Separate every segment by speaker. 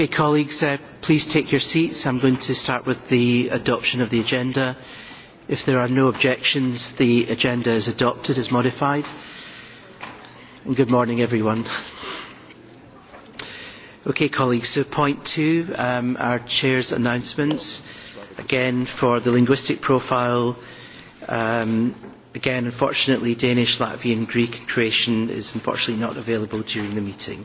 Speaker 1: Okay, colleagues, uh, please take your seats. I'm going to start with the adoption of the agenda. If there are no objections, the agenda is adopted as modified. And good morning, everyone. Okay, colleagues, so point two, um, our chair's announcements. Again, for the linguistic profile, um, again, unfortunately, Danish, Latvian, Greek, and Croatian is unfortunately not available during the meeting.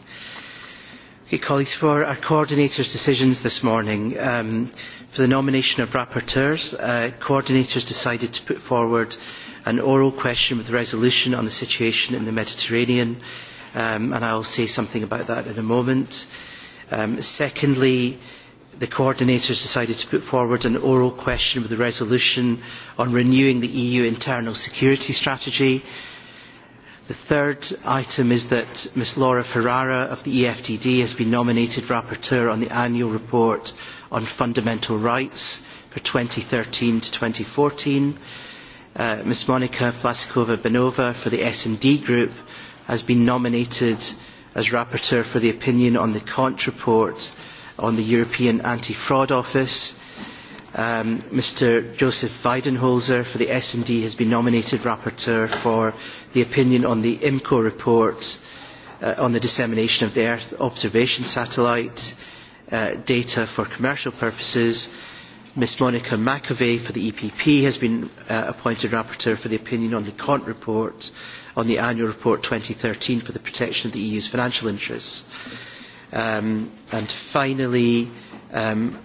Speaker 1: Hey, colleagues, for our coordinators' decisions this morning, um, for the nomination of rapporteurs, uh, coordinators decided to put forward an oral question with resolution on the situation in the Mediterranean, um, and I will say something about that in a moment. Um, secondly, the coordinators decided to put forward an oral question with a resolution on renewing the EU internal security strategy. The third item is that Ms Laura Ferrara of the EFTD has been nominated rapporteur on the annual report on fundamental rights for 2013 to 2014. Uh, Ms Monika Vlasikova-Benova for the S&D group has been nominated as rapporteur for the opinion on the Kant report on the European Anti-Fraud Office Um, Mr. Joseph Weidenholzer for the S&D has been nominated rapporteur for the opinion on the IMCO report uh, on the dissemination of the Earth observation satellite uh, data for commercial purposes. Ms Monica McAvey for the EPP has been uh, appointed rapporteur for the opinion on the Cont report on the annual report 2013 for the protection of the EU's financial interests. Um, and finally, um,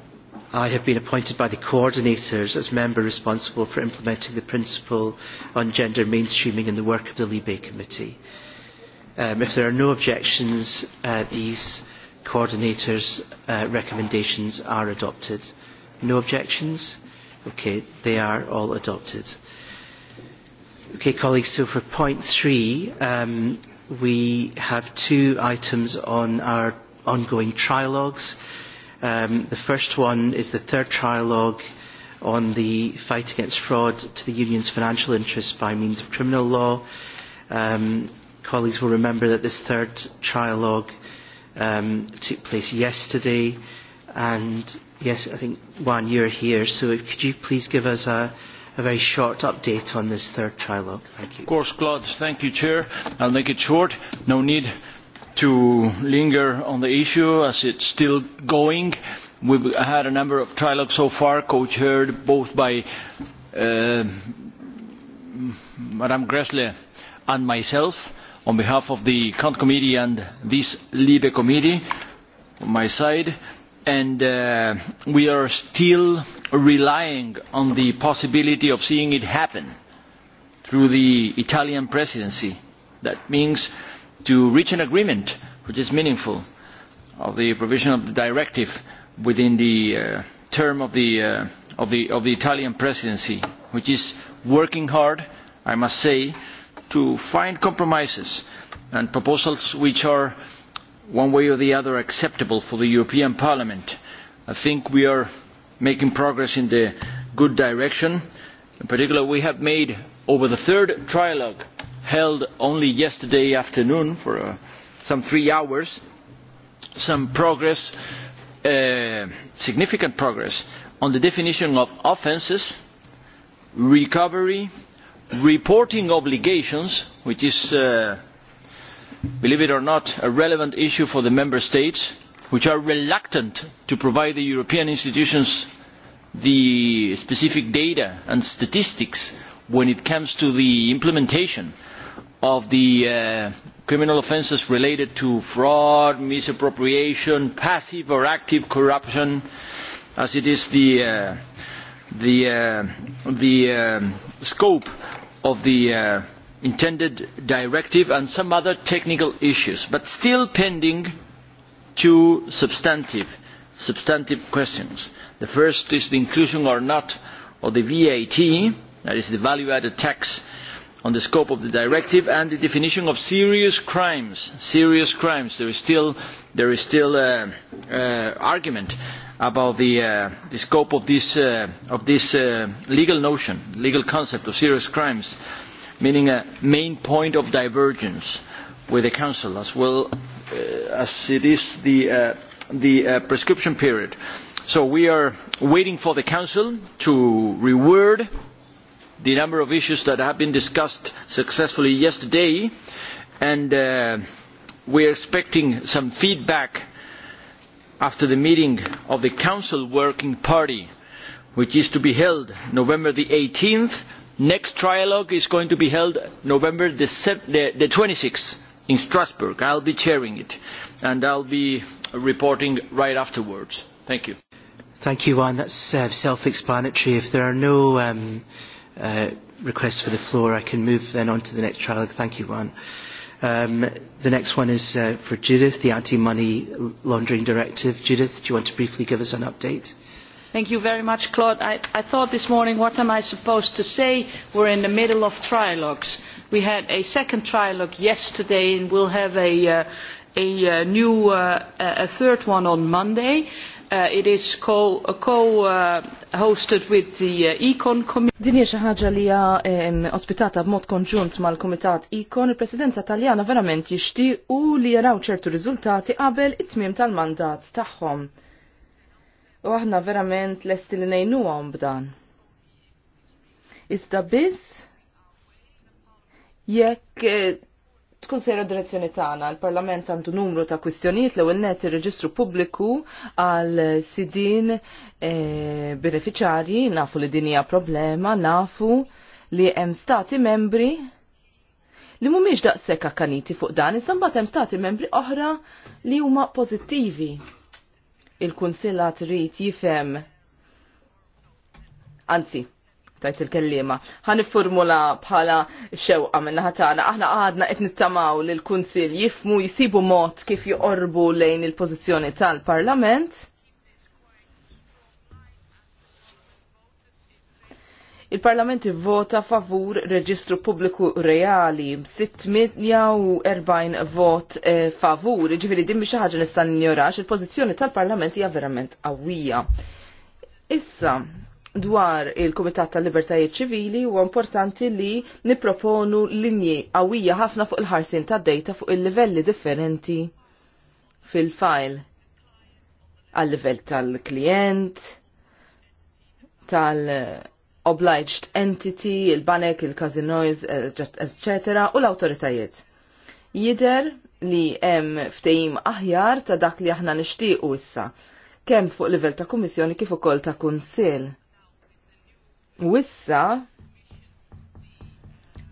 Speaker 1: I have been appointed by the coordinators as member responsible for implementing the principle on gender mainstreaming in the work of the Libe Committee. Um, if there are no objections, uh, these coordinators' uh, recommendations are adopted. No objections? Okay, they are all adopted. Okay, colleagues, so for point three, um, we have two items on our ongoing trilogues. Um, the first one is the third trilogue on the fight against fraud to the union's financial interests by means of criminal law. Um, colleagues will remember that this third trialogue um, took place yesterday and yes, I think Juan, you're here, so if,
Speaker 2: could you please give us a, a very short update on this third trilogue? Thank you. Of course, Claude. Thank you, Chair. I'll make it short. No need to linger on the issue as it's still going. We've had a number of trilogues so far, co-chaired both by uh, Madame Gressle and myself on behalf of the Cont Committee and this Libe Committee on my side. And uh, we are still relying on the possibility of seeing it happen through the Italian presidency. That means to reach an agreement which is meaningful of the provision of the directive within the uh, term of the, uh, of, the, of the Italian presidency, which is working hard, I must say, to find compromises and proposals which are one way or the other acceptable for the European Parliament. I think we are making progress in the good direction. In particular, we have made over the third trilogue held only yesterday afternoon for uh, some three hours some progress, uh, significant progress on the definition of offences, recovery, reporting obligations, which is, uh, believe it or not, a relevant issue for the member states, which are reluctant to provide the European institutions the specific data and statistics when it comes to the implementation of the uh, criminal offences related to fraud, misappropriation, passive or active corruption, as it is the, uh, the, uh, the uh, scope of the uh, intended directive and some other technical issues, but still pending two substantive, substantive questions. The first is the inclusion or not of the VAT, that is the value-added tax, uh, on the scope of the directive and the definition of serious crimes. Serious crimes. There is still, there is still uh, uh, argument about the, uh, the scope of this, uh, of this uh, legal notion, legal concept of serious crimes, meaning a main point of divergence with the Council as well uh, as it is the, uh, the uh, prescription period. So we are waiting for the Council to reword the number of issues that have been discussed successfully yesterday and uh, we are expecting some feedback after the meeting of the Council Working Party which is to be held November the 18th. Next trialogue is going to be held November the, the, the 26th in Strasbourg. I'll be chairing it and I'll be reporting right afterwards. Thank you.
Speaker 1: Thank you, Juan. That's uh, self-explanatory. If there are no um, uh, request for the floor, I can move then on to the next trial. Thank you, Juan. Um, the next one is uh, for Judith, the Anti-Money Laundering Directive. Judith, do you want to briefly give us an update?
Speaker 3: Thank you very much, Claude. I, I thought this morning, what am I supposed to say? We're in the middle of trilogues. We had a second trilogue yesterday, and we'll have a, uh, a, a uh, new uh, a third one on Monday. Uh, it is co-hosted co, uh, with the uh, Econ
Speaker 4: Committee. Din hija xi ħaġa li hija ospitata b'mod konġunt mal-Kumitat Econ, il-Presidenza Taljana verament jixtiequ li jaraw ċertu riżultati qabel it-tmiem tal-mandat tagħhom. U aħna verament lesti li ngħinuhom b'dan. Iżda biss jekk eh, tkun sejra direzzjoni tagħna. l parlament għandu numru ta' kwistjonijiet l-ewwel net ir-reġistru pubbliku għal sidin e, nafu li din hija problema, nafu li hemm stati membri li mhumiex daqshekk akkaniti fuq dan, iżda mbagħad hemm stati membri oħra li huma pożittivi. Il-Kunsillat trid jifhem anzi, tajt il-kellima. Għan formula bħala xewqa minna ħatana. Aħna għadna qed nittamaw li l-Kunsil jifmu jisibu mod kif joqorbu lejn il-pożizzjoni tal-Parlament. Il-Parlament vota favur reġistru pubbliku reali 640 vot eh, favur, ġifiri din xaħġa ħaġa nista' il-pożizzjoni tal-Parlament hija verament qawwija. Issa, dwar il-Kumitat tal-Libertajiet Ċivili huwa importanti li niproponu linji qawwija ħafna fuq il-ħarsin ta' data fuq il-livelli differenti fil-file għal-livell tal-klient, tal-obliged entity, il-banek, il-casinos, etc. u l-autoritajiet. Jider li hemm ftehim aħjar ta' dak li aħna nixtiequ issa, kemm fuq livell ta' kummissjoni kif ukoll ta' kunsill U issa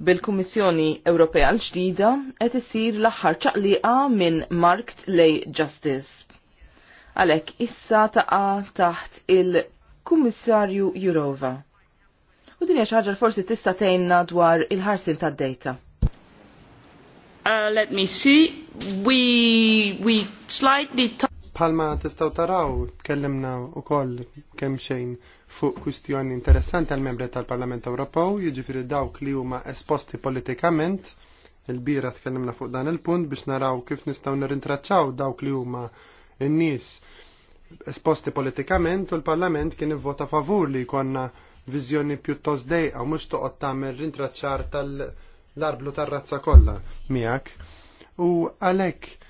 Speaker 4: bil-Kummissjoni Ewropea l-ġdida qed isir l-aħħar ċaqliqa minn Marked Lay Justice. Għalhekk issa taqa' taħt il-Kummissarju Jurova. U din hija ħaġa forsi tista' tgħinna dwar il-ħarsin tad-dejta.
Speaker 5: Uh, let me see. We, we slightly Palma tistgħu taraw, tkellimna u kemm xejn fuq kwistjoni interessanti għal membri tal-Parlament Ewropew, jiġifieri dawk li huma esposti politikament. Il-bira tkellimna fuq dan il-punt biex naraw kif nistgħu nirintraċċaw dawk li huma n-nies esposti politikament u l-Parlament kien ivvota favur li jkollna viżjoni pjuttost dejqa mhux toqgħod tagħmel rintraċċar tal-arblu tar-razza kollha miegħek. U għalhekk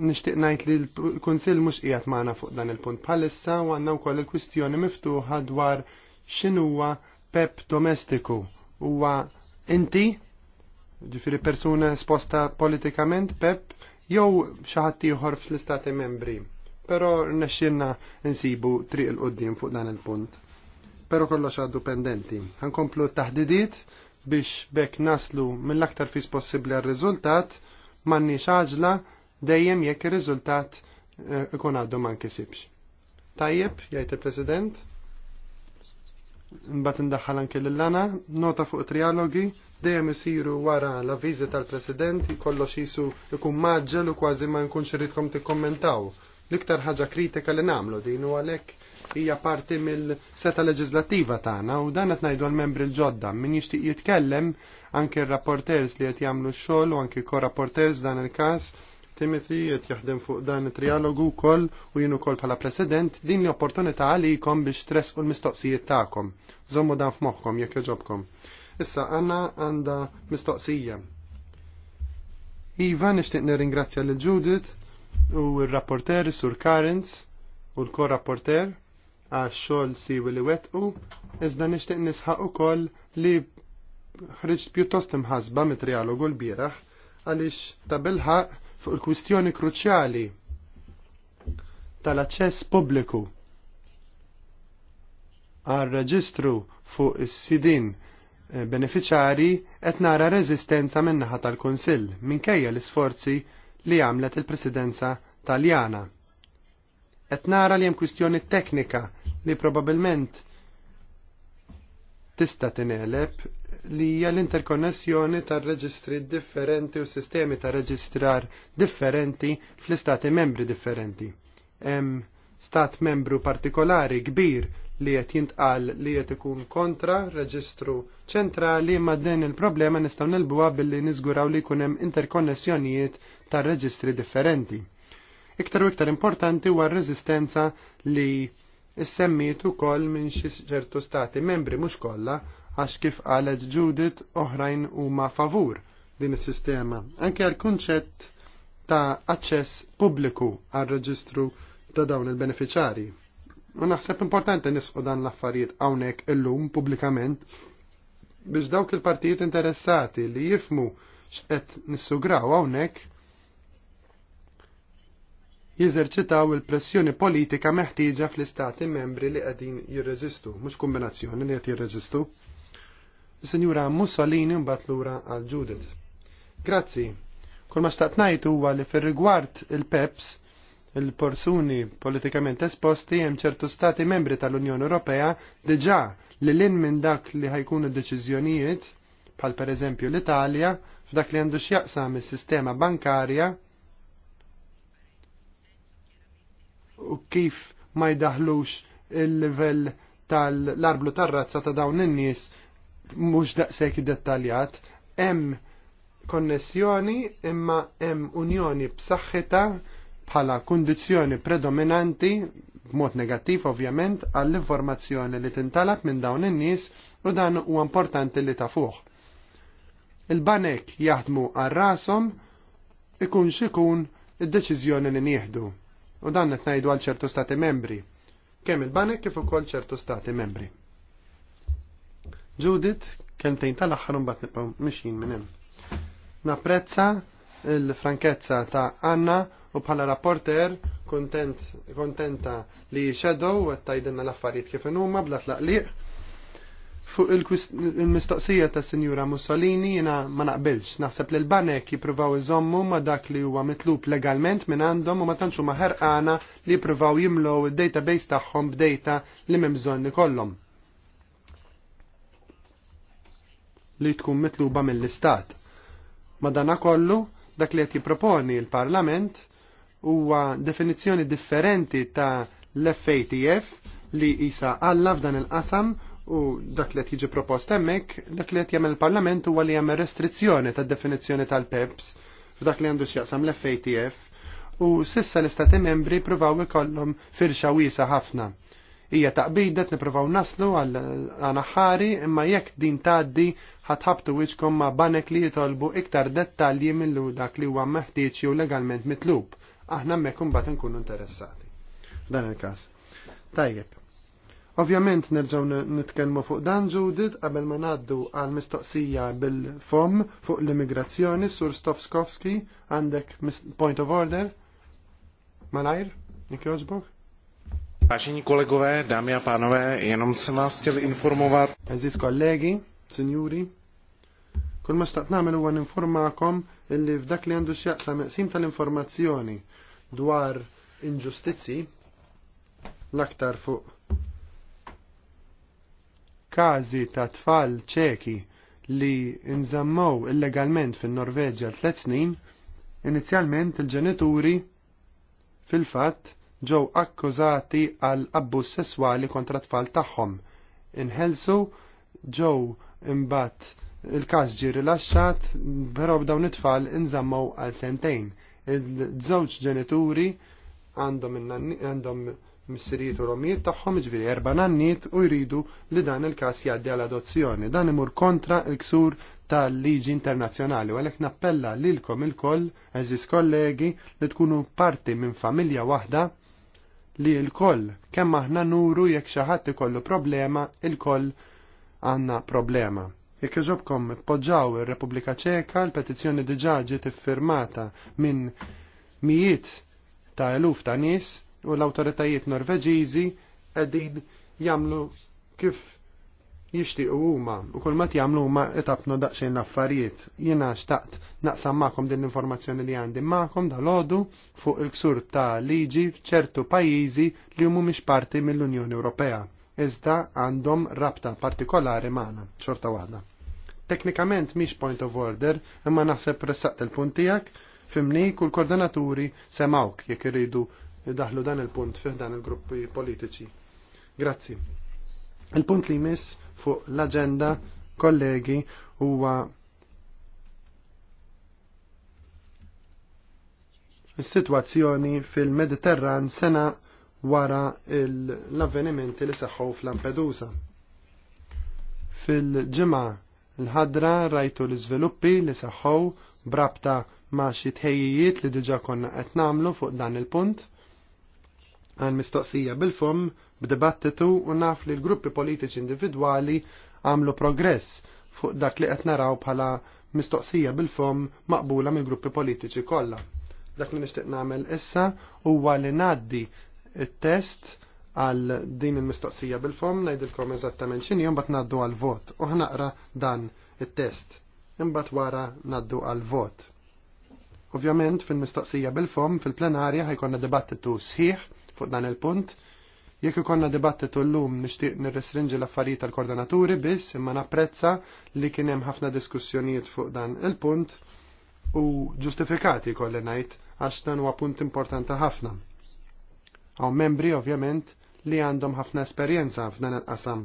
Speaker 5: nixtieq ngħid li l-Kunsill mhux qiegħed magħna fuq dan il-punt palissa u għandna wkoll il-kwistjoni miftuħa dwar xinuwa pep domestiku huwa inti ġifiri persuna sposta politikament pep jew xi ħadd ieħor fl-istati membri. Però rnexxielna insibu triq il-qudiem fuq dan il-punt. Però kollox għaddu pendenti. Ħankomplu t-taħdidiet biex bekk naslu mill-aktar fis possibbli għal-riżultat manni xaġla dejjem jekk ir-riżultat eh, ikun għaddu ma nkisibx. Tajjeb, jgħid il-President, mbagħad indaħħal anke lil-lana, nota fuq trialogi dejjem isiru wara l viżi tal-President kollox jisu ikun maġġel u kważi ma nkunx iridkom tikkommentaw. L-iktar ħaġa kritika li nagħmlu din u għalhekk hija parti mill-seta leġislattiva tagħna u dan qed ngħidu għall-membri l-ġodda min jixtieq jitkellem anke r-rapporters li qed jagħmlu x-xogħol u anke ko-rapporters dan il-każ Timothy qed jaħdem fuq dan it-trialogu wkoll u jien ukoll bħala president din l-opportunità għalikom biex u l-mistoqsijiet tagħkom. Żommu dan f'moħħkom jekk joġobkom. Issa għandna għandha mistoqsija. Iva nixtieq nirringrazzja lil Judith u r-rapporter Sur Karens u l-korrapporter għax xogħol siwi li wetqu, iżda nixtieq nisħaq ukoll li ħriġt pjuttost imħasba mit-trialogu l-bieraħ għalix ta' fuq il-kwistjoni kruċjali tal-aċċess pubbliku għal reġistru fuq is-sidin eh, beneficjari qed nara reżistenza min-naħa tal-Kunsill minkejja l-isforzi li għamlet il-Presidenza Taljana. Qed nara li hemm kwistjoni teknika li probabbilment tista' tingħeleb li hija l-interkonnessjoni tar reġistri differenti u sistemi ta' reġistrar differenti fl-istati membri differenti. Hemm stat membru partikolari kbir li qed jintqal li qed ikun kontra reġistru ċentrali ma' din il-problema nistgħu nilbuha billi niżguraw li jkun hemm interkonnessjonijiet tar reġistri differenti. Iktar u iktar importanti huwa r-reżistenza li issemmiet ukoll minn xi ċertu stati membri mhux kollha għax kif qalet Judith oħrajn huma favur din is-sistema. Anke għal kunċett ta' aċċess pubbliku għal reġistru ta' dawn il beneficiari U naħseb importanti nisqu dan l-affarijiet hawnhekk illum pubblikament biex dawk il-partijiet interessati li jifmu x'qed nissugraw hawnhekk jizerċitaw il-pressjoni politika meħtieġa fl-istati membri li qegħdin jirreżistu, mhux kombinazzjoni li qed jirreżistu. Sinjura Mussolini mbagħad lura għal Judith. Grazzi. Kull ma xtaqt ngħid huwa li fir-rigward il-PEPS il-porsuni politikament esposti hemm ċertu stati membri tal-Unjoni Ewropea diġà li lin minn dak li ħajkunu deċiżjonijiet bħal pereżempju l-Italja f'dak li għandu x'jaqsam is-sistema bankarja u kif ma jdaħlux il-livell tal-arblu tar-razza ta' dawn in-nies mhux daqshekk iddettaljat, hemm konnessjoni imma hemm unjoni b'saħħitha bħala kundizzjoni predominanti b'mod negattiv ovvjament għall-informazzjoni li tintalab minn dawn in-nies u dan huwa importanti li tafuh. Il-banek jaħdmu għal rashom ikun xikun id-deċiżjoni li nieħdu U dan qed ngħidu għal ċertu stati membri. Kemm il-banek kif ukoll ċertu stati membri. Judith, kelmtejn tal-aħħar mbagħad nibgħu mixjin minn hemm. Napprezza l frankezza ta' Anna u bħala rapporter kontent, kontenta li shadow u tgħidilna l-affarijiet kif huma bla tlaqliq Fuq il-mistaqsija ta' Sinjura Mussolini jina ma naqbilx. Naħseb li l-banek jipruvaw iżommu ma dak li huwa mitlub legalment minn għandhom u ma tantxu ma ħerqana li jipruvaw jimlow il-database tagħhom b'data li memżonni kollom. Li tkun mitluba mill-istat. Madana kollu, dak li qed jipproponi l-Parlament huwa definizzjoni differenti ta' l-FATF li jisa għalla f'dan il-qasam u dak li qed jiġi propost hemmhekk, dak li qed jagħmel il-Parlament huwa li jagħmel restrizzjoni tad-definizzjoni tal-PEPS f'dak li għandu x'jaqsam l-FATF u sissa l-istati membri provaw ikollhom firxa wiesa ħafna. Hija taqbidet niprovaw naslu għal anaħħari imma jekk din tgħaddi ħatħabtu wiċkom ma' banek li jitolbu iktar dettalji millu dak li huwa meħtieġ jew legalment mitlub. Aħna hemmhekk imbagħad nkunu interessati. Dan il-każ. Tajjeb. Ovvjament nerġgħu nitkellmu fuq dan ġudit qabel ma ngħaddu għal mistoqsija bil-fom fuq l-immigrazzjoni sur Stofskowski għandek point of order. Malajr, jekk jogħġbok? Vážení kolegové, dámy a pánové, jenom jsem vás chtěl informovat. Aziz kollegi, signori, kol ma staqt namel huwa informakom, illi f'dak li għandu x'jaqsa meqsim tal-informazzjoni dwar inġustizzi l-aktar fuq kazi ta' tfal ċeki li nżammaw illegalment fin norveġja tlet snin, inizjalment il-ġenituri fil-fatt ġew akkużati għal abbuż sesswali kontra tfal tagħhom. Inħelsu ġew imbagħad il-każ ġie rilaxxat, però b'dawn it-tfal inżammaw għal sentejn. Iż-żewġ ġenituri għandhom missirijiet u romijiet tagħhom ġifieri erba' nanniet u jridu li dan il-każ jgħaddi għal adozzjoni. Dan imur kontra l-ksur tal-liġi internazzjonali u għalhekk nappella lilkom ilkoll eżis kollegi li tkunu parti minn familja waħda li l-koll kemm aħna nuru jekk xi ħadd ikollu problema il-koll għandna problema. Jekk iġobkom poġġaw ir-Repubblika Ċeka, l-petizzjoni diġà ġiet iffirmata minn mijiet ta' eluf ta' nies u l-autoritajiet norveġiżi qegħdin jagħmlu kif jixtiequ huma u kull ma jagħmlu huma itabnu daqsxejn l-affarijiet. Jiena xtaqt naqsam magħkom din l-informazzjoni li għandi magħkom dal-għodu fuq il-ksur ta' liġi f'ċertu pajjiżi li mhumiex parti mill-Unjoni Ewropea iżda għandhom rabta partikolari magħna xorta waħda. Teknikament miex point of order, imma naħseb pressaqt il-puntijak, fimni kull koordinaturi semawk jekk iridu daħlu dan il-punt fih dan il-gruppi politiċi. Grazzi. Il-punt li jmiss fuq l-agenda, kollegi, huwa il sitwazzjoni fil-Mediterran sena wara l-avvenimenti li seħħu fl-Lampedusa. Fil-ġimgħa l-ħadra rajtu l-iżviluppi li seħħu brabta ma' xi tħejjijiet li diġà konna qed nagħmlu fuq dan il-punt għal mistoqsija bil fum b'dibattitu u naf li l-gruppi politiċi individwali għamlu progress fuq dak li qed naraw bħala mistoqsija bil fum maqbula mill-gruppi politiċi kollha. Dak li nixtieq nagħmel issa huwa li ngħaddi it-test għal din il-mistoqsija bil-fom ngħidilkom eżattament x'inhi mbagħad ngħaddu għal vot u ħnaqra dan it-test. Imbagħad wara ngħaddu għal vot. Ovvjament fil-mistoqsija bil-fom fil-plenarja ħajkonna dibattitu sħiħ fuq dan il-punt. Jekk ikonna dibattitu llum nixtieq nirrestringi l-affarijiet tal-koordinaturi biss imma napprezza li kien hemm ħafna diskussjonijiet fuq dan il-punt u ġustifikati kolli ngħid għax dan huwa punt importanti ħafna. Hawn membri ovvjament li għandhom ħafna esperjenza f'dan il-qasam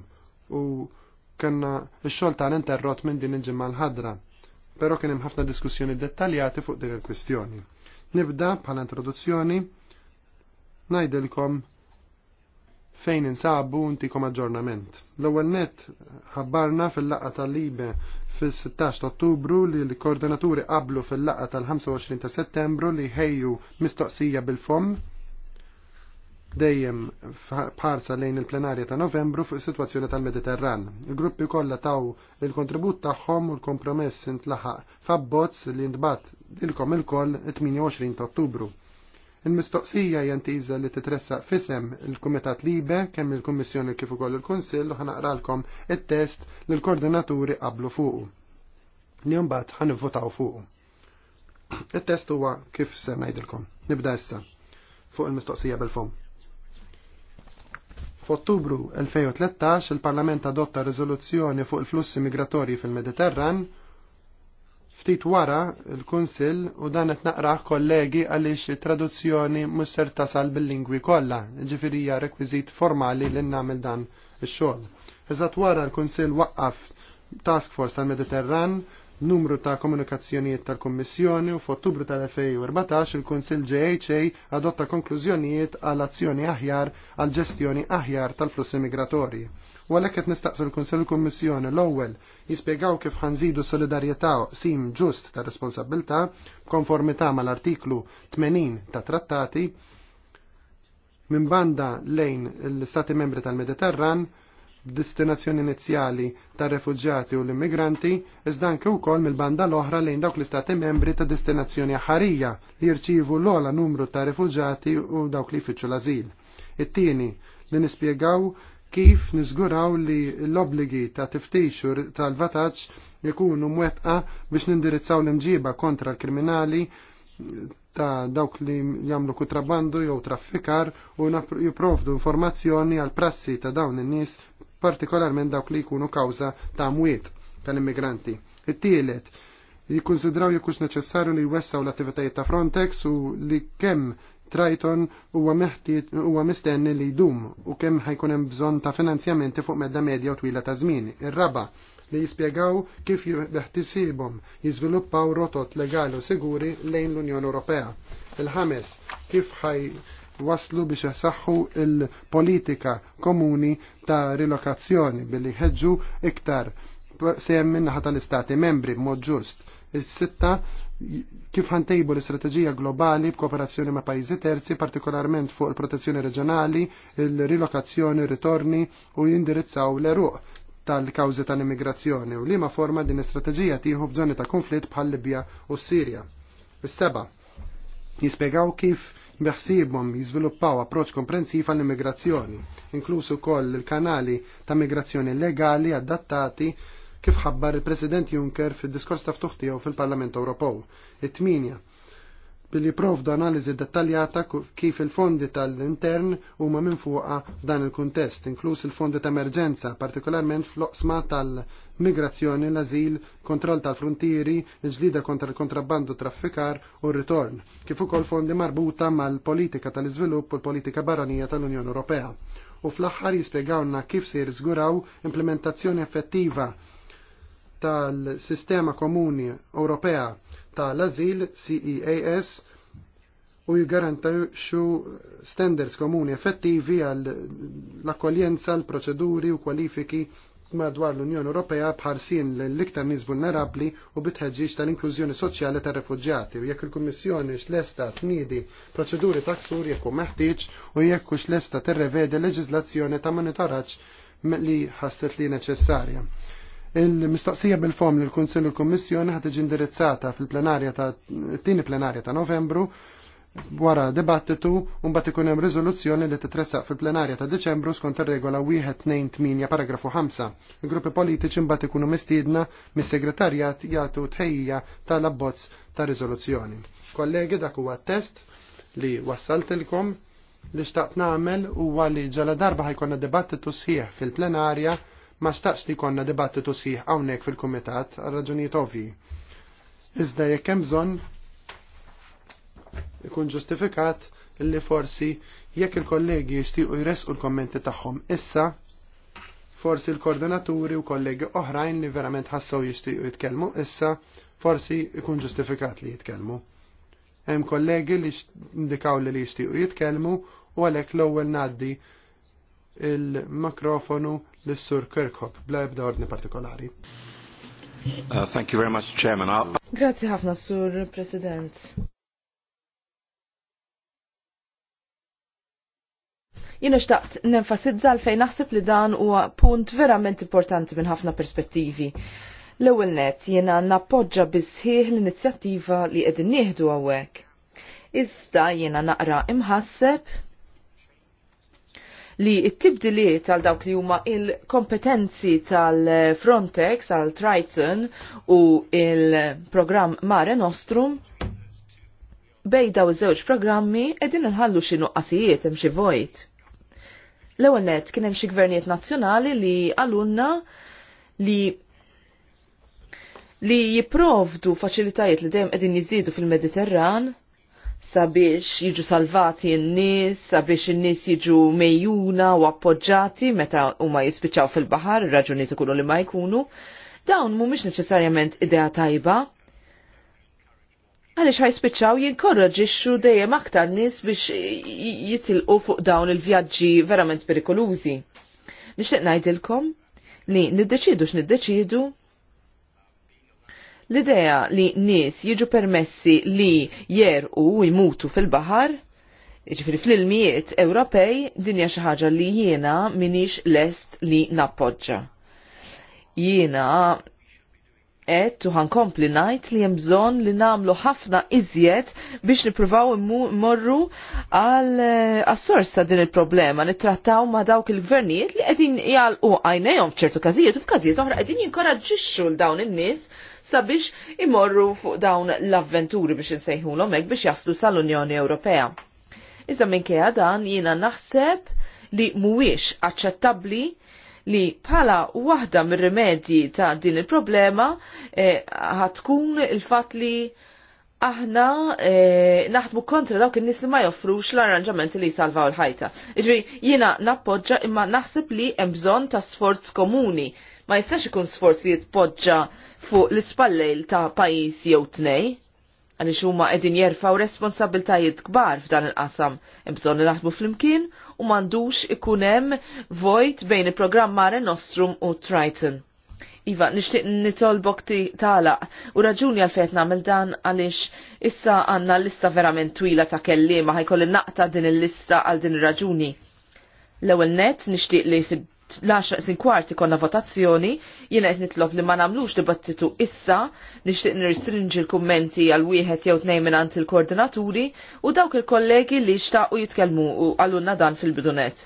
Speaker 5: u kanna x-xogħol ta' interrot minn din il-ġimgħa l-ħadra, però kien hemm ħafna diskussjoni dettaljati fuq din il-kwistjoni. Nibda bħala introduzzjoni najdilkom fejn insabu intikom aġġornament. L-ewwel net ħabbarna fil-laqgħa tal-Libe fil-16 ta' Ottubru li l-koordinaturi qablu fil-laqgħa tal-25 ta' Settembru li ħejju mistoqsija bil-fom dejjem parsa lejn il-plenarja ta' Novembru fuq is-sitwazzjoni tal-Mediterran. Il-gruppi kollha taw il-kontribut tagħhom u l-kompromess intlaħaq f'abbozz li ntbat ilkom il-koll 28 ta' Ottubru. Il-mistoqsija jantiza li titressaq fisem il-Kumitat Libe kemm il-Kummissjoni kif ukoll il-Kunsill u ħanaqralkom it-test li l-koordinaturi qablu fuqu. Li mbagħad ħanivvutaw fuqu. it test huwa kif ser ngħidilkom. Nibda issa fuq il-mistoqsija bil fum F'Ottubru 2013 il-Parlament adotta riżoluzzjoni fuq il-flussi migratorji fil-Mediterran ftit wara l-Kunsill u dan qed naqrah kollegi għaliex traduzzjoni mhux ser tasal bil-lingwi kollha, ġifieri hija rekwiżit formali li nagħmel dan ix-xogħol. Iżda wara l-Kunsill waqqaf Task Force tal-Mediterran numru ta' komunikazzjonijiet tal-Kommissjoni u f'Ottubru tal-2014 il-Kunsill GHA adotta konklużjonijiet għal azzjoni aħjar għal ġestjoni aħjar tal-flussi migratorji U għalhekk qed nistaqsu l konsil u Kummissjoni l-ewwel jispjegaw kif ħanżidu solidarjetà sim ġust ta' responsabilità b'konformità mal-artiklu 80 ta' trattati minn banda lejn l-Stati membri tal-Mediterran destinazzjoni inizjali tar refugjati u l-immigranti, iżda anke wkoll mill-banda l-oħra lejn dawk l-istati membri ta' destinazzjoni aħarija li jirċievu l-ola numru ta' refugjati u dawk li jfittxu l-azil. It-tieni li nispjegaw kif niżguraw li l-obligi ta' tiftixur tal-vataġġ jekunu mwetqa biex nindirizzaw l-imġiba kontra l-kriminali ta' dawk li jamlu kutrabandu jew traffikar u jiprovdu informazzjoni għal prassi ta' dawn in-nies partikolarment dawk li jkunu kawza ta' mwiet tal-immigranti. It-tielet, jikkonsidraw jekux neċessarju li jwessaw l-attivitajiet ta' Frontex u li kemm Triton huwa meħtiet huwa mistenni li jdum u kemm ħajkun hemm bżonn ta' finanzjamenti fuq medda medja u twila ta' żmien. Ir-raba li jispjegaw kif jeħtisibhom jiżviluppaw rotot legali u siguri lejn l-Unjoni Ewropea. Il-ħames kif ħaj waslu biex jasaxħu il-politika komuni ta' rilokazzjoni billi ħeġġu iktar sejjem minnaħa tal-istati membri b'mod ġust. Il-sitta kif ħantejbu l-istrateġija globali b'kooperazzjoni ma' pajjiżi terzi, partikolarment fuq il-protezzjoni reġjonali, il-rilokazzjoni, ritorni u jindirizzaw l-eruq tal-kawzi tal-immigrazzjoni u liema forma din istrateġija tieħu f'żoni ta' konflitt bħal Libja u Sirja. Is-seba' jispjegaw kif beħsibhom jiżviluppaw approċ komprensiv għall-immigrazzjoni, inklusu koll il-kanali ta' migrazzjoni legali adattati kif ħabbar il-President Juncker fil-diskors taftuħ tiegħu fil-Parlament Ewropew. It-tminja billi provda analiżi dettaljata kif il-fondi tal-intern huma minn fuqa f'dan il-kuntest, inkluż il-fondi ta' emerġenza, partikolarment fl-oqsma tal-migrazzjoni, l-azil, kontroll tal-frontieri, il-ġlida kontra l-kontrabbandu traffikar u r-ritorn, kif ukoll fondi marbuta mal-politika tal-iżvilupp u l-politika barranija tal-Unjoni Ewropea. U fl-aħħar jispjegawna kif se jiżguraw implementazzjoni effettiva tal-Sistema Komuni Ewropea tal-Azil CEAS u xu standards komuni effettivi għal l-akkoljenza, l-proċeduri u kwalifiki madwar l-Unjoni Ewropea bħarsin l-iktar nies vulnerabbli u bitħeġġiġ tal-inklużjoni soċjali tar-refuġjati u jekk il-Kummissjoni x'lesta tniedi proċeduri ta' ksur jekk hu meħtieġ u jekk hux lesta l leġiżlazzjoni ta' monitoraġġ li ħasset li neċessarja. Il-mistaqsija bil-fom l kunsill u l-Kommissjoni ħat iġi indirizzata fil-plenarja ta' tini plenarja ta' Novembru wara dibattitu u mbagħad ikun hemm riżoluzzjoni li titressaq fil-plenarja ta' Deċembru skont ir-regola 1.2.8 paragrafu 5. Il-gruppi politiċi mbagħad ikunu mistiedna mis-segretarjat jagħtu tħejja tal-abbozz ta' riżoluzzjoni. Kollegi dak huwa test li wassaltilkom li xtaqt nagħmel huwa li ġala darba ħajkonna dibattitu sħiħ fil-plenarja ma staqs li konna dibattitu siħ hawnhekk fil-kumitat għal raġunijiet ovvi. Iżda jekk hemm bżonn ikun ġustifikat li forsi jekk il-kollegi jixtiequ jresqu l-kommenti tagħhom issa forsi l-koordinaturi u kollegi oħrajn li verament ħassew jixtiequ jitkellmu issa forsi ikun ġustifikat li jitkellmu. Hemm kollegi li indikaw li jixtiequ jitkellmu u għalhekk l-ewwel ngħaddi il-mikrofonu l-Sur Kirkhope bla ebda ordni partikolari. Uh,
Speaker 3: thank you very much, Chairman. I'll...
Speaker 4: Grazie ħafna, Sur President. Jina xtaqt nenfasizza għalfejn naħseb li dan huwa punt verament importanti minn ħafna perspettivi. L-ewwel net jiena nappoġġa bisħieħ l-inizjattiva li qegħdin nieħdu hawnhekk. Iżda jiena naqra imħasseb li t-tibdiliet għal dawk li huma il-kompetenzi tal-Frontex, tal Triton u il-programm Mare Nostrum bej daw iż-żewġ programmi qegħdin nħallu xi nuqqasijiet hemm xi vojt. L-ewwel nett kien hemm xi gvernijiet nazzjonali li għalunna li li jiprovdu faċilitajiet li dejjem qegħdin jiżdiedu fil-Mediterran sabiex jiġu salvati n-nis, sabiex n-nis jiġu mejjuna u appoġġati meta huma jispiċċaw fil ir raġuni ikunu li ma jkunu, dawn mhumiex neċessarjament idea tajba. Għaliex ħajspiċaw jinkorraġixxu dejjem aktar nies biex jitilqu fuq dawn il-vjaġġi verament perikolużi. Nixtieq ngħidilkom li niddeċidu x'niddeċidu L-idea li nis jiġu permessi li jerqu u jmutu fil-bahar, ġifiri fl-ilmijiet Ewropej, dinja xi ħaġa li jiena minix lest li nappoġġa. Jiena et u ħankompli najt li jemżon li namlu ħafna iżjed biex nipruvaw morru għal eh, assors ta' din il-problema, nittrattaw ma' dawk il-gvernijiet li għedin jgħal u għajnejom fċertu kazijiet u f'kazijiet oħra għedin jinkoraġġixxu l-dawn in-nies sabiex imorru fuq dawn l-avventuri biex l-omek biex jaslu sal-Unjoni Ewropea. Iżda kja dan jiena naħseb li mhuwiex aċċettabbli li pala waħda mir-rimedji ta' din il-problema eh, ħatkun eh, il-fat li aħna eh, naħdmu kontra dawk in-nies li ma joffrux l-arranġamenti li jsalvaw l-ħajta. Iġri jiena nappoġġa imma naħseb li hemm bżonn ta' sforz komuni. Ma jistax ikun sforz li jitpoġġa fuq l-ispallejl ta' pajis jew tnej, għaliex huma qegħdin jerfaw responsabiltajiet kbar f'dan il-qasam bżonn naħdmu flimkien u m'għandux ikun hemm vojt bejn il-programm Mare Nostrum u Triton. Iva, nishtiq nitolbok ti tala u raġuni għal fejt namil dan għalix issa għanna lista verament twila ta' kellima ħajkolli naqta din il-lista għal din il-raġuni. L-ewel net nishtiq li fid l sin kwarti konna votazzjoni, jiena qed nitlob li ma nagħmlux dibattitu issa, nixtieq nirstringi l-kummenti għal wieħed jew tnejn minn il-koordinaturi u dawk il-kollegi li xtaqu jitkellmu u għallunna dan fil-bidunet.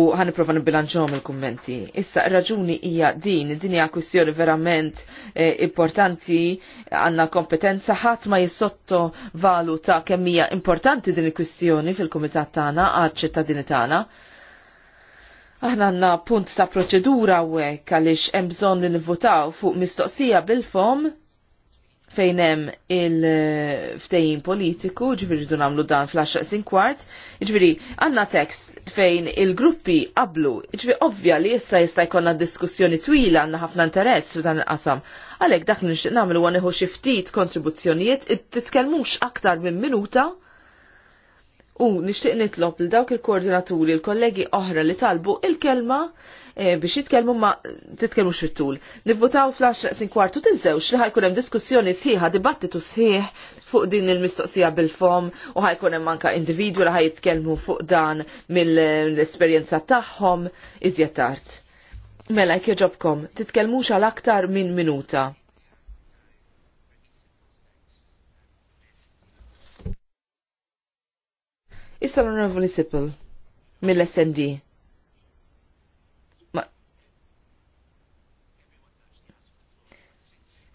Speaker 4: U ħani prova nibilanġom il-kummenti. Issa, raġuni hija din, din hija kwistjoni verament eh, importanti, għanna kompetenza ħadd ma jisotto valuta ta' kemm hija importanti din il-kwistjoni fil-kumitat tagħna għad ċittadini tagħna. Aħna għanna punt ta' proċedura għek għalix emżon li nivvotaw fuq mistoqsija bil-fom fejnem il-ftejn politiku, ġviri dun għamlu dan fl-10 kwart, ġviri għanna tekst fejn il-gruppi qablu, ġviri ovvja li jessa jista jkonna diskussjoni twila għanna ħafna interess f'dan il-qasam. Għalek dak nix namlu għaniħu xiftit kontribuzzjonijiet, titkelmux aktar minn minuta, U nixtieq nitlob li dawk il-koordinaturi, il-kollegi oħra li talbu il-kelma eh, biex jitkellmu ma titkelmu xittul. Nivvotaw flash sin kwartu tinżewx li ħajkun hemm diskussjoni sħiħa, dibattitu sħiħ fuq din il-mistoqsija bil-fom u ħajkun hemm individu individwi li ħajitkellmu fuq dan mill-esperjenza tagħhom iżjed tard. Mela kieġobkom, titkelmu titkellmux għal aktar minn minuta. Issa l-Onorevoli Sippel mill-SND.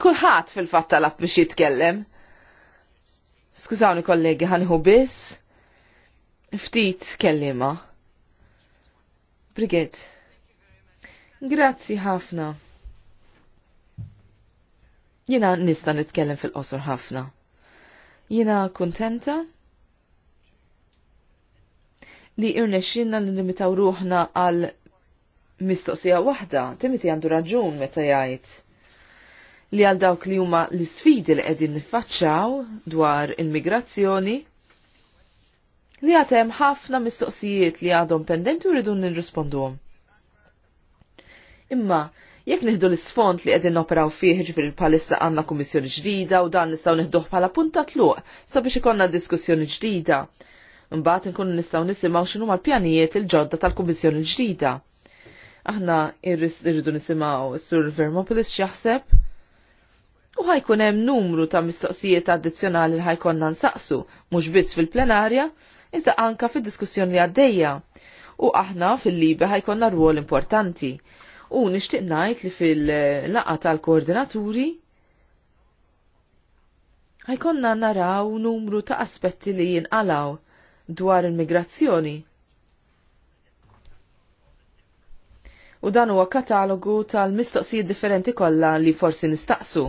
Speaker 4: Kulħat fil-fatta talab biex jitkellem. Skużawni kollegi ħanħu biss. Ftit kellima. Brigitte. Grazzi ħafna. Jina nista nitkellem fil-qosor ħafna. Jina kontenta li irnexxinna li nimitaw ruħna għal mistoqsija waħda, Timothy għandu raġun meta jgħid li għal dawk li huma l-sfidi li qegħdin niffaċċaw dwar immigrazzjoni li hemm ħafna mistoqsijiet li għadhom pendenti u rridu nirrisponduhom. Imma, jekk neħdu l isfond li qegħdin operaw fih ġifieri palissa għandna kummissjoni ġdida u dan nistgħu neħduh bħala punta tluq sabiex ikollna diskussjoni ġdida Mbagħad inkunu nistgħu nisimgħu x'inhu mal-pjanijiet il-ġodda tal-Kummissjoni l-ġdida. Aħna irridu nisimgħu sur Vermopolis x'jaħseb u ħajkun hemm numru ta' mistoqsijiet addizzjonali li ħajkonna nsaqsu mhux biss fil-plenarja, iżda anka fid-diskussjoni li għaddejja. U aħna fil-libe ħajkonna rwol importanti. U nixtieq ngħid li fil laqgħa tal-koordinaturi ħajkonna naraw numru ta' aspetti li jinqalaw dwar il-migrazzjoni. U dan huwa katalogu tal-mistoqsijiet differenti kollha li forsi nistaqsu.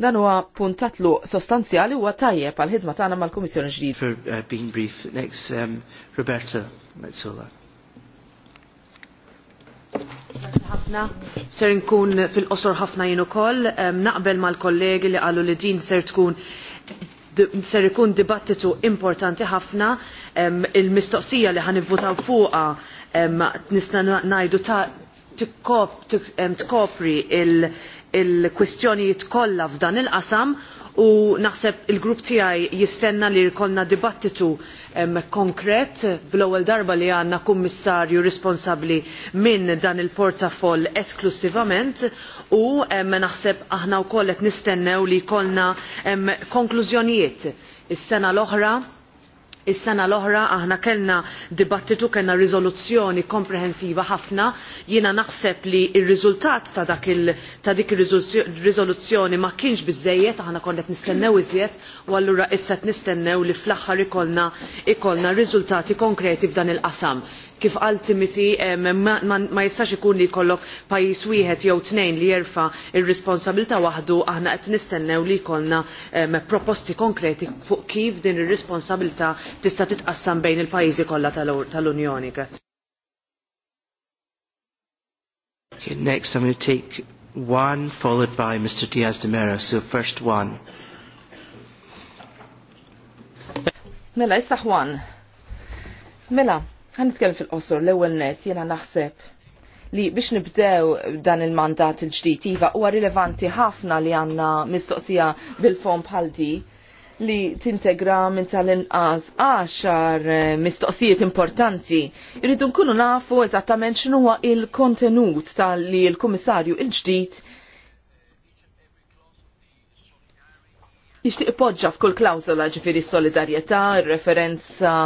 Speaker 4: Dan huwa puntatlu sostanzjali huwa tajjeb għal ħidma tagħna mal-Kummissjoni ġdid. For uh, being brief, next um, Roberta
Speaker 3: ħafna ser nkun fil-qosor ħafna jien ukoll um, naqbel mal-kollegi li qalu li din ser tkun ser ikun dibattitu importanti ħafna il-mistoqsija li ħanivvutaw fuqa nista' ngħidu ta' tkopri il-kwistjonijiet kollha f'dan il-qasam u naħseb il-grupp tiegħi jistenna li jkollna dibattitu konkret bl-ewwel darba li għandna kummissarju responsabbli minn dan il-portafoll esklusivament u naħseb aħna wkoll qed nistennew li jkollna konklużjonijiet is-sena l-oħra Is-sena l-oħra aħna kellna dibattitu kellna riżoluzzjoni komprehensiva ħafna jiena naħseb li r-riżultat ta' dak il ta' dik ir-riżoluzzjoni ma kienx biżejjed aħna konnet nistennew iżjed u allura issa qed nistennew li fl-aħħar ikollna ikollna riżultati konkreti f'dan il-qasam kif qal Timothy ma jistax ikun li jkollok pajjiż wieħed jew tnejn li jerfa' ir-responsabilità waħdu aħna qed nistennew li jkollna proposti konkreti fuq kif din ir-responsabilità tista' titqassam bejn il-pajjiżi kollha tal-Unjoni. Grazzi.
Speaker 1: Next I'm going to take one followed by Mr. Diaz de Mera, so first one.
Speaker 4: Mela, issa Juan. Mela, Għan nitkellem fil-qosor l-ewwel net jiena naħseb li biex nibdew dan il-mandat il-ġdid iva huwa rilevanti ħafna li għandna mistoqsija bil-fond bħal di li tintegra minn tal-inqas għaxar eh, mistoqsijiet importanti. Irridu nkunu nafu eżattament huwa il-kontenut tal-li l-Kummissarju il-ġdid jixtieq ipoġġa f'kull klawżola ġifieri solidarjetà, referenza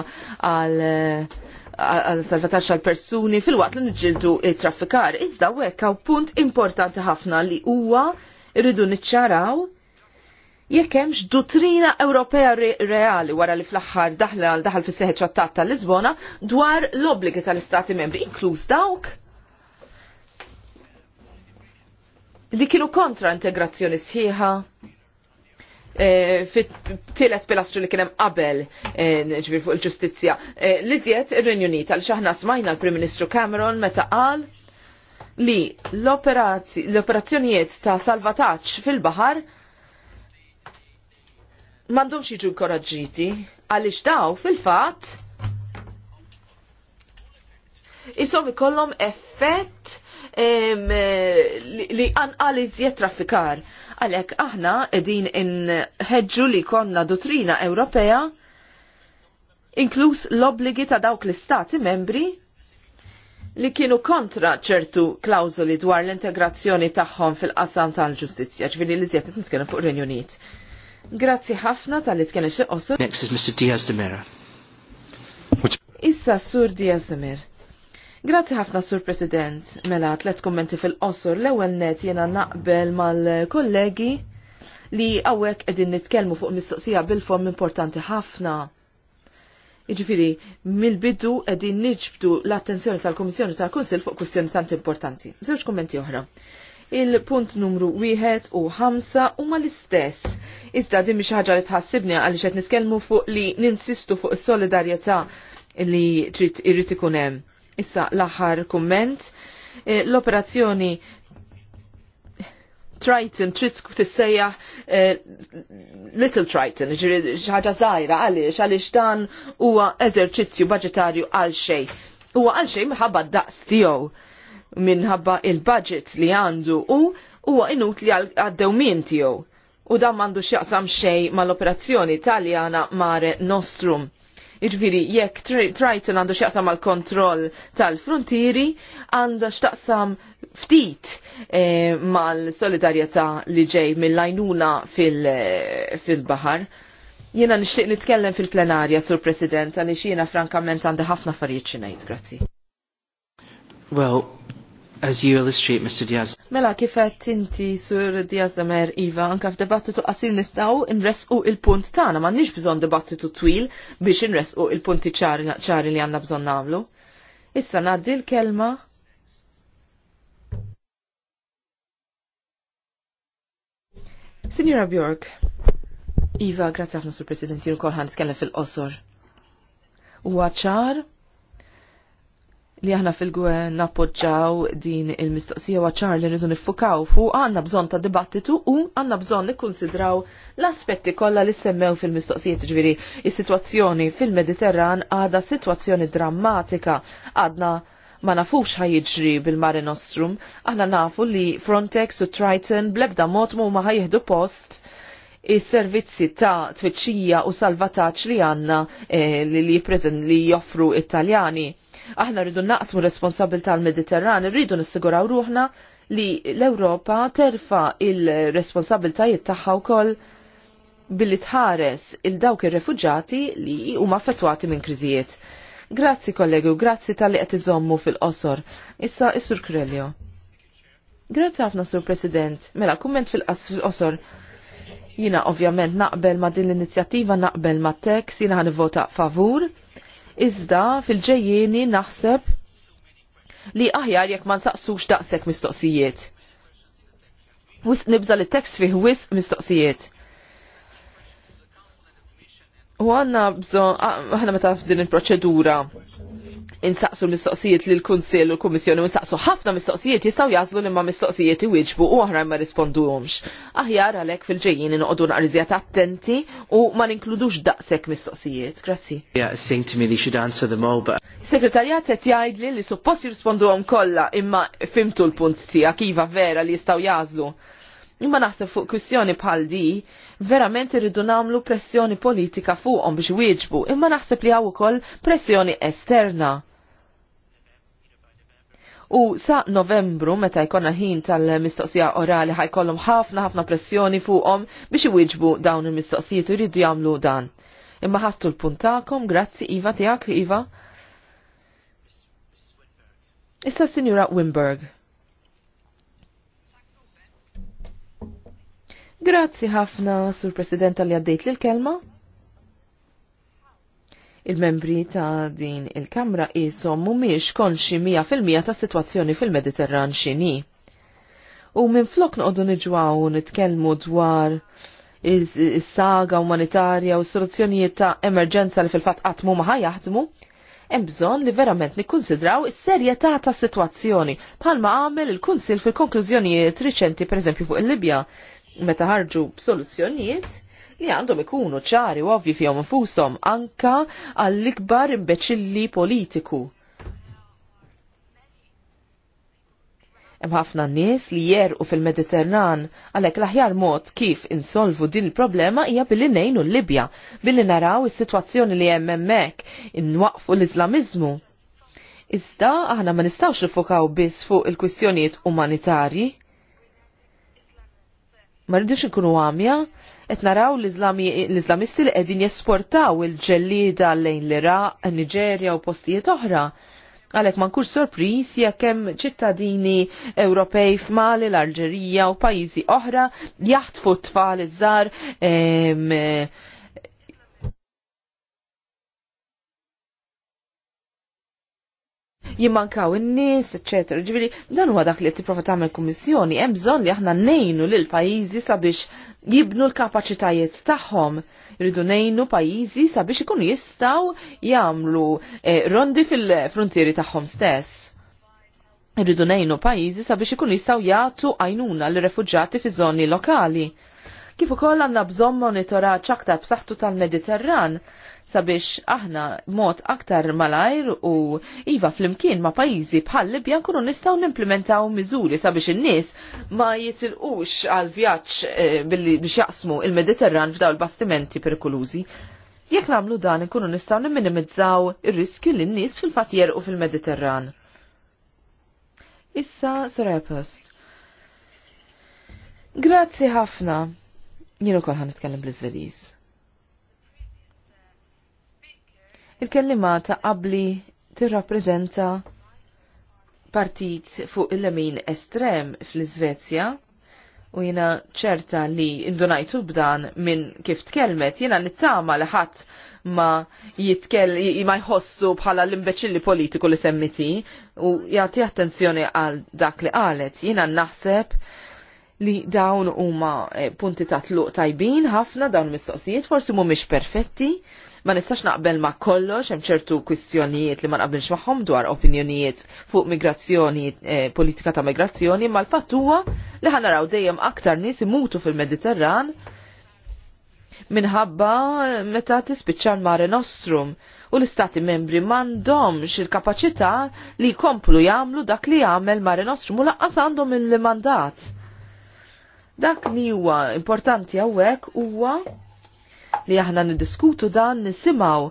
Speaker 4: għal eh, għal salvataċ għal persuni fil wat li nġildu il-traffikar. Iżda u għaw punt importanti ħafna li huwa irridu niċċaraw jekk hemmx dottrina Ewropea reali wara li fl-aħħar daħla għal daħal fis seħħ ċattat tal-Lisbona dwar l-obbligi tal-Istati membri, inkluż dawk li kienu kontra integrazzjoni sħiħa Eh, fit-tielet pilastru li kienem qabel eh, ġbir fuq il-ġustizja. Eh, li zjed ir-Renjuni tal-xaħna smajna l-Prim Ministru Cameron meta qal li l-operazzjonijiet ta' salvataċ fil-bahar mandomx jiġu inkoraġġiti għaliex daw fil-fatt isom ikollhom effett li anqal iżjed traffikar Għalek aħna edin inħedġu li konna dottrina Ewropea inkluż l-obligi ta' dawk l-istati membri li kienu kontra ċertu klawzoli dwar l-integrazzjoni tagħhom fil-qasam tal-ġustizzja, ġviri li zjed nitkellem fuq Renju Unit. Grazzi ħafna tal-li tkellem xi qosor.
Speaker 1: Next is Mr. Diaz de Mera.
Speaker 4: Issa Sur Diaz de Mera. Grazzi ħafna, Sur President. Mela, tlet kommenti fil-qosor. L-ewel net jena naqbel mal-kollegi li għawek edin nitkelmu fuq mistoqsija bil-form importanti ħafna. Iġifiri, mill-bidu edin niġbdu l-attenzjoni tal-Komissjoni tal-Kunsil fuq kwestjoni tant importanti. Zewġ kommenti oħra. Il-punt numru 1 u 5 huma l-istess. Iżda din xaħġa ħaġa li tħassibni għaliex qed nitkellmu fuq li ninsistu fuq is-solidarjetà li trid irrid ikun hemm Issa l-aħħar kumment. Eh, l-operazzjoni Triton trid tissejjaħ eh, Little Triton, ġiri ħaġa żgħira għaliex għaliex dan huwa eżerċizzju budgetarju għal xejn. Huwa għal xejn minħabba daqs tiegħu minħabba il-budget li għandu u huwa inutli għaddew min tiegħu. U dan m'għandux x'jaqsam xejn mal-operazzjoni Taljana Mare Nostrum. Iġviri, jekk Triton għandu xaqsam għal kontroll tal-frontieri, għandu xtaqsam ftit eh, mal-solidarjetà li ġej mill-lajnuna fil-bahar. Fil eh, jena nixtieq nitkellem fil-plenarja, Sur President, għaliex jiena frankament għandu ħafna affarijiet xinajt, grazzi.
Speaker 1: Well, As you illustrate, Mr. Diaz.
Speaker 4: Mela kifet inti sur Diaz Damer Iva, anka f'debattitu qasir nistaw nresqu il-punt tagħna, m'għandniex bżonn debattitu twil biex nresqu il-punti ċari li għandna bżonn nagħmlu. Issa ngħaddi l-kelma Signora Bjork, Iva, grazie ħafna sur President, jien ukoll ħan fil-qosor. Huwa ċar li aħna fil-gwen nappoġġaw din il-mistoqsija waċar li rridu nifukaw fuq għanna bżon ta' dibattitu u għanna bżon nikkonsidraw l-aspetti kollha li semmew fil-mistoqsijiet ġviri. Is-sitwazzjoni fil-Mediterran għada sitwazzjoni drammatika għadna ma nafux ħajġri bil-Mare Nostrum, aħna nafu li Frontex u Triton blebda mod mu ma post is-servizzi ta' tfittxija u salvataċ li għanna eh, li, li, li joffru Italjani Aħna rridu naqsmu responsabilta tal mediterran rridu nissiguraw ruħna li l-Europa terfa il-responsabiltajiet tagħha wkoll billi tħares il-dawk ir-refuġati li huma affettwati minn kriżijiet. Grazzi kollegi u grazzi tal-li qed iżommu fil-qosor. Issa is-Sur Krelio. Grazzi ħafna Sur President. Mela kumment fil-qosor. Jina ovvjament naqbel ma' din l-inizjattiva, naqbel ma' tekst, jina ħanivvota favur iżda fil-ġejjieni naħseb li aħjar jekk ma nsaqsux daqshekk mistoqsijiet. Wis nibża li tekst fih wis mistoqsijiet. U għanna bżon, għanna meta f'din il-proċedura insaqsu mistoqsijiet l-Kunsil u l-Kummissjoni u insaqsu ħafna mistoqsijiet jistgħu jazlu li ma mistoqsijiet wieġbu u għahra ma risponduhomx. Aħjar għalhekk fil-ġejjin inqogħdu naqriżjat attenti u ma ninkludux daqshekk mistoqsijiet. Grazzi. Yeah, Segretarjat qed jgħidli li suppost jirrisponduhom kollha imma fimtu l-punt tiegħek iva vera li jistgħu jażlu. Imma naħseb fuq kwistjoni bħal di verament irridu namlu pressjoni politika fuqhom biex wieġbu, imma naħseb li hawn ukoll pressjoni esterna. U sa novembru, meta jkonna ħin tal-mistoqsija orali, ħajkollhom ħafna ħafna pressjoni fuqhom biex iwieġbu dawn il-mistoqsijiet iridu jagħmlu dan. Imma ħattu l-puntakom, grazzi Iva tiegħek, Iva. Issa Sinjura Wimberg. Grazzi ħafna, Sur President, li għaddejt l-kelma. Il-membri ta' din il-Kamra isom mumiex konxi 100% ta' situazzjoni fil-Mediterran xini. U minn flok noqdu nġwaw nitkelmu dwar is-saga umanitarja u soluzzjonijiet ta' emerġenza li fil-fat għatmu ma ħajaħdmu, hemm bżonn li verament nikkonsidraw is-serjetà ta' situazzjoni bħalma għamel il-Kunsil fil-konklużjonijiet riċenti pereżempju fuq il-Libja meta ħarġu soluzzjonijiet li għandhom ikunu ċari u ovvi fihom infushom anka għall-ikbar imbeċilli politiku. Hemm ħafna nies li jerqu fil-Mediterran għalhekk l-aħjar mod kif insolvu din il-problema hija billi ngħinu l-Libja, billi naraw is-sitwazzjoni li hemm hemmhekk inwaqfu l-Iżlamiżmu. Iżda aħna ma nistgħux nifokaw biss fuq il-kwistjonijiet umanitarji ma rridux ikunu għamja, qed naraw l-Islamisti li qegħdin jesportaw il-ġellida lejn l-Iraq, Niġerja u postijiet oħra. Għalhekk ma nkunx sorpriz jekk hemm ċittadini Ewropej f'Mali, l-Alġerija u pajjiżi oħra jaħtfu t-tfal iż-żar jimmankaw in-nies, eċetera. Ġifieri dan huwa dak li qed tipprova tagħmel kummissjoni, hemm bżonn li aħna nejnu lil pajjiżi sabiex jibnu l-kapaċitajiet tagħhom. Jridu nejnu pajjiżi sabiex ikunu jistgħu jagħmlu eh, rondi fil-frontieri tagħhom stess. Irridu nejnu pajjiżi sabiex ikunu jistgħu jagħtu għajnuna l-refuġġati fiż-żoni lokali. Kif ukoll għandna bżonn monitoraġġ aktar b'saħħtu tal-Mediterran sabiex aħna mod aktar malajr u iva flimkien ma' pajizi bħal Libja nkunu nistgħu nimplementaw miżuri sabiex in-nies ma jitilqux għal vjaġġ eh, billi biex jaqsmu il-Mediterran f'daw il-bastimenti perikolużi. Jekk nagħmlu dan nkunu nistgħu nimminimizzaw ir-riskju lin nies fil-fatjer u fil-Mediterran. Issa Serapest. Grazzi ħafna. Jien ukoll ħan nitkellem bl-Iżvediż. Il-kellima ta' qabli tirrappreżenta partit fuq il-lemin estrem fl-Svezja u jina ċerta li indunajtu b'dan minn kif tkelmet, jina nittama li ħadd ma jitkel ma jħossu bħala l-imbeċilli politiku li semmiti u jagħti attenzjoni għal dak li qalet. Jina naħseb li dawn huma eh, punti ta' tluq tajbin ħafna dawn mistoqsijiet forsi mhumiex perfetti Ma nistax naqbel ma kollox, hemm ċertu kwistjonijiet li ma naqbilx magħhom dwar opinjonijiet fuq migrazzjoni, eh, politika ta' migrazzjoni, ma l-fatt huwa li ħanaraw dejjem aktar nies imutu fil-Mediterran minħabba meta tispiċċa mare nostrum u l-istati membri m'għandhomx il kapaċità li komplu jamlu dak li jagħmel mare nostrum u laqqas għandhom il-mandat. Dak li huwa importanti hawnhekk huwa li aħna niddiskutu dan nisimaw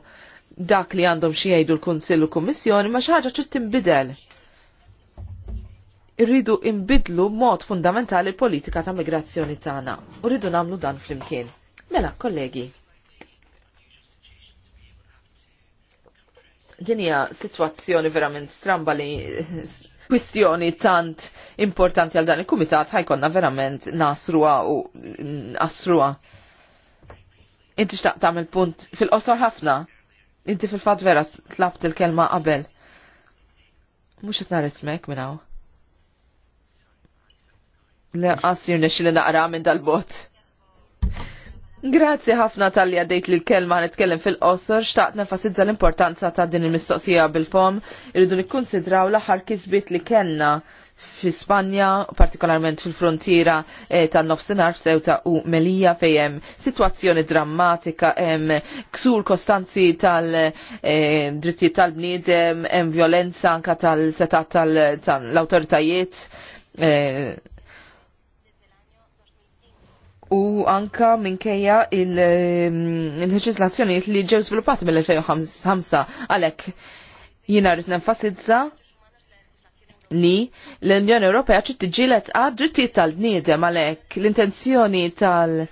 Speaker 4: dak li għandhom xi jgħidu l-Kunsill u Kummissjoni ma xi ħaġa trid tinbidel. Irridu imbidlu mod fundamentali l-politika ta' migrazzjoni tagħna u rridu nagħmlu dan flimkien. Mela, kollegi. Dinja situazzjoni verament stramba li kwistjoni tant importanti għal dan il-kumitat ħajkonna verament nasruha u asruha. Inti xtaq tagħmel punt fil-qosor ħafna. Inti fil-fatt vera tlabt il-kelma qabel. Mhux qed nar ismek minn hawn. għasir ah, jirnexxi li naqra minn dal-bot. Grazzi ħafna tal-li għaddejt li l-kelma nitkellem fil-qosor, xtaqt nefasizza l-importanza ta' din il-mistoqsija bil-fom, irridu nikkonsidraw l-aħħar kizbit li kellna fi Spanja, partikolarment fil-frontiera eh, tan-nofsinhar f'Sewta u Melija fejn sitwazzjoni drammatika hemm ksur kostanzi tal-drittijiet eh, tal bnidem hemm violenza anka tal seta tal-awtoritajiet. eh, u anka minkejja eh, il-leġislazzjonijiet il li ġew sviluppati mill-2005 għalhekk jina rrid nenfasizza li l-Unjoni Ewropea ċi tġilet għad drittijiet tal-bniedem għalhekk l-intenzjoni tal-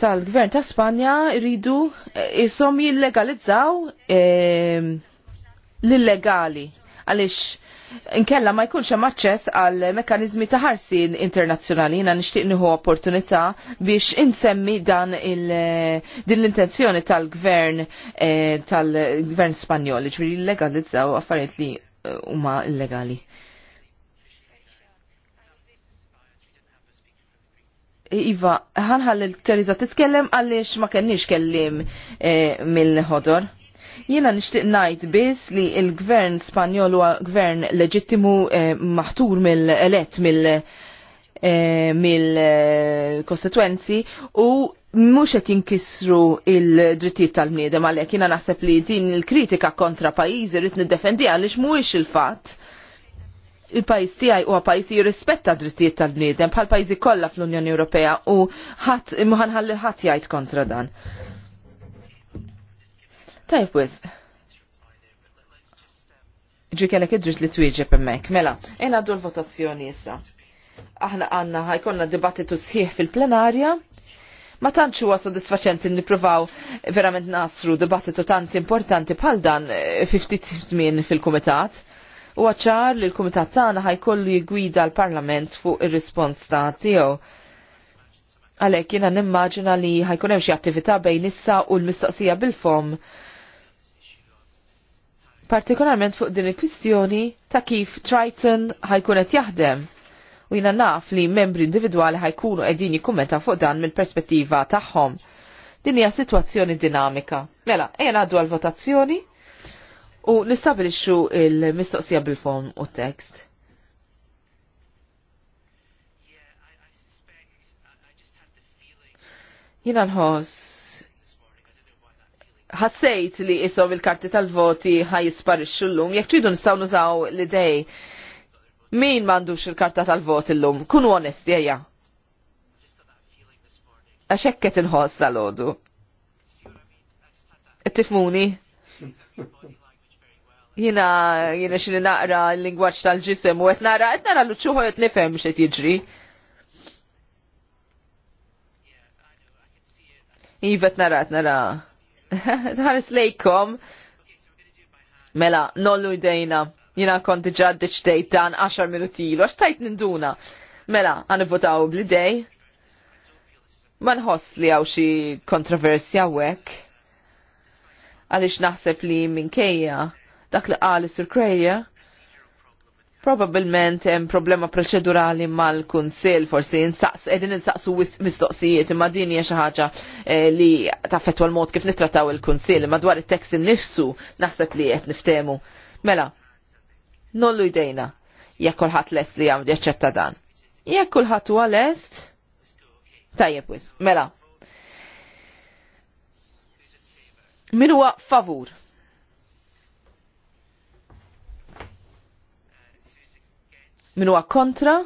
Speaker 4: tal-gvern ta' Spanja rridu eh, isom jillegalizzaw l-illegali għaliex Inkella ma jkunx hemm aċċess għal mekkaniżmi ta' ħarsin internazzjonali jiena nixtieq nieħu opportunità biex insemmi dan il din l-intenzjoni tal-gvern eh, tal-gvern Spanjol ġifieri jillegalizzaw affarijiet li huma illegali. Iva, ħanħall il-Teresa titkellem għaliex ma kenniex kellim eh, mill-ħodor. Jiena nixtieq ngħid biss li l-gvern Spanjol huwa gvern leġittimu eh, maħtur mill-elett mill-kostituenzi eh, u mhux qed jinkisru il-drittijiet tal-bniedem għalhekk jiena naħseb li din il-kritika kontra pajjiżi rid niddefendi għaliex mhuwiex il-fatt il pajjiż tiegħi huwa pajis jirrispetta drittijiet tal-bniedem bħal pajjiżi kollha fl-Unjoni Ewropea u ħadd ħalli ħadd jgħid kontra dan. Tajb wis. ġi kellek idġiġ li twieġeb hemmhekk. Mela, jien għaddu l-votazzjoni issa. Aħna għandna ħajkonna dibattitu sħiħ fil-plenarja ma tantx huwa sodisfaċenti nippruvaw verament nasru dibattitu tant importanti bħal dan eh, ftit żmien fil-kumitat. U ċar li l-kumitat tagħna ħajkollu jigwida l-Parlament fuq ir-rispons ta' tiegħu. Għalhekk jiena nimmaġina li ħajkun hemm xi attività bejn issa u l-mistoqsija bil-fom partikolarment fuq din il-kwistjoni ta' kif Triton ħajkun qed jaħdem u jina naf li membri individuali ħajkunu edin jikkummenta fuq dan mill-perspettiva tagħhom. Din hija sitwazzjoni dinamika. Mela, jena għaddu għal-votazzjoni u nistabilixxu il-mistoqsija bil-form u tekst. Jina nħos ħassejt li isom il-karti tal-voti ħaj jisparixxu l-lum, jek tridu nistaw nużaw l-idej Min mandux il-karta tal-vot illum? Kunu onesti eja. Għaxekket inħoss tal-ħodu. Tifmuni? Jina, jina xini naqra l-lingwaċ tal-ġisem u etnara, nara, nara l-ċuħu għet nifem xet jġri. Iva' etnara, etnara. Dħaris lejkom. Mela, nollu idejna. Jina kont diġa d dan 10 minuti ilu, għax tajt ninduna. Mela, għan votaw bl-idej. Ma nħoss li għaw xi kontroversja wek. Għalix naħseb li kejja dak li għali sur Kreja probabilment hemm problema proċedurali mal-kunsil forsi insaqs qegħdin insaqsu mistoqsijiet imma din hija xi ħaġa eh, li taffettwa l-mod kif nittrattaw il-kunsil imma dwar it text innifsu naħseb li qed niftemu. Mela, nollu jdejna jekk kulħadd lest li għamdi jaċċetta dan. Jekk kulħadd huwa lest, tajjeb wis, mela. Min huwa favur? Min huwa kontra?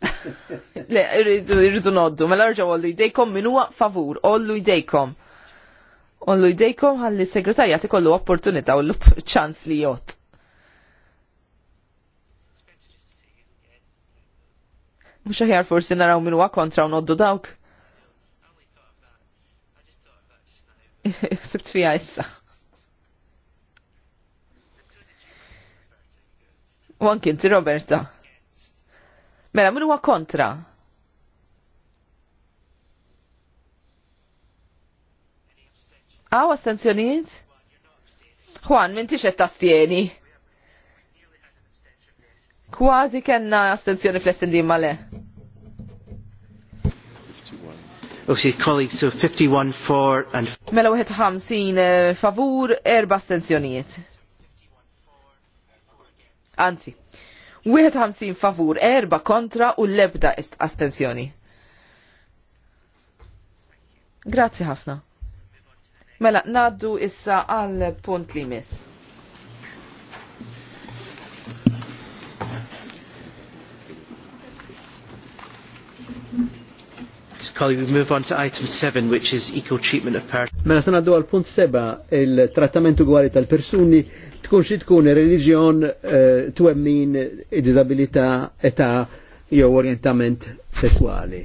Speaker 4: Le, irridu noddu, mela rġaw ollu jdejkom, min huwa favur, ollu jdejkom. Ollu jdejkom għalli segretarja ti kollu opportunita u l-ċans li jot. Mux aħjar forsi naraw minn kontra u noddu dawk. Sibt fija issa. U anki Roberta. Mela, minn huwa kontra? Għaw astenzjoniet? Juan, minn tixet tastieni. Kważi kena astenzjoni fl-estendin male.
Speaker 1: Obviously, oh, colleagues, so 51 for and...
Speaker 4: Mela ħamsin eh, favur, erba astenzjonijiet. Anzi, ħamsin favur, erba kontra u lebda est astenzjoni. Grazzi ħafna. Mela, naddu issa għal punt li mis.
Speaker 1: Colleague, we move on to item 7, which is equal treatment of part.
Speaker 6: Mela sena għal punt 7, il-trattament ugwali tal-persuni tkun xi tkun ir-reliġjon eh, twemmin id-disabilità età jew orientament sessuali.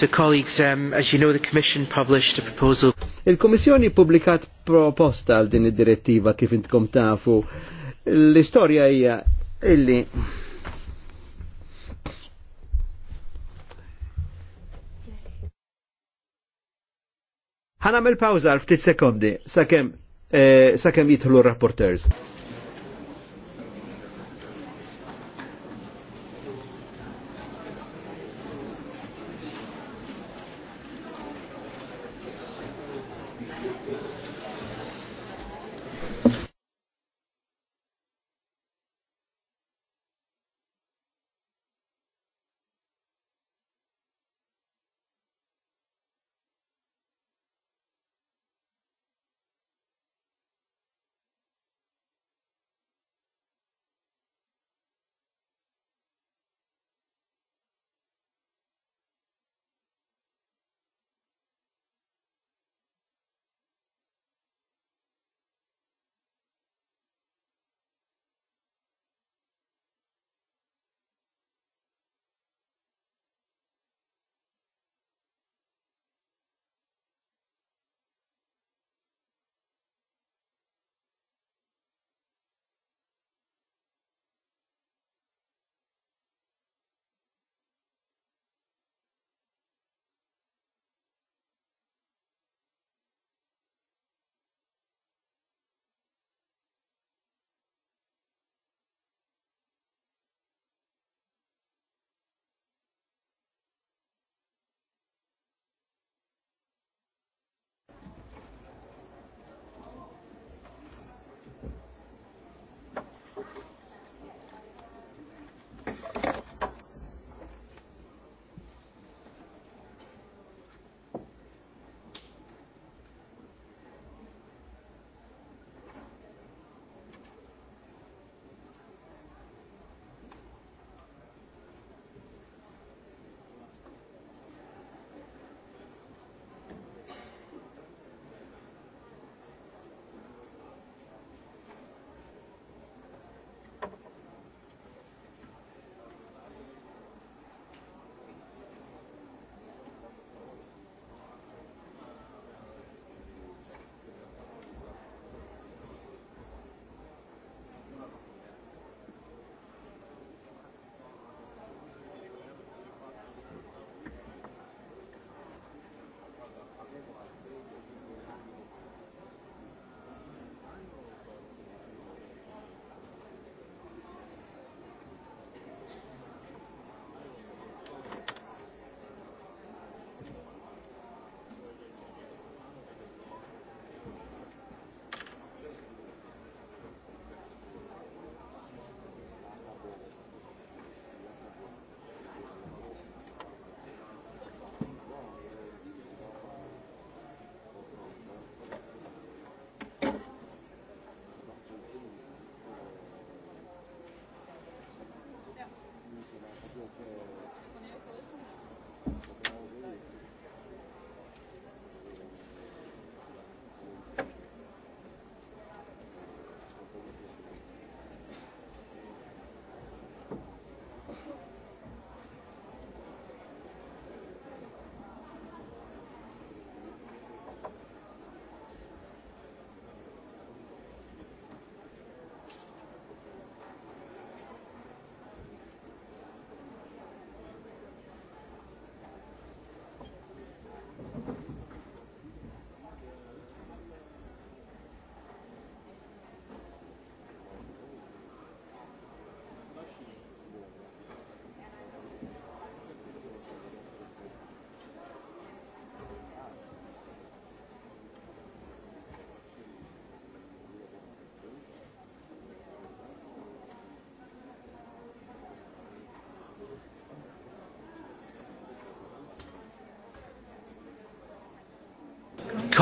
Speaker 6: So colleagues, um, as you know, the Commission published a proposal. Il-Kommissjoni publikat proposta għal din id-direttiva kif intkom tafu. L-istorja hija illi ħanamel pawza għal ftit sekondi sakemm eh, sakemm jitħlu rapporters.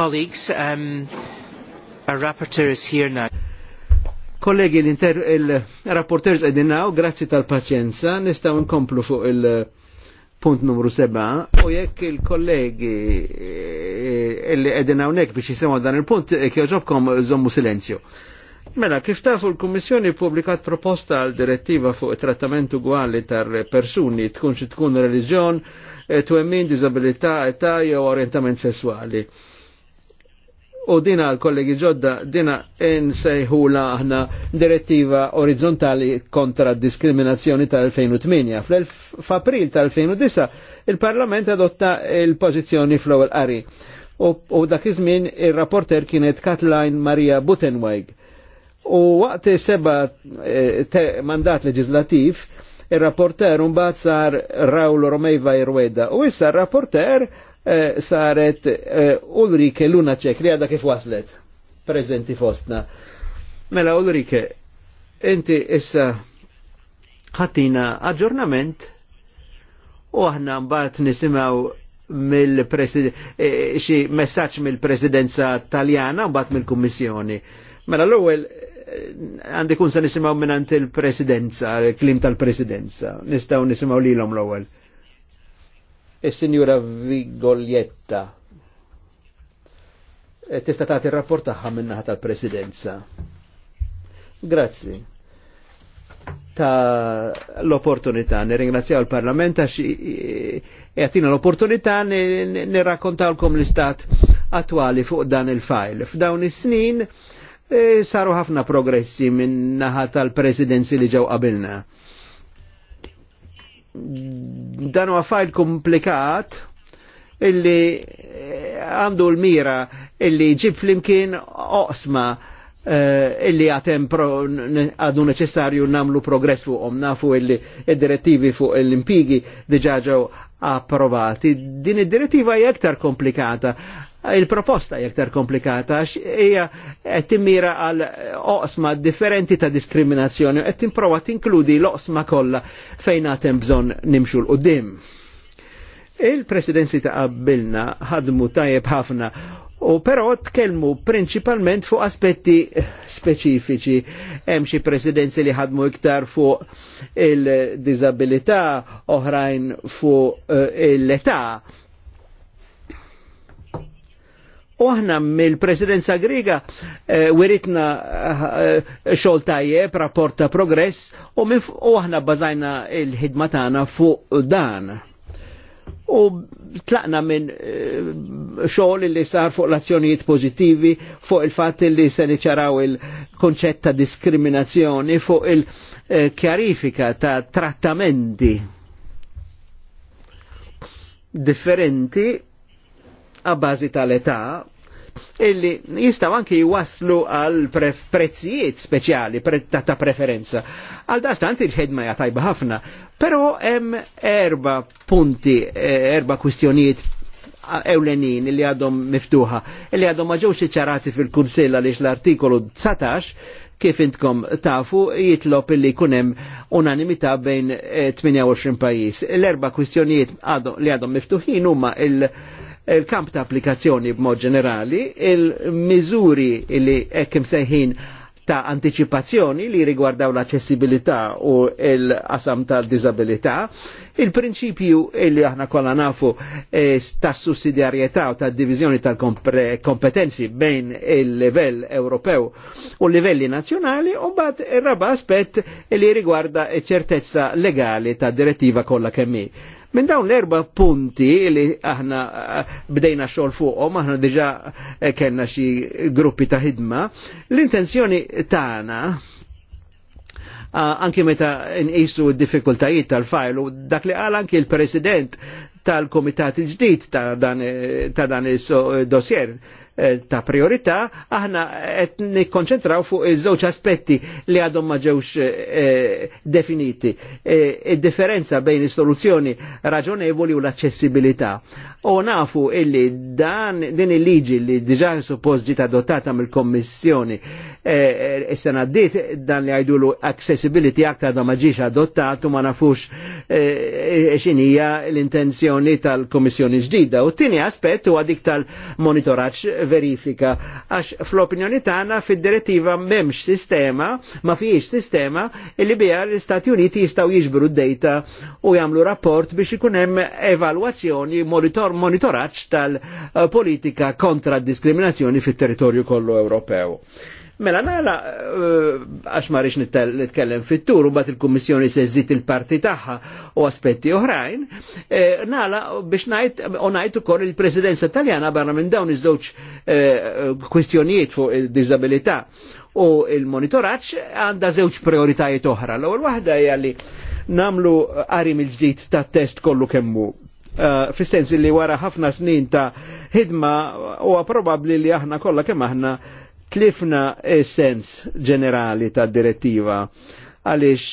Speaker 1: Colleagues, um, our rapporteur is here now.
Speaker 6: Kollegi, il-rapporteurs il edinaw, grazzi tal pacienza nistaw nkomplu fuq il-punt eh, numru 7, u jekk il-kollegi eh, li edinaw nek biex jisimaw dan il-punt, eh, kjoġobkom zommu silenzju. Mela, kif tafu l kommissjoni publikat proposta għal direttiva fuq trattament ugwali tar persuni tkun xi tkun reliġjon, emmin, disabilità, età jew orientament sessuali u dina l-kollegi ġodda dina nsejħula aħna direttiva orizzontali kontra diskriminazzjoni tal-2008. F'April tal-2009 il-Parlament adotta il-pożizzjoni fl-ewwel qari u dak iż-żmien ir-rapporter kienet Katlajn Maria Butenweg. U waqt seba eh, mandat leġislativ, il-rapporter un sar Raul Romeva Irweda. U issa il-rapporter eh, saret Ulrike eh, Ulrike Lunacek li għadha kif waslet prezenti fostna. Mela Ulrike, inti issa ħatina aġġornament u aħna mbagħad nisimgħu mill eh, xi messaġġ mill-Presidenza Taljana mbagħad mill-Kummissjoni. Mela l-ewwel eh, għandi kun sa nisimgħu minn il-presidenza, il-klim tal-presidenza. nistgħu nisimgħu lilhom l ewwel signora sinjura E Testa tagħti il rapporto ha minnaħa tal-Presidenza. Grazzi ta' l-opportunità. Nirringrazzjaw il-Parlament għax ne, e l-opportunità nirrakkontawlkom l-istat attwali fuq dan il Fu F'dawn is-snin e saru ħafna progressi min naħa tal-presidenzi li ġew qabilna dan huwa fajl komplikat illi eh, għandu l-mira illi ġib flimkien oqsma eh, illi għatem għadu neċessarju namlu progress omna nafu illi id-direttivi fuq l-impigi diġaġaw approvati. Din id-direttiva hija aktar komplikata il-proposta jek komplikata għax hija qed timmira għal oqsma differenti ta' diskriminazzjoni qed tinprova tinkludi l-oqsma kollha fejn għatem bżonn nimxu l-qudiem. Il-presidenzi ta' qabbilna ħadmu tajjeb ħafna U però tkellmu prinċipalment fuq aspetti speċifiċi. Hemm xi presidenzi li ħadmu iktar fuq il-disabilità, oħrajn fuq eh, il l-età, U aħna mill-presidenza grega weritna eh, wiritna eh, eh, xol tajjeb, rapport ta' progress, u, u aħna bazajna il-ħidma tagħna fuq dan. U tlaqna minn xogħol li sar fuq l-azzjonijiet pożittivi, fuq il-fatt li se niċċaraw il-konċett ta' diskriminazzjoni, fuq il-kjarifika ta' trattamenti differenti għabbażi tal-età illi jistaw anki jwaslu għal prezzijiet speċjali ta' ta' preferenza. Għal dastant il-ħedma jatajba ħafna, pero hemm erba punti, eh, erba kwistjonijiet ewlenin li għadhom miftuħa, li għadhom maġewx ċarati fil-kunsill għaliex l-artikolu 19 kif intkom tafu jitlob illi kunem unanimità bejn 28 eh, pajis. L-erba kwistjonijiet li għadhom miftuħin huma il- il-kamp ta' applikazzjoni b'mod ġenerali, il-miżuri li ekkim seħin ta' anticipazzjoni li rigwardaw l-accessibilità u l-qasam tal-disabilità, il-prinċipju li aħna kolla nafu e, ta' sussidjarjetà u ta' divizjoni tal-kompetenzi bejn il-level Ewropew u livelli nazjonali u bat il-raba aspett li rigwarda ċertezza legali ta' direttiva kolla kemmi. Minn dawn l-erba punti li aħna eh, bdejna xogħol fuqhom, aħna diġa eh, kellna xi gruppi ta' ħidma, l-intenzjoni tagħna eh, anki meta nqisu d-diffikultajiet tal-fajl u dak li qal anki l-President tal-Komitat il-ġdid ta' dan, ta dan il-dossier Eh, ta' priorità, aħna qed nikkonċentraw fuq iż-żewġ aspetti li għadhom ma ġewx eh, definiti. Eh, id-differenza bejn is-soluzzjoni raġonevoli u l-aċċessibilità. U nafu illi dan din il-liġi li diġà suppost ġiet adottata mill-Kommissjoni is-sena ddiet dan li għajdulu accessibility aktar da maġiġ adottat u ma nafux xinija l-intenzjoni tal kommissjoni ġdida. U t-tini aspett huwa dik tal-monitoraġġ verifika għax fl-opinjoni tagħna fid-direttiva m'hemmx sistema, ma fiex sistema li biha l-Istati Uniti jistgħu jiġbru d-dejta u jagħmlu rapport biex ikun hemm evalwazzjoni monitor, monitoraġġ tal-politika kontra d-diskriminazzjoni fit-territorju kollu Ewropew. Mela nara, eh, għax marriċ nitkellem fit-tur, u bat il-Kommissjoni se żżid il-parti taħħa u aspetti oħrajn, eh, nala biex najt, u najt u il-presidenza taljana barra minn dawn iż-żewġ eh, kwistjonijiet fuq il-disabilità u il-monitoraċ għanda żewġ prioritajiet oħra. L-ewwel waħda hija li namlu qarim il-ġdid tat-test kollu kemmu Uh, fis-sens li wara ħafna snin ta' ħidma huwa probabbli li aħna kollha kemm aħna tlifna sens ġenerali ta' direttiva għalix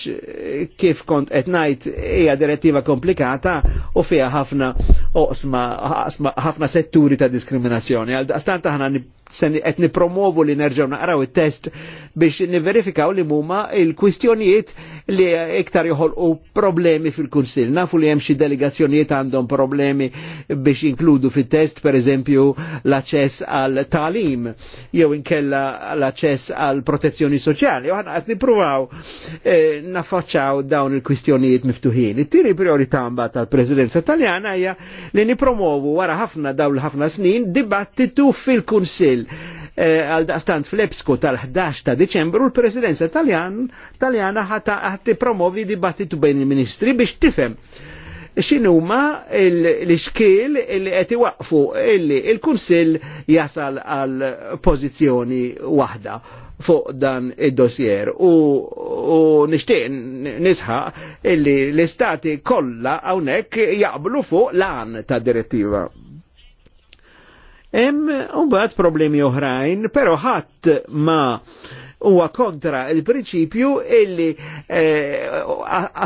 Speaker 6: kif kont etnajt hija direttiva komplikata u fija ħafna ħafna setturi ta' diskriminazzjoni. Għal stanta ħana qed nipromovu li nerġgħu naqraw it-test biex niverifikaw li huma il-kwistjonijiet li iktar joħolqu problemi fil-Kunsill. Nafu li hemm xi delegazzjonijiet għandhom problemi biex inkludu fit-test pereżempju l-aċċess għal talim jew inkella l-aċċess għal protezzjoni soċjali. Aħna qed nippruvaw eh, naffaċċaw dawn il-kwistjonijiet miftuħin. It-tieni priorità mbagħad tal-Presidenza Taljana hija li nipromovu wara ħafna dawl ħafna snin dibattitu fil-Kunsill lil eh, għal daqstant fl tal-11 ta' Deċembru l-Presidenza Taljan Taljana ħatti promovi dibattitu bejn il-Ministri biex tifhem x'inhuma l-iskil li qed iwaqfu illi il-Kunsill jasal għal pożizzjoni waħda fuq dan id-dossier u, u nishtiq nisħa illi l-istati kollha hawnhekk jaqblu fuq lan ta' direttiva Hemm mbagħad problemi oħrajn, però ħadd ma huwa kontra il-prinċipju illi eh,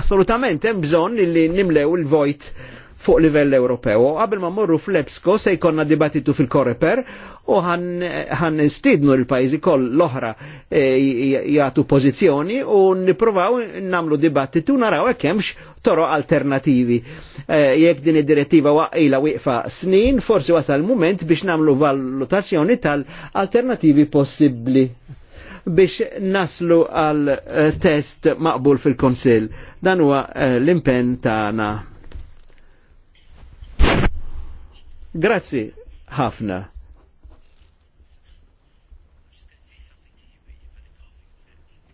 Speaker 6: assolutament hemm bżonn illi nimlew il-vojt il vojt fuq livell Ewropew. qabel ma morru fl-EBSCO se jkollna dibattitu fil-Koreper u ħan stidnu l-pajzi koll l-oħra e, jagħtu jgħatu pozizjoni u niprovaw namlu dibattitu naraw hemmx toro alternativi. E, jekk din id-direttiva waqila wieqfa snin, forsi wasal il-moment biex namlu valutazzjoni tal-alternativi possibbli biex naslu għal test maqbul fil-konsil. Dan huwa e, l-impenn tagħna. Grazzi ħafna.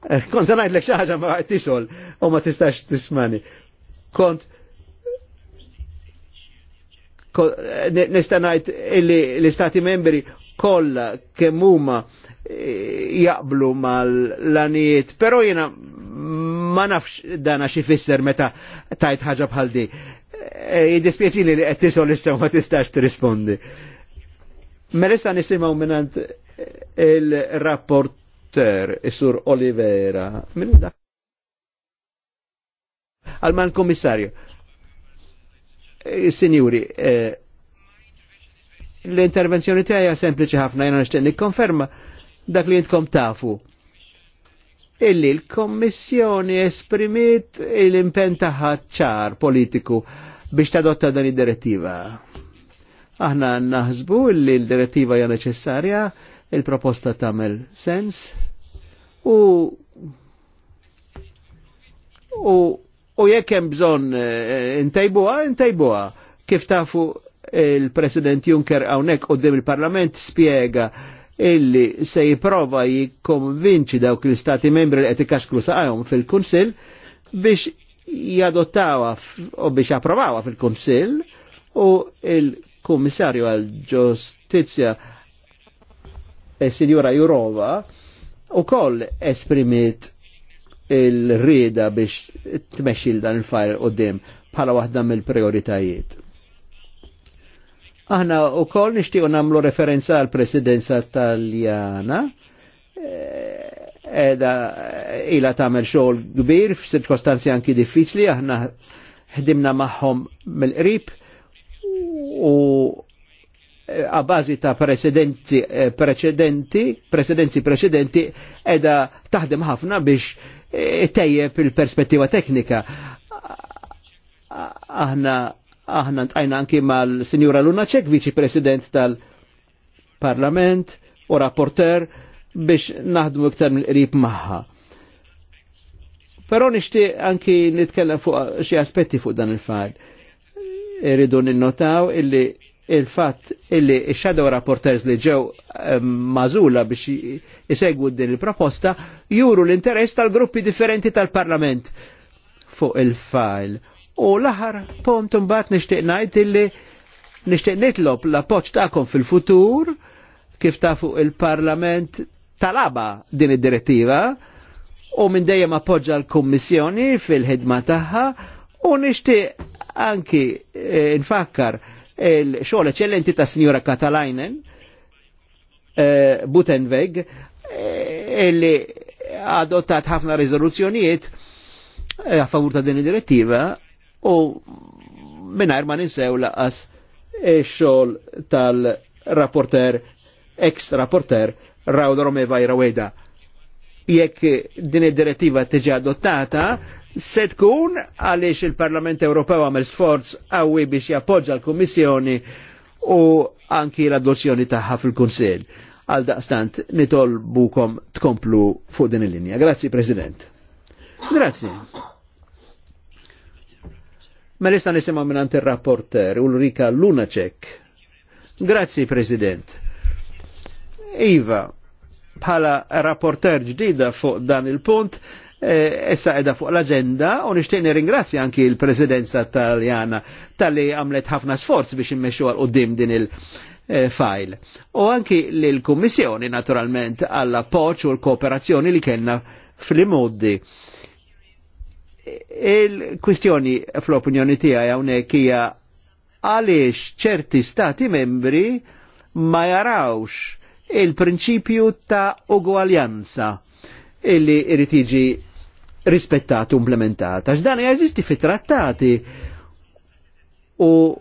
Speaker 6: Eh, kont sanajt l-ek xaħġa ma tisol u ma tistax tismani. Kont Nistanajt illi l-istati membri kolla kemmuma huma eh, jaqblu mal-lanijiet, pero jena ma nafx dana xifisser meta tajt ħaġa bħal di. E, jidispieċini li qed tisol issa ma tistax t-rispondi. Mela issa nisimaw minnant il-rapporter is-sur Olivera. Min da? Alman komissarju. E, Sinjuri, e, l-intervenzjoni tiegħi sempliċi ħafna jiena nixtieq konferma dak li jintkom tafu illi l-Kommissjoni esprimit l impenta taħħa ċar politiku biex tadotta dan id-direttiva. Aħna naħsbu li l-direttiva hija neċessarja, il-proposta tagħmel sens u u u jekk hemm bżonn eh, intejbuha, intejbuha. Kif tafu il-President Juncker hawnhekk qudiem il-Parlament spjega illi se jiprova jikkonvinċi dawk l-istati membri li qed ikaxklu saqajhom fil-Kunsill biex jadottawa u biex approvawa fil-Konsil u il-Kummissarju għal-Ġustizja e eh, Signora Jurova u koll esprimit il-rida biex t dan il-fajl dim bħala waħda mill-prioritajiet. Aħna u koll nishtiju namlu referenza għal presidenza taljana eh, edha ila tagħmel xogħol kbir f'sirkostanzi anki diffiċli aħna ħdimna magħhom mill-qrib u e, bażi ta' precedenti, e, precedenti, precedenzi precedenti edha taħdem ħafna biex e, tejjeb il-perspettiva teknika. Aħna aħna ntajna anki mal-Sinjura Luna Ċek, viċi president tal-Parlament u rapporter biex naħdmu iktar mill-qrib maħħa. Però nixtieq anki nitkellem fuq xi aspetti fuq dan il fad Irridu ninnotaw illi il-fatt illi shadow rapporters li ġew ehm, mażula biex jisegwu din il-proposta juru l-interess tal-gruppi differenti tal-Parlament fuq il-fajl. U l-aħar pont mbagħad nixtieq ngħid illi nixtieq nitlob l-appoġġ tagħkom fil-futur kif ta' fuq il-Parlament talaba din id-direttiva u minn dejjem appoġġa l-Kummissjoni fil-ħidma tagħha u nixtieq anki e, nfakkar il-xogħol eċellenti ta' Sinjora Katalajnen e, Butenweg eh, e, adottat ħafna riżoluzzjonijiet eh, a favur ta' din id-direttiva u minnajr ma ninsew laqas xogħol tal-rapporter ex-rapporter raw Romeva wejda. Jekk din id-direttiva tiġi adottata, se tkun għaliex il-Parlament Ewropew għamel sforz għawi biex jappoġġa l-Kummissjoni u anki l-adozzjoni tagħha fil-Kunsill. Għal daqstant nitolbukom tkomplu fuq din il-linja. Grazzi, President. Grazzi. Ma mela nista' minn il-rapporter Ulrika Lunacek. Grazzi, President. Iva, bħala rapporter ġdida fuq dan il-punt, eh, issa edha fuq l-agenda u nishtiqni ringrazzi anki l-presidenza taljana tal-li għamlet ħafna sforz biex immexu għal qudiem din il-fajl. Eh, u anki l-Kummissjoni naturalment għall appoġġ u l-kooperazzjoni li kellna fl-imoddi. Il-kwistjoni fl-opinjoni tiegħi hawnhekk hija għaliex ċerti stati membri ma jarawx il-prinċipju ta' ugualjanza illi irid jiġi rispettat u implementat. Għax dan jeżisti fit-trattati u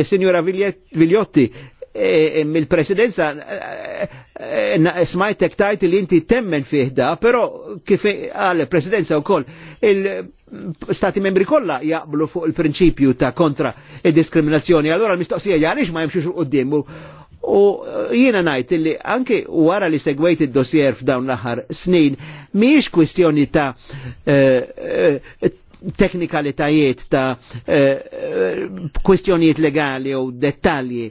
Speaker 6: il signora Viljotti e, e, mill-presidenza smajt e, smajtek tajt li inti temmen fiħda, pero kif għal-presidenza u koll il-stati membri kolla jaqblu fuq il-prinċipju ta' kontra il-diskriminazzjoni, allora l-mistoqsija jgħalix ma jimxux u d-dimmu U eh, jiena najt li anke wara li segwejt id-dossier f'dawn l-aħħar snin, miex kwistjoni ta' eh, eh, teknikalitajiet ta' kwistjonijiet legali u dettalji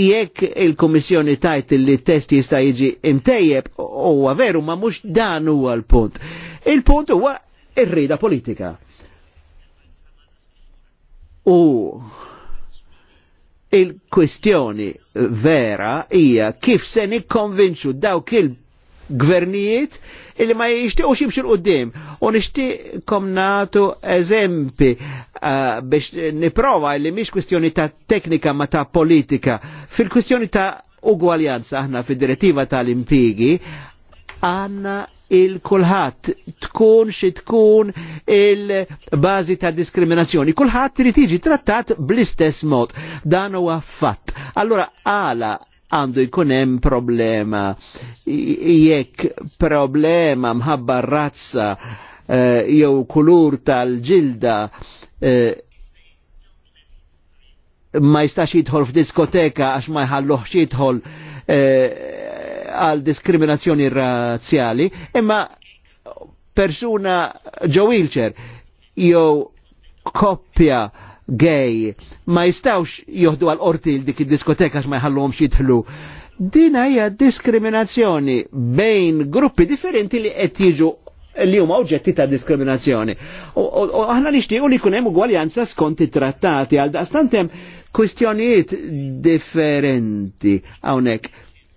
Speaker 6: jekk il-Komissjoni tajt li test jista' jiġi imtejjeb huwa veru ma mhux dan huwa l-punt. Il-punt huwa ir-rida politika. U il-kwistjoni vera hija kif se nikkonvinċu dawk il-gvernijiet illi ma jishtiqu ximxu l-qoddim. U nishtiqkom natu eżempi uh, biex niprova li miex kwistjoni ta' teknika ma ta' politika. Fil-kwistjoni ta' ugwaljanza aħna fid-direttiva tal-impigi, għanna il-kulħat tkun xi tkun il-bażi ta' diskriminazzjoni. Kulħadd irid jiġi trattat bl-istess mod. Dan huwa fatt. Allora għala għandu jkun hemm problema. Jekk problema mħabba razza eh, jew kulur tal-ġilda eh, ma jistax jidħol f'diskoteka għax ma jħalluħx jidħol eh, għal diskriminazzjoni razzjali, imma persuna ġo wheelchair jew koppja gay ma jistawx joħdu għal orti dik id-diskoteka ma jħallhomx jidħlu. Din hija diskriminazzjoni bejn gruppi differenti li qed jiġu li huma oġġetti ta' diskriminazzjoni. U aħna nixtiequ li jkun hemm ugwaljanza skont it-trattati għal daqstant hemm kwistjonijiet differenti hawnhekk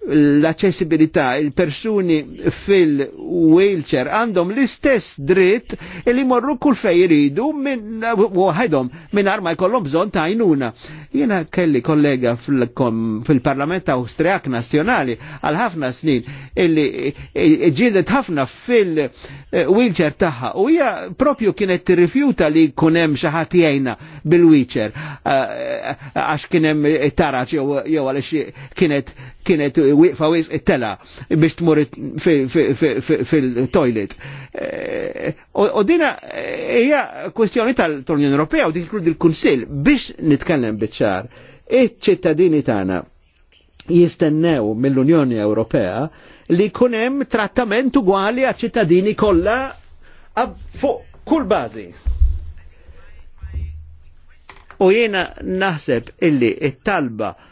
Speaker 6: l-accessibilità, il-persuni fil-wheelchair għandhom l-istess dritt li morru kull fej jiridu minn ħedhom minn arma jkollhom bżonn ta' għajnuna. Jiena kelli kollega fil-Parlament Awstrijak Nazzjonali għal ħafna snin illi ġildet ħafna fil-wheelchair tagħha u hija propju kienet tirrifjuta li jkun hemm xi ħadd bil-wheelchair eh, eh, għax kien hemm taraġ jew għaliex kienet kienet wieqfa wis it-tela biex tmur fil-toilet. U eh, dina eh, hija kwestjoni tal-Unjoni Ewropea u dik il-Kunsill biex nitkellem biċċar Iċ-ċittadini tagħna jistennew mill-Unjoni Ewropea li jkun hemm trattament ugwali għaċ ċittadini kollha fuq kull bażi. U jiena naħseb illi it-talba il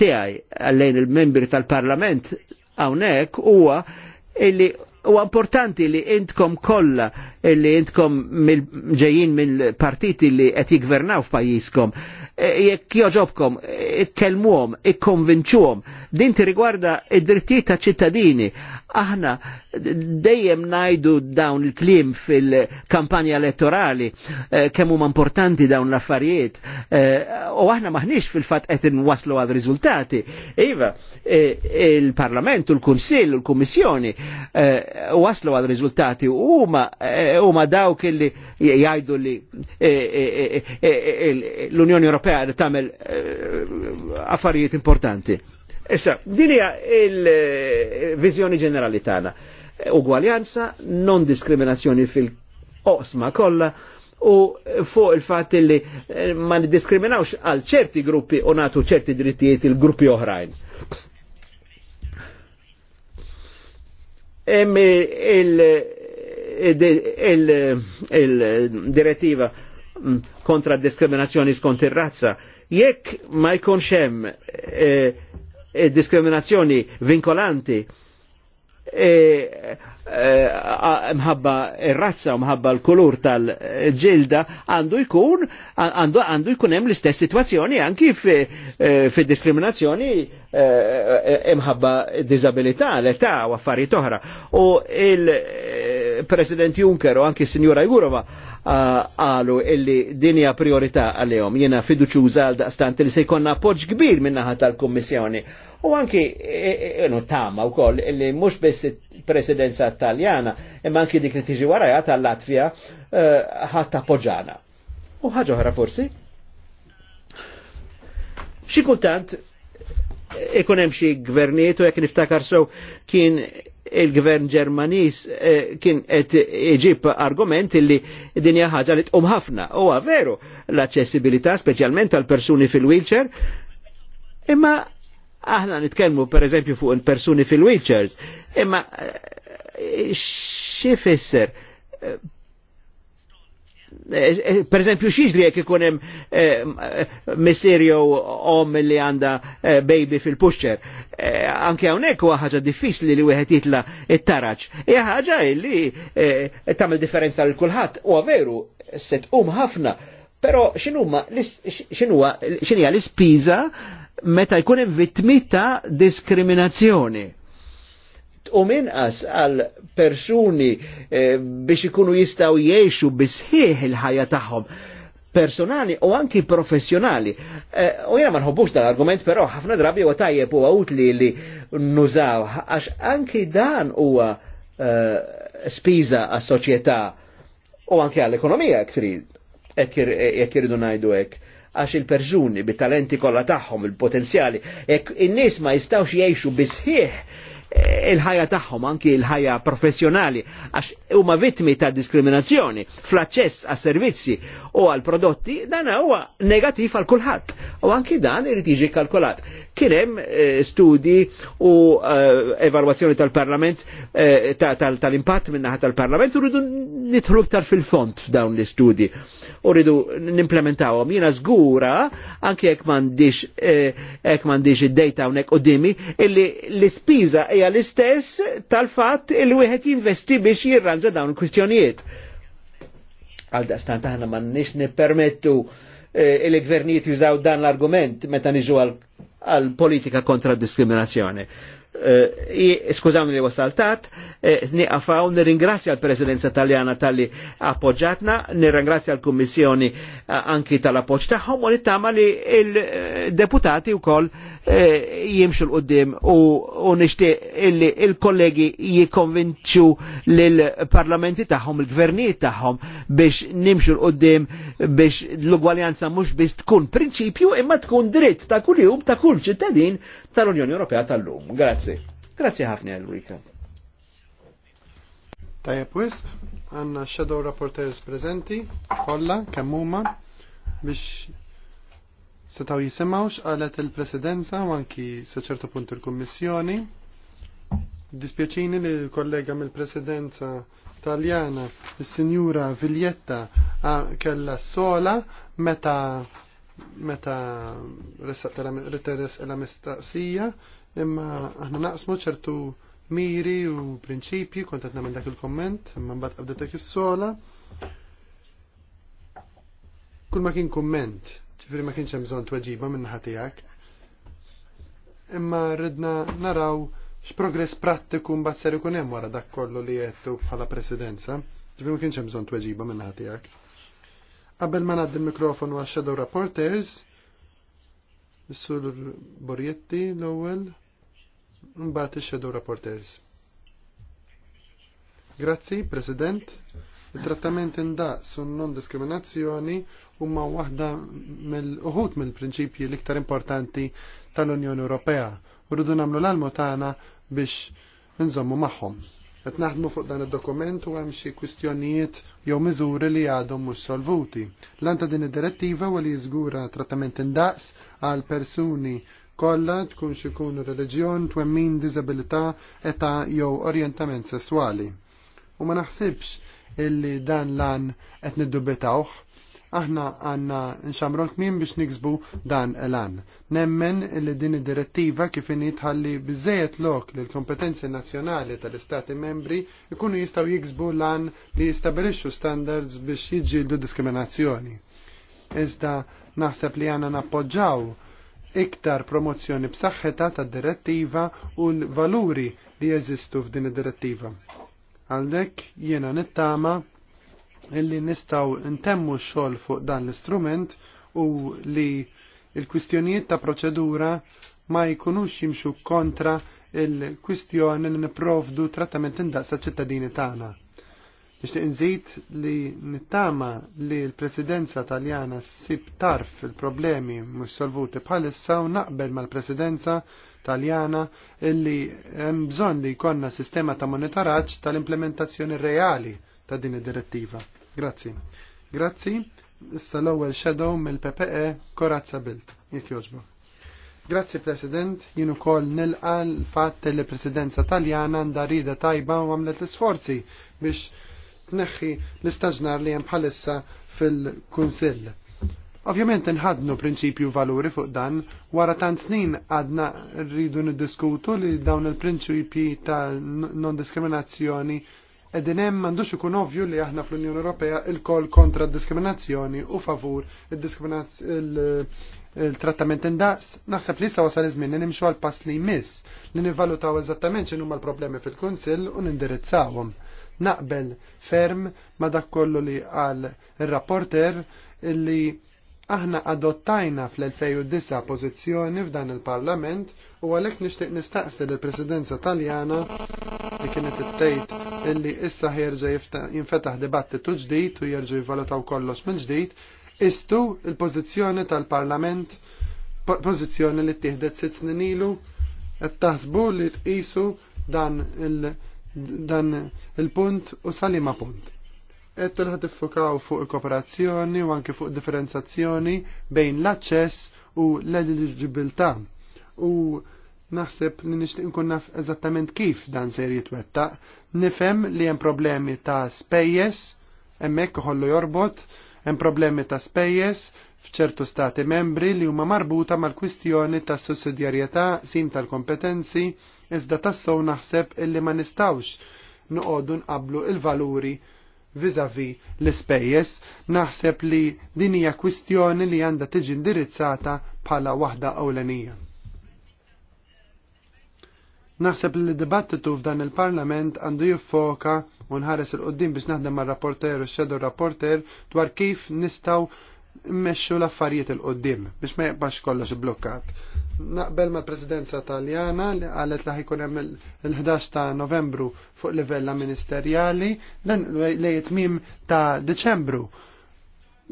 Speaker 6: tiegħi għallejn il-membri tal-Parlament hawnhekk huwa illi huwa importanti li intkom kollha illi intkom ġejjin mill-partiti li qed jigvernaw f'pajjiżkom e, jekk joġobkom, e, ikkelmuhom, ikkonvinċuhom, din tirigwarda id-drittijiet ta' ċittadini Aħna dejjem najdu dawn il-klim fil-kampanja elettorali eh, kemm huma importanti dawn l-affarijiet eh, u aħna maħniex fil-fatt qed inwaslu għad riżultati. Iva, eh, il-Parlament, u l-Kunsill, u l-Kummissjoni waslu għad riżultati huma huma dawk li jgħidu li l-Unjoni Ewropea tagħmel affarijiet importanti. Issa, dinija il vizjoni ġenerali tagħna. Ugwaljanza, non diskriminazzjoni fil osma kollha u fuq il-fatt li eh, ma niddiskriminawx għal ċerti gruppi u natu ċerti drittijiet il-gruppi oħrajn. il-direttiva mm, kontra diskriminazzjoni skont ir-razza, jekk ma jkunx hemm eh, E diskriminazzjoni vinkolanti E, e, mħabba il razza u mħabba l-kulur tal-ġilda għandu jkun għandu jkun hemm l-istess situazzjoni anki fi e, diskriminazzjoni mħabba disabilità, l-età u affarijiet oħra. U il-President Juncker u anki signora Jurova għalu illi dinja priorità għalihom. Jiena fiduċuża għal daqstant li se jkollna appoġġ kbir minnaħa tal-Kummissjoni u anki e, e, e, tama u koll li mux biss presidenza taljana imma anki dik li tiġi waraja tal-Latvija ħatta poġana. U ħagħuħra forsi? Xikultant, ikun hemm xi gvernijiet u jekk niftakar sew kien il-gvern Ġermanis kien qed iġib argument li dinja ħaġa li tqum ħafna. Huwa veru l-aċċessibilità speċjalment tal persuni fil-wheelchair, imma Aħna nitkellmu per eżempju fuq il-persuni fil-wheelchairs, imma eh, xie fisser? Eh, eh, per eżempju xiġri jek ikun hemm om li għandha baby fil-pusċer. Anke hawnhekk huwa ħaġa diffiċli li wieħed jitla it-taraġ. Hija ħaġa li tagħmel differenza lil kulħadd u veru se tqum ħafna. Però x'inhuma x'inhuwa l-ispiża meta jkun hemm vittmi ta' diskriminazzjoni. U minqas għal persuni eh, biex ikunu jistaw jiexu bisħieħ il-ħajja tagħhom personali u anki professjonali. Eh, u jena ma nħobbux dal-argument, però ħafna drabi u tajjeb u għawt li li nużaw, għax anki dan huwa eh, spiża għas soċjetà u anki għall-ekonomija jekk trid, jekk irridu ngħidu hekk għax il-perżuni bit-talenti kollha tagħhom, il-potenzjali, jekk in-nies ma jistgħux jgħixu bisħieħ eh, il-ħajja tagħhom anki il-ħajja professjonali għax huma vittmi ta' diskriminazzjoni fl-aċċess għas servizzi u għal prodotti dan huwa negattiv għal kulħadd u anki dan irid jiġi kalkulat. Kien hemm eh, studji u eh, evalwazzjoni tal-Parlament eh, tal-impatt minnaħa tal-Parlament u rridu nidħlu iktar fil-font f'dawn l-istudji. U rridu nimplementawhom. Jiena żgura anke jekk m'għandix hekk m'għandix id-dejta hawnhekk qudiemi illi l-ispiża hija l-istess tal-fatt illi wieħed jinvesti biex jirranġa dawn il-kwistjonijiet għal daqstant aħna ma nix nipermettu il-gvernijiet jużaw dan l-argument meta niġu għal għal politika kontra diskriminazzjoni. E, Skużawni li wasaltat, tard, e, niqafaw nirringrazzja għal presidenza Taljana tal-li appoġġatna, nirringrazzja għal kummissjoni eh, anki tal-appoġġ tagħhom u nittama li il deputati u wkoll Eh, jimxu l-qoddim u nishtiq illi il-kollegi jikonvinċu l-parlamenti tagħhom, il-gvernijiet tagħhom biex nimxu l-qoddim biex l-ugwaljanza mhux biex tkun prinċipju imma tkun dritt ta' kull jum ta' kull ċittadin tal-Unjoni Ewropea tal-lum.
Speaker 5: Grazie. Grazzi ħafna Enrika. Tajja wis, għanna shadow rapporteurs prezenti, kolla, kemmuma, biex Setaw jisimawx għalet il-presidenza u anki saċertu punt il-kommissjoni. Dispjaċini li l-kollega mill-presidenza taljana, il-sinjura Viljetta, kella sola meta meta riteres l-amistaqsija, imma aħna naqsmu ċertu miri u prinċipji, kontatna minn dak il-komment, imma mbagħad qabdet is-sola. Kull ma kien komment ġifri ma kienx hemm bżonn tweġiba minn ħatijak. Imma rridna naraw x'progress prattiku mbagħad ser ikun hemm wara dak kollu li jettu bħala presidenza. Ġifri ma kienx hemm bżonn tweġiba minn ħatijak. Qabel ma naddi mikrofon mikrofonu għax Shadow Reporters, Sur Borjetti l-ewwel, mbagħad ix-Shadow Reporters. Grazzi, President. Il-trattament indaqs u non-diskriminazzjoni huma waħda mill-uħut mill-prinċipji l-iktar importanti tal-Unjoni Ewropea. Urridu nagħmlu l-almu tagħna biex nżommu magħhom. Qed naħdmu fuq dan id-dokument u hemm xi kwistjonijiet jew miżuri li għadhom mhux solvuti. L-anta din id-direttiva u li jiżgura trattament indaqs għal persuni kollha tkun xi jkunu reliġjon, twemmin, diżabilità, età jew orjentament sesswali. U ma naħsibx illi dan lan qed niddubitawh aħna għanna nxamru l-kmim biex niksbu dan elan. Nemmen li din id-direttiva kif tħalli bizzejet lok li l-kompetenzi nazjonali tal-istati membri ikunu jistaw jiksbu lan li jistabilixxu standards biex jiġġieldu diskriminazzjoni. Iżda naħseb li għanna nappoġġaw iktar promozzjoni b'saħħetha tad-direttiva u l-valuri li jeżistu f'din id-direttiva. Għaldek jiena nittama illi nistaw ntemmu xol fuq dan l-istrument u li il-kwistjonijiet ta' proċedura ma jkunux jimxu kontra il-kwistjoni li niprovdu trattament indaqsa ċittadini tagħna. Nixtieq nżid li nittama li l-Presidenza Taljana ssib tarf il-problemi mhux solvuti bħalissa u naqbel mal-Presidenza Taljana illi hemm bżonn li jkollna sistema ta' monitoraġġ tal-implementazzjoni reali ta' din id-direttiva. Grazzi. Grazzi, issa l-ewwel shadow mill-PPE Korazza Bilt, jekk jogħġbu. Grazzi President, jien ukoll nilqa l-fatt li l-Presidenza Taljana għandha rida tajba u għamlet l-isforzi biex tneħħi l-istaġnar li hemm bħalissa fil-Kunsill. Ovvjament nħadnu prinċipju valuri fuq dan, wara tant snin għadna rridu niddiskutu li dawn il-prinċipji ta' non-diskriminazzjoni Edin hemm m'għandux ikun ovvju li aħna fl-Unjoni Ewropea il koll kontra d-diskriminazzjoni u favur il-trattament indaqs, naħseb li issa wasal iż-żmien li nimxu għal pass li jmiss li nivvalutaw eżattament x'inhu l-problemi fil-Kunsill u nindirizzawhom. Naqbel ferm ma dak kollu li qal ir-rapporter li aħna adottajna fl-2009 pożizzjoni f'dan il-Parlament u għalhekk nixtieq nistaqsi lill-Presidenza Taljana li kienet it-tejt illi issa ħjerġa' jinfetaħ dibattitu ġdid u jerġa' jivvalutaw kollox minn ġdid, istu il-pożizzjoni tal-Parlament pożizzjoni li t-tihdet sitt snin ilu qed taħsbu li tqisu dan il- dan il-punt u salima punt. Ettu l tiffukaw fuq il-kooperazzjoni u anki fuq differenzazzjoni bejn l-aċċess u l-eligibilità u naħseb li nishtiq nkun naf eżattament kif dan ser jitwettaq. Nifhem li hemm problemi ta' spejjeż, hemmhekk iħollu jorbot, hemm problemi ta' spejjeż f'ċertu stati membri li huma marbuta mal-kwistjoni ta' sussidjarjetà sim tal-kompetenzi, iżda tassew naħseb illi ma nistawx noqogħdu nqablu il-valuri vizavi l-spejjes, naħseb li din hija kwistjoni li għandha tiġi indirizzata bħala waħda ewlenija. Naħseb li dibattitu f'dan il-Parlament għandu jiffoka u nħares il-qoddim biex naħdem ma' rapporter u xedur rapporter dwar kif nistaw mmexxu l-affarijiet il-qoddim biex ma jibbax kollox blokkat. Naqbel ma' presidenza taljana li għalet laħi kunem hemm il-11 ta' novembru fuq livella ministerjali dan lejt mim ta' Deċembru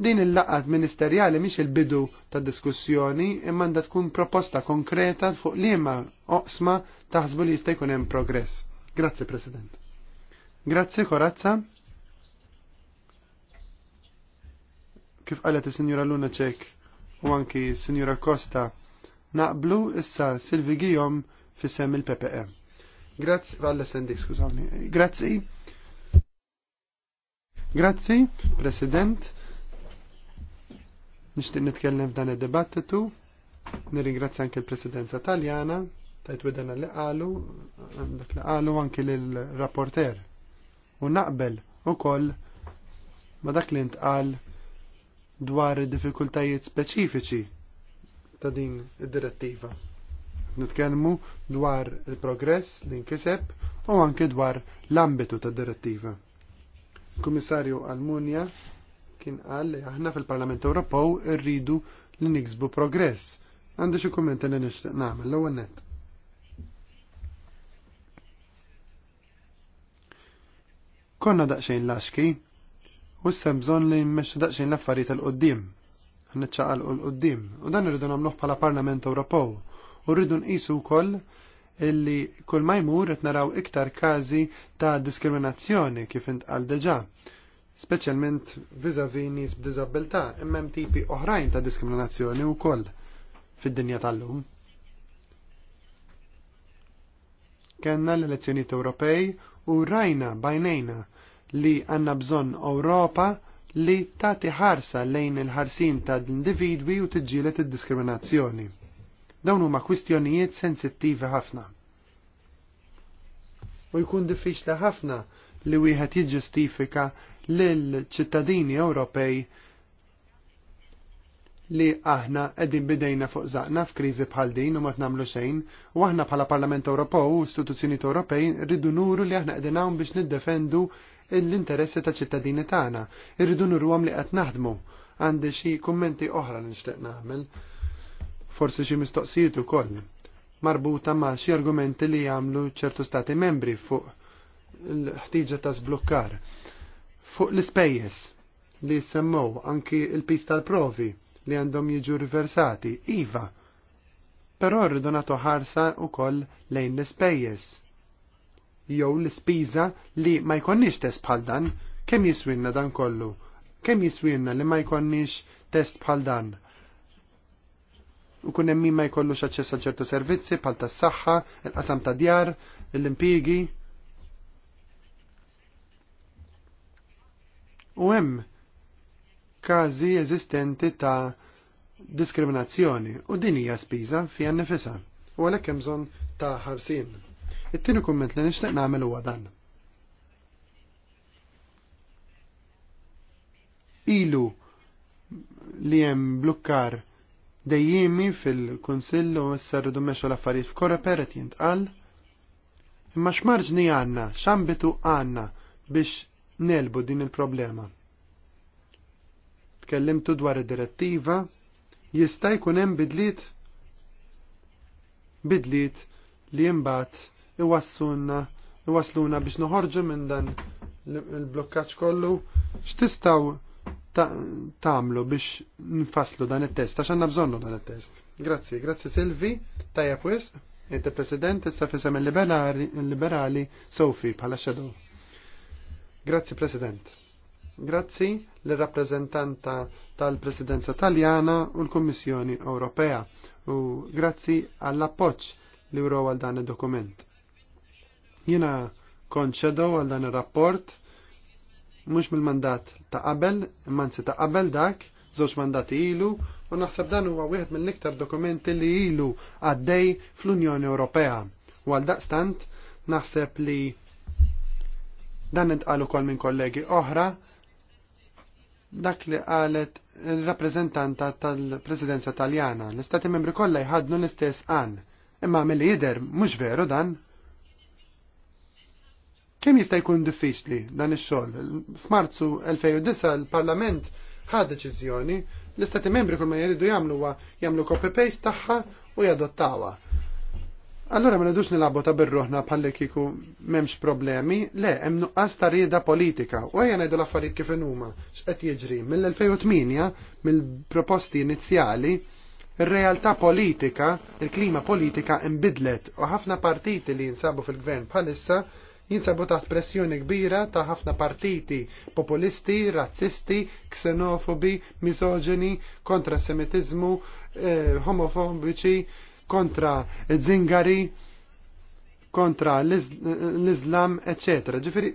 Speaker 5: Din il laqat ministerjali miex il-bidu ta' diskussjoni imma da tkun proposta konkreta fuq liema oqsma taħsbu li jista' jkun hemm progress. Grazzi President. Grazzi Korazza. Kif qalet is-Sinjura Luna Ċek u anki sinjura Costa naqblu issa Silvi Gijom fissem il ppm e. Grazzi, għalla sendi, skużawni. Grazzi. Grazzi, President. Nixtieq nitkellem f'dan id-dibattitu. Nirringrazzja anke l-Presidenza Taljana tajt widana li qalu, dak li qalu anki lill rapporter U naqbel ukoll ma dak li ntqal dwar id diffikultajiet speċifiċi ta' din id-direttiva. Nitkellmu dwar il-progress li nkiseb u anke dwar l-ambitu ta' direttiva. Kummissarju Almunja kien qal li aħna fil-Parlament Ewropew irridu li niksbu progress. Għandi xi kummenti li nixtieq nagħmel l-ewwel nett. Konna daqsxejn laxki u issa bżonn li nmexxu daqsxejn l-affarijiet għall qudiem ħniċċaqal u l qudiem u dan irridu nagħmluh bħala Parlament Ewropew u rridu nqisu wkoll illi kull ma jmur qed naraw iktar każi ta' diskriminazzjoni kif intqal deġa' speċjalment viżavi nies b'diżabilità, imma hemm tipi oħrajn ta' diskriminazzjoni wkoll fid-dinja tal-lum. Kenna l-elezzjonijiet Ewropej u rajna bajnejna li għanna bżonn Ewropa li tagħti ħarsa lejn il-ħarsin ta' l-individwi u tiġġielet id-diskriminazzjoni. Dawn huma kwistjonijiet sensittivi ħafna. U jkun diffiċli ħafna li wieħed jiġġustifika lill-ċittadini Ewropej li aħna qegħdin bidejna fuq zaqna f'kriżi bħal din u ma tnamlu xejn, u aħna bħala Parlament Ewropew u istituzzjonijiet Ewropej rridu nuru li aħna qegħdin hawn biex niddefendu l-interessi ta' ċittadini tagħna. Irridu nurhom li qed naħdmu. Għandi xi kummenti oħra li nixtieq nagħmel. Forsi xi mistoqsijiet ukoll marbuta ma' xi argumenti li jagħmlu ċertu stati membri fuq l-ħtiġa ta' zblukkar. Fuq l-ispejjeż li semmow anki il pista tal-provi li għandhom jiġu riversati, iva. Però rridu nagħtu ħarsa wkoll lejn l-ispejjeż. Jew l-ispiża li ma jkonniex test bħal dan, kemm jiswinna dan kollu? Kemm jiswinna li ma jkonniex test bħal dan? u kun hemm ma jkollux aċċess għal ċertu servizzi bħal tas-saħħa, il-qasam ta' djar, l-impjigi, U hemm każi eżistenti ta' diskriminazzjoni u din hija spiża fiha nifisha u għalhekk hemm bżonn ta' ħarsien. It-tieni kumment li nixtieq nagħmel huwa dan. Ilu li hemm blukkar dejjimi fil-Kunsill u issa rridu mexxu l-affarijiet f'korra peret jintqal. Imma x'marġni għandna, x'ambitu għandna biex nelbu din il-problema. Tkellimtu dwar id-direttiva, jista' jkun hemm bidliet bidliet li mbagħad iwassunna iwasluna biex noħorġu minn dan il-blokkaċ kollu, x'tistgħu tagħmlu biex nfasslu dan it-test, għax għandna bżonnu dan it-test. Grazzi, grazzi Silvi, tajja fwis, il President, issa fisem il-liberali Sofi bħala xedu. Grazzi President. Grazzi l-rappreżentanta tal-Presidenza Taljana u l-Kummissjoni Ewropea u grazzi għall-appoġġ li uro għal dan id-dokument. Jiena konċedo għal dan ir-rapport mhux mill-mandat ta' qabel, imma ta' qabel dak, żewġ mandati ilu, u naħseb dan huwa wieħed mill-iktar dokumenti li ilu għaddej fl-Unjoni Ewropea. U għal daqstant naħseb li Dan intqal kol minn kollegi oħra dak li qalet il-rappreżentanta tal-Presidenza Taljana. L-Istati membri kollha jħadnu l-istess għan. Imma mill-li jider mhux veru dan. Kemm jista' jkun diffiċli dan ix-xogħol? F'Marzu 2009 il-Parlament ħad deċiżjoni l-istati membri kull ma jridu jagħmlu huwa jagħmlu copy paste tagħha u jadottawha. Allora ma nidux nilabu ta' birruħna bħalli kiku memx problemi, le, hemm nuqqas ta' rieda politika. U għajja ngħidu l-affarijiet kif huma, x'qed jiġri. Mill-2008, mill-proposti inizjali, ir-realtà politika, il-klima politika imbidlet u ħafna partiti li jinsabu fil-gvern bħalissa jinsabu taħt pressjoni kbira ta' ħafna partiti populisti, razzisti, ksenofobi, misogeni, kontrasemitizmu, eh, homofobiċi, kontra zingari, kontra l-Islam, etc. Ġifiri,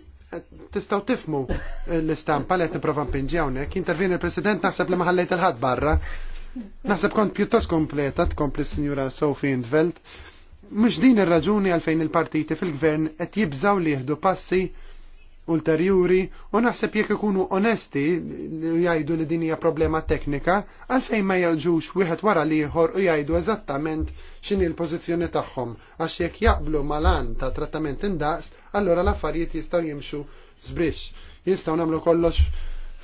Speaker 5: tistaw tifmu l-istampa li għet niprofa npinġi għawnek, intervjeni il-President naħseb li maħallejt il-ħad barra. Naħseb kont pjuttost kompleta, tkompli s-Sinjura Sophie Indveld. Mux din ir-raġuni għalfejn il-partiti fil-gvern qed jibżaw li jihdu passi ulterjuri u naħseb jekk ikunu onesti jgħidu li din hija problema teknika għalfejn ma jaġux wieħed wara li ieħor u jgħidu eżattament x'inhi l-pożizzjoni tagħhom għax jekk jaqblu malan ta' trattament indaqs allura l-affarijiet jistgħu jimxu żbrix. Jistgħu nagħmlu kollox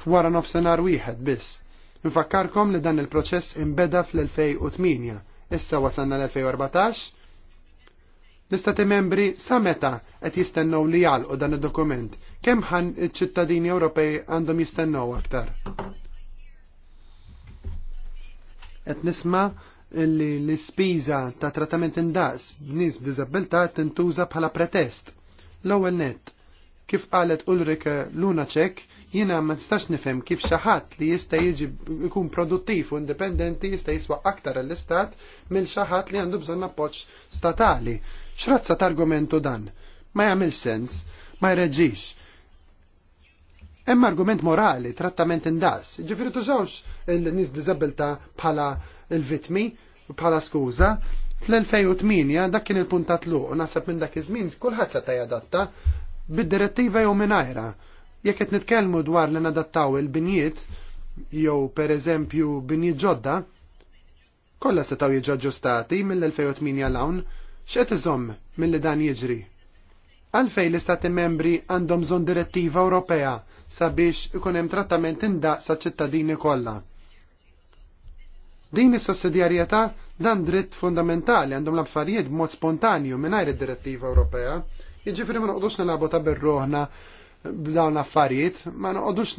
Speaker 5: wara nofsinhar wieħed biss. Nfakkarkom li dan il-proċess imbeda fl-2008, issa wasanna l-2014 l-istati membri sa meta qed jistennew li jalqu dan id-dokument Kemm ħan iċ-ċittadini Ewropej għandhom jistennew aktar? Qed nisma' li l-ispiża ta' trattament indaqs b'nies b'diżabilità tintuża bħala pretest. L-ewwel nett, kif qalet Luna Lunacek, jiena ma nistax nifhem kif xi ħadd li jista' jiġi jkun produttiv u indipendenti jista' jiswa aktar l-istat mill xi ħadd li għandu bżonn appoġġ statali. X'razza ta' argumentu dan? Ma jagħmel sens, ma jreġġix. Hemm argument morali, trattament indas. Ġifieri tużawx il-nies b'diżabilità bħala l-vitmi, bħala skuża. Fl-2008 dak kien il-punt ta' tluq, naħseb minn dak iż-żmien kulħadd se jadatta bid-direttiva jew mingħajra. Jekk qed nitkellmu dwar li nadattaw il-binjiet jew pereżempju binjiet ġodda, kollha setgħu jiġu ġustati mill-2008 l-hawn, x'qed iżomm milli dan jiġri? Għalfej l-Istati membri għandhom zon direttiva Ewropea sabiex ikun hemm trattament inda sa ċittadini kollha. Din is-sussidjarjetà dan dritt fundamentali għandhom l-affarijiet b'mod spontanju mingħajr id-direttiva Ewropea. Jiġifieri ma noqgħodux nilagħbu ta' berruħna b'dawn l-affarijiet, ma noqgħodux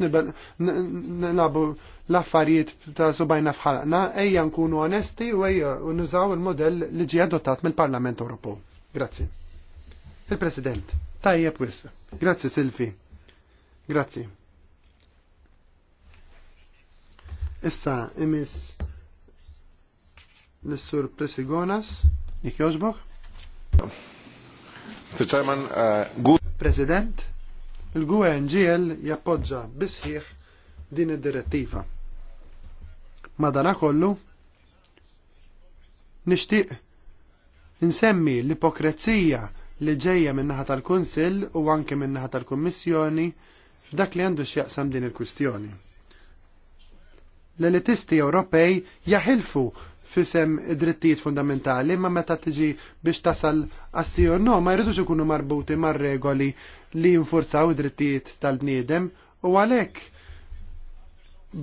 Speaker 5: nilagħbu l-affarijiet ta' subajna fħalqna, ejja nkunu onesti u ejja nużaw il-modell li ġie adottat mill-Parlament Ewropew. Grazzi. Il-President, tajjeb wis. Grazzi Silfi. Grazzi. Issa imis l-Sur Presigonas, jek Mr. Chairman, uh, President, il-GUNGL e jappoġġa bisħiħ din id-direttiva. Madana kollu, nishtiq insemmi l-ipokrezija li ġejja min-naħa tal-Kunsill u anke min-naħa tal-Kummissjoni f'dak li għandu x'jaqsam din il-kwistjoni. L-elitisti Ewropej jaħilfu fisem drittijiet fundamentali, ma meta tiġi biex tasal assi u no, ma jridux ikunu marbuti mar regoli li jinfurzaw id-drittijiet tal-bniedem u għalhekk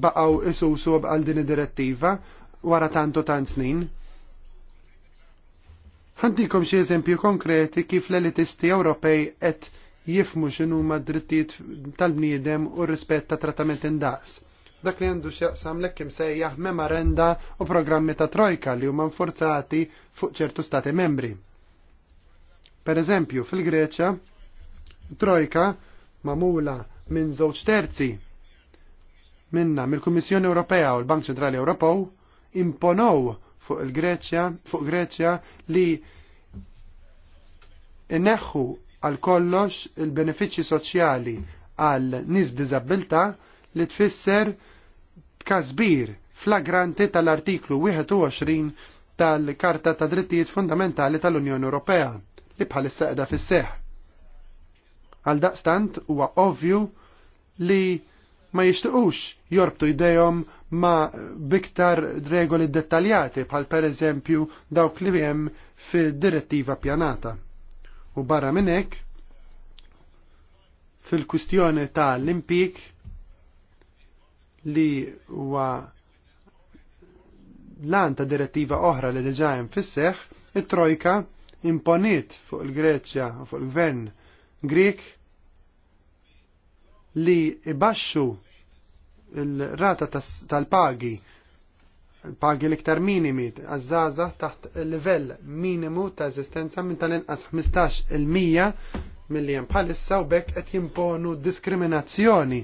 Speaker 5: baqgħu isusu għal din id-direttiva wara tantu tant snin. Għandikom xi eżempju konkreti kif l-elitisti Ewropej qed jifmu x'inhuma drittijiet tal-bniedem u r-rispett ta' trattament indaqs. Dak li għandu xieqsam l kim sejjaħ memoranda u programmi ta' trojka li huma forzati fuq ċertu stati membri. Per eżempju, fil-Greċja, trojka mamula minn żewġ terzi minna mill-Kummissjoni Ewropea u l-Bank Ċentrali Ewropew imponow fuq il-Greċja, fuq Greċja li inneħħu għal kollox il-benefiċċji soċjali għal nies diżabilità li tfisser tkasbir flagranti tal-artiklu 21 tal-Karta ta' Drittijiet Fundamentali tal-Unjoni Ewropea li bħalissa qiegħda fis-seħħ. Għal daqstant huwa ovvju li ma jixtiqux jorbtu jdejhom ma biktar regoli dettaljati bħal per eżempju dawk li hemm fi direttiva pjanata. U barra minn hekk fil-kwistjoni ta' l-impik li huwa lan ta' direttiva oħra li diġa hemm fis it-trojka imponiet fuq il-Greċja u fuq il-gvern Grek li ibaxxu il-rata tal-pagi pagi l-iktar minimi għazzaza taħt il-level minimu ta' eżistenza minn tal-inqas 15% mill-li jem bħalissa u bekk qed jimponu diskriminazzjoni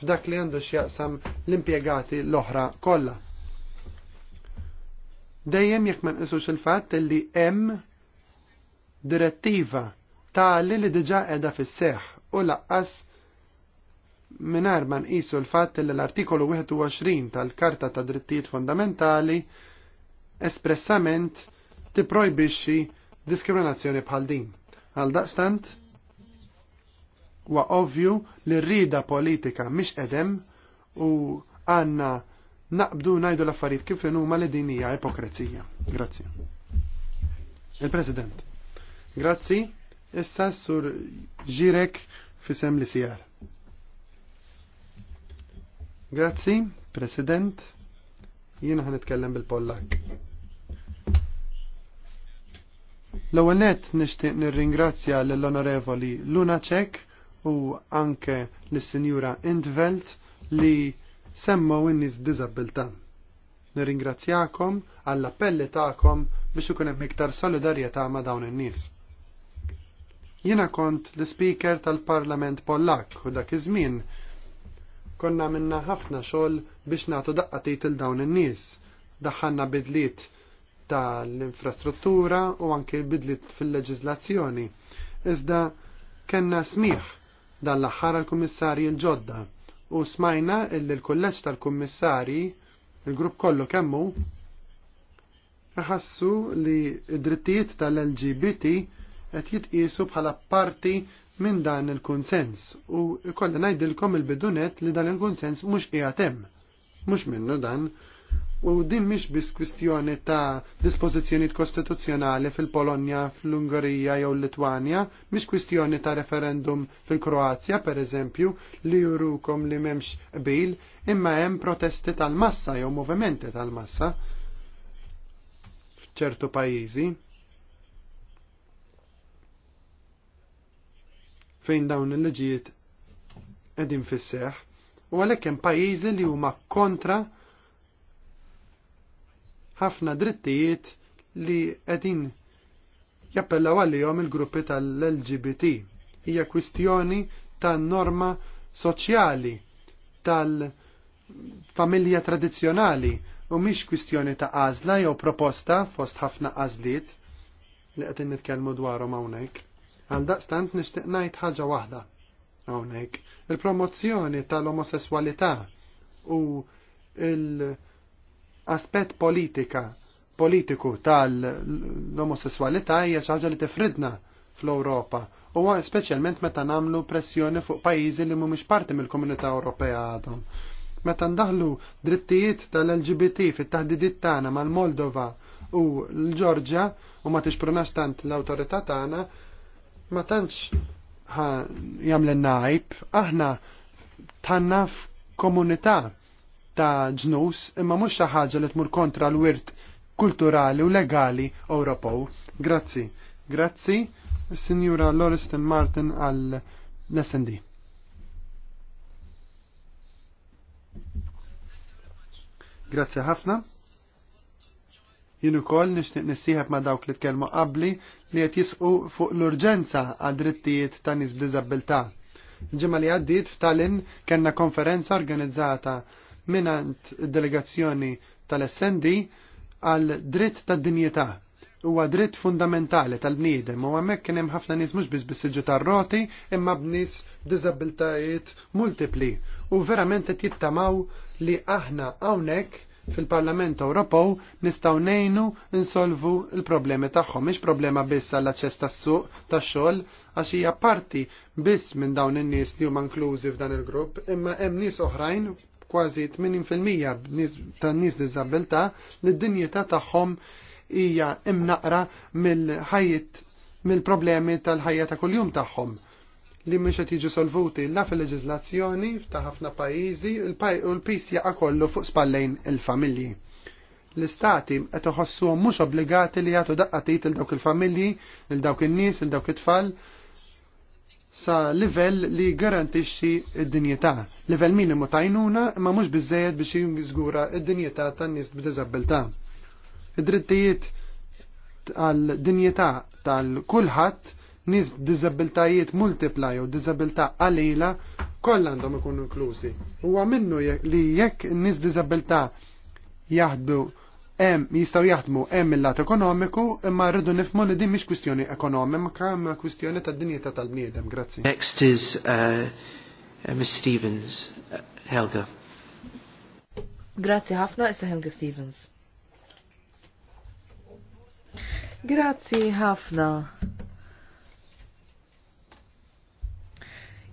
Speaker 5: f'dak li għandu x'jaqsam l-impjegati l-oħra kollha. Dejjem jekk ma nqisux il-fatt li hemm direttiva tali li diġà qiegħda fis-seħħ u laqqas minar ma nqisu l fat li l-artikolu 21 tal-Karta ta' Drittijiet Fundamentali espressament tipprojbixxi diskriminazzjoni bħal din. Għal daqstant, huwa ovvju li rrida politika mhix edem u għanna naqbdu najdu l-affarijiet kif huma li din hija ipokrezija. Grazzi. Il-President. Grazzi. Issa sur ġirek fisem li sijar. Grazzi, President. Jiena ħan nitkellem bil-Pollak. L-ewwel nett nixtieq nirringrazzja lill-Onorevoli Luna Cech u anke lis-Sinjura Intvelt li semmaw in-nies b'diżabilità. Nirringrazzjakom għall-appelli tagħkom biex ikun hemm iktar solidarjetà ma' dawn in-nies. Jiena kont l-speaker tal-Parlament Pollak u dak iż-żmien konna minna ħafna xogħol biex nagħtu daqqatit il dawn in-nies. Daħħalna bidliet tal-infrastruttura u anke bidliet fil-leġiżlazzjoni. Iżda kenna smiħ dan l-aħħar għall-kummissarji l-ġodda u smajna illi l-kulleġġ tal-kummissarji il-grupp kollu kemmu ħassu li d-drittijiet tal-LGBT qed jitqisu bħala parti minn dan il-kunsens u kolla ngħidilkom il-bidunet li dan il-kunsens mhux qiegħed hemm. Mhux minnu dan. U din mhix biss kwistjoni ta' dispożizzjonijiet kostituzzjonali fil-Polonja, fil ungerija jew l litwania mhix kwistjoni ta' referendum fil-Kroazja pereżempju li jurukom li m'hemmx qbil, imma hemm protesti tal-massa jew movimenti tal-massa f'ċertu pajjiżi fejn dawn il-liġijiet edin fisseħ u għalhekk hemm pajjiżi li huma kontra ħafna drittijiet li qegħdin jappellaw għalihom il-gruppi tal-LGBT. Hija kwistjoni tan-norma soċjali tal-familja tradizzjonali u mhix kwistjoni ta' għażla jew proposta fost ħafna għażliet li qegħdin nitkellmu dwarhom hawnhekk. Għaldaqstant nixtieq ngħid ħaġa waħda hawnhekk. Il-promozzjoni tal-omosessualità u l-aspett politika politiku tal-omosessualità hija xi ħaġa li tifridna fl-Ewropa u speċjalment meta nagħmlu pressjoni fuq pajjiżi li mhumiex parti mill-Komunità Ewropea għadhom. Meta ndaħlu drittijiet tal-LGBT fit-taħdidiet tagħna mal-Moldova u l-Ġorġja u ma tixprunax tant l-awtorità tagħna, ma tantx jagħmel najb, aħna tanna f'komunità ta' ġnus imma mhux xi ħaġa li tmur kontra l-wirt kulturali u legali Ewropew. Grazzi. Grazzi, Sinjura Loristen Martin għal snd Grazzi ħafna. Jien ukoll nixtieq nissieħeb ma' dawk li tkellmu qabli li qed jisqu fuq l-urġenza għad drittijiet ta' nies b'diżabilità. Ġimgħa li għaddiet f'Tallinn kellna konferenza organizzata minant delegazzjoni tal-SND għal dritt tad-dinjità huwa dritt fundamentali tal-bniedem u għamek kien hemm ħafna nies mhux biss bissiġġu tar-roti imma b'nies b'diżabilitajiet multipli u verament qed jittamaw li aħna hawnhekk fil-Parlament Ewropew nistgħu ngħinu insolvu l-problemi tagħhom, mhix problema biss għall-aċċess tas-suq tax-xogħol għax hija parti biss minn dawn in-nies li huma inklużi f'dan il-grupp, imma hemm nies oħrajn kważi 80% tan-nies diżabilità, li d-dinjità tagħhom hija imnaqra mill ħajjiet mill-problemi tal-ħajja ta' kuljum tagħhom li mhux qed jiġu solvuti la fil-leġiżlazzjoni ta' ħafna pajjiżi u l-pis jaqa' kollu fuq spallejn il-familji. L-istati qed iħossuhom mhux obbligati li jagħtu daqqatit il dawk il-familji, il dawk in-nies, il dawk it-tfal sa livell li garantixxi d-dinjità. Livell minimu tajnuna imma mhux biżejjed biex jiżgura id dinjità tan-nies b'diżabilità. Id-drittijiet għal dinjità tal-kulħadd nis b'dizabiltajiet multipla jew dizabilta qalila kollha għandhom ikunu inklużi. Huwa minnu li jekk nis b'dizabilta jaħdu hemm jistgħu jaħdmu hemm il-lat ekonomiku imma rridu nifmu li din mhix kwistjoni ekonomika imma kwistjoni ta' dinjeta tal-bniedem. Grazzi.
Speaker 1: Next is uh, Miss Stevens, uh, Helga.
Speaker 4: Grazzi ħafna issa Helga Stevens. Grazzi ħafna.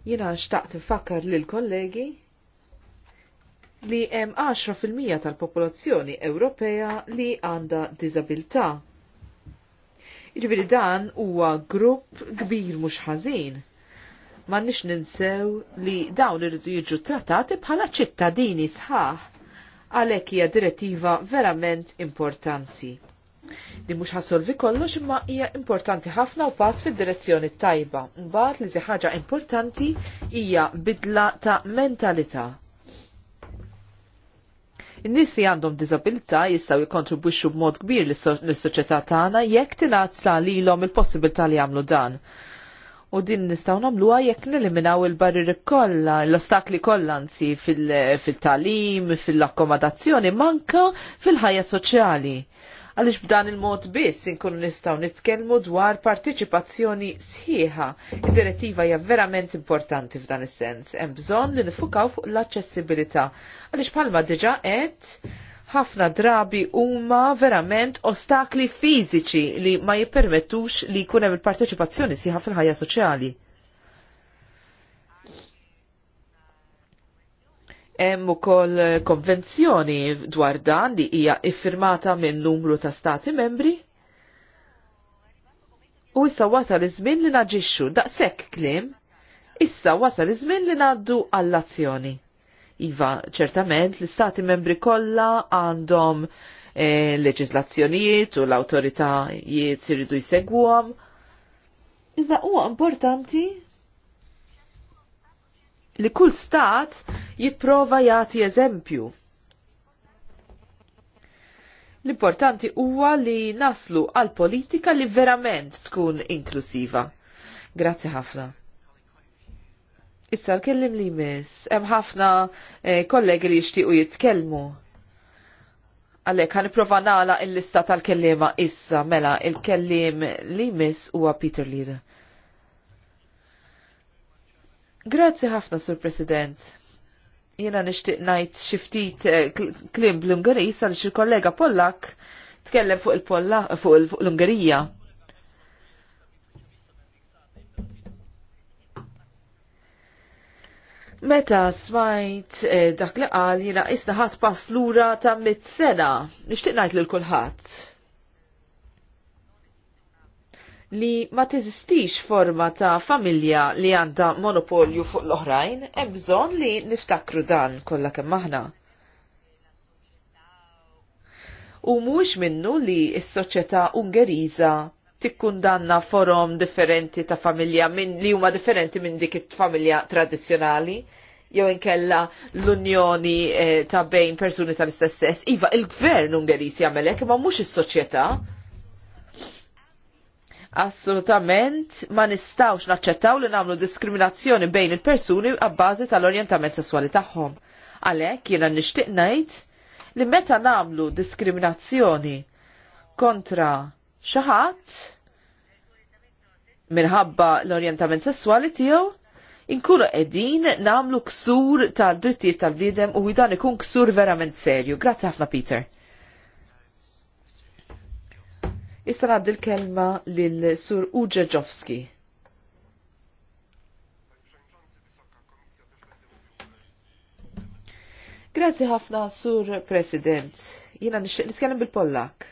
Speaker 4: Jina xtaqt nfakkar lil kollegi li hemm 10% tal-popolazzjoni Ewropea li għandha diżabilità. Jiġifieri dan huwa grupp kbir mhux ħażin. Ma nix ninsew li dawn irridu jiġu trattati bħala ċittadini sħaħ għalhekk hija direttiva verament importanti. Li mhux ħassolvi kollox imma hija importanti ħafna u pass fid-direzzjoni tajba. Mbagħad li xi ħaġa importanti hija bidla ta' mentalità. In-nies li għandhom diżabilità jistgħu jikkontribwixxu b'mod kbir lis-soċjetà tagħna jekk tingħad lilhom il-possibilità li jagħmlu dan u din nistaw nagħmluha jekk neliminaw il-barriri kollha, l-ostakli kollha anzi fil-talim, fil talim fil akkomodazzjoni manka fil-ħajja soċjali għaliex b'dan il-mod biss inkunu nistgħu nitkellmu dwar partiċipazzjoni sħiħa. Id-direttiva hija verament importanti f'dan is-sens. Hemm bżonn li nifukaw fuq l-aċċessibilità. Għaliex bħalma diġà qed ħafna drabi huma verament ostakli fiżiċi li ma jippermettux li jkun hemm il-parteċipazzjoni sħiħa fil-ħajja soċjali. Hemm ukoll konvenzjoni dwar dan li hija iffirmata minn numru ta' stati membri. U issa wasal iż-żmien li naġixxu daqshekk klim, issa wasal iż-żmien li ngħaddu għall-azzjoni. Iva, ċertament l-istati membri kollha għandhom e, leġislazzjonijiet u l-awtoritajiet iridu jsegwuhom. Iżda huwa importanti li kull stat jipprova jagħti eżempju. L-importanti huwa li naslu għal politika li verament tkun inklusiva. Grazzi ħafna. Issa l-kellim li miss, hemm ħafna eh, kollegi li jixtiequ jitkellmu. Għalhekk ħan prova nagħla il lista tal-kellima issa mela il-kellim li miss huwa Peter Lida. Grazzi ħafna, Sur President. Jena nishtiq najt xiftit eh, klim bl-Ungarijs sal xi kollega Pollak tkellem fuq il-Polla fuq l-Ungarija. Meta smajt eh, dak li qal jiena isna ħadd pass lura ta' mit sena, nixtieq ngħid lil kulħadd li ma teżistix forma ta' familja li għandha monopolju fuq l-oħrajn, hemm bżonn li niftakru dan kollha kemm aħna. U mhux minnu li s-soċjetà Ungeriża tikkundanna forom differenti ta' familja min, li huma differenti minn dik it-familja tradizzjonali jew inkella l-unjoni eh, ta' bejn persuni tal-istess sess. Iva, il-gvern Ungeriż hekk imma mhux is-soċjetà assolutament ma nistawx naċċettaw li nagħmlu diskriminazzjoni bejn il-persuni għabbażi tal-orjentament sessuali tagħhom. Għalhekk jiena nixtieq ngħid li meta nagħmlu diskriminazzjoni kontra xi ħadd minħabba l-orjentament sessuali tiegħu, inkunu qegħdin nagħmlu ksur tal-drittijiet tal-bniedem u dan ikun ksur verament serju. Grazzi ħafna Peter. Issa għaddi l-kelma l sur Uġeġovski. Grazzi ħafna, Sur President. Jina nixtieq nitkellem bil-Pollak.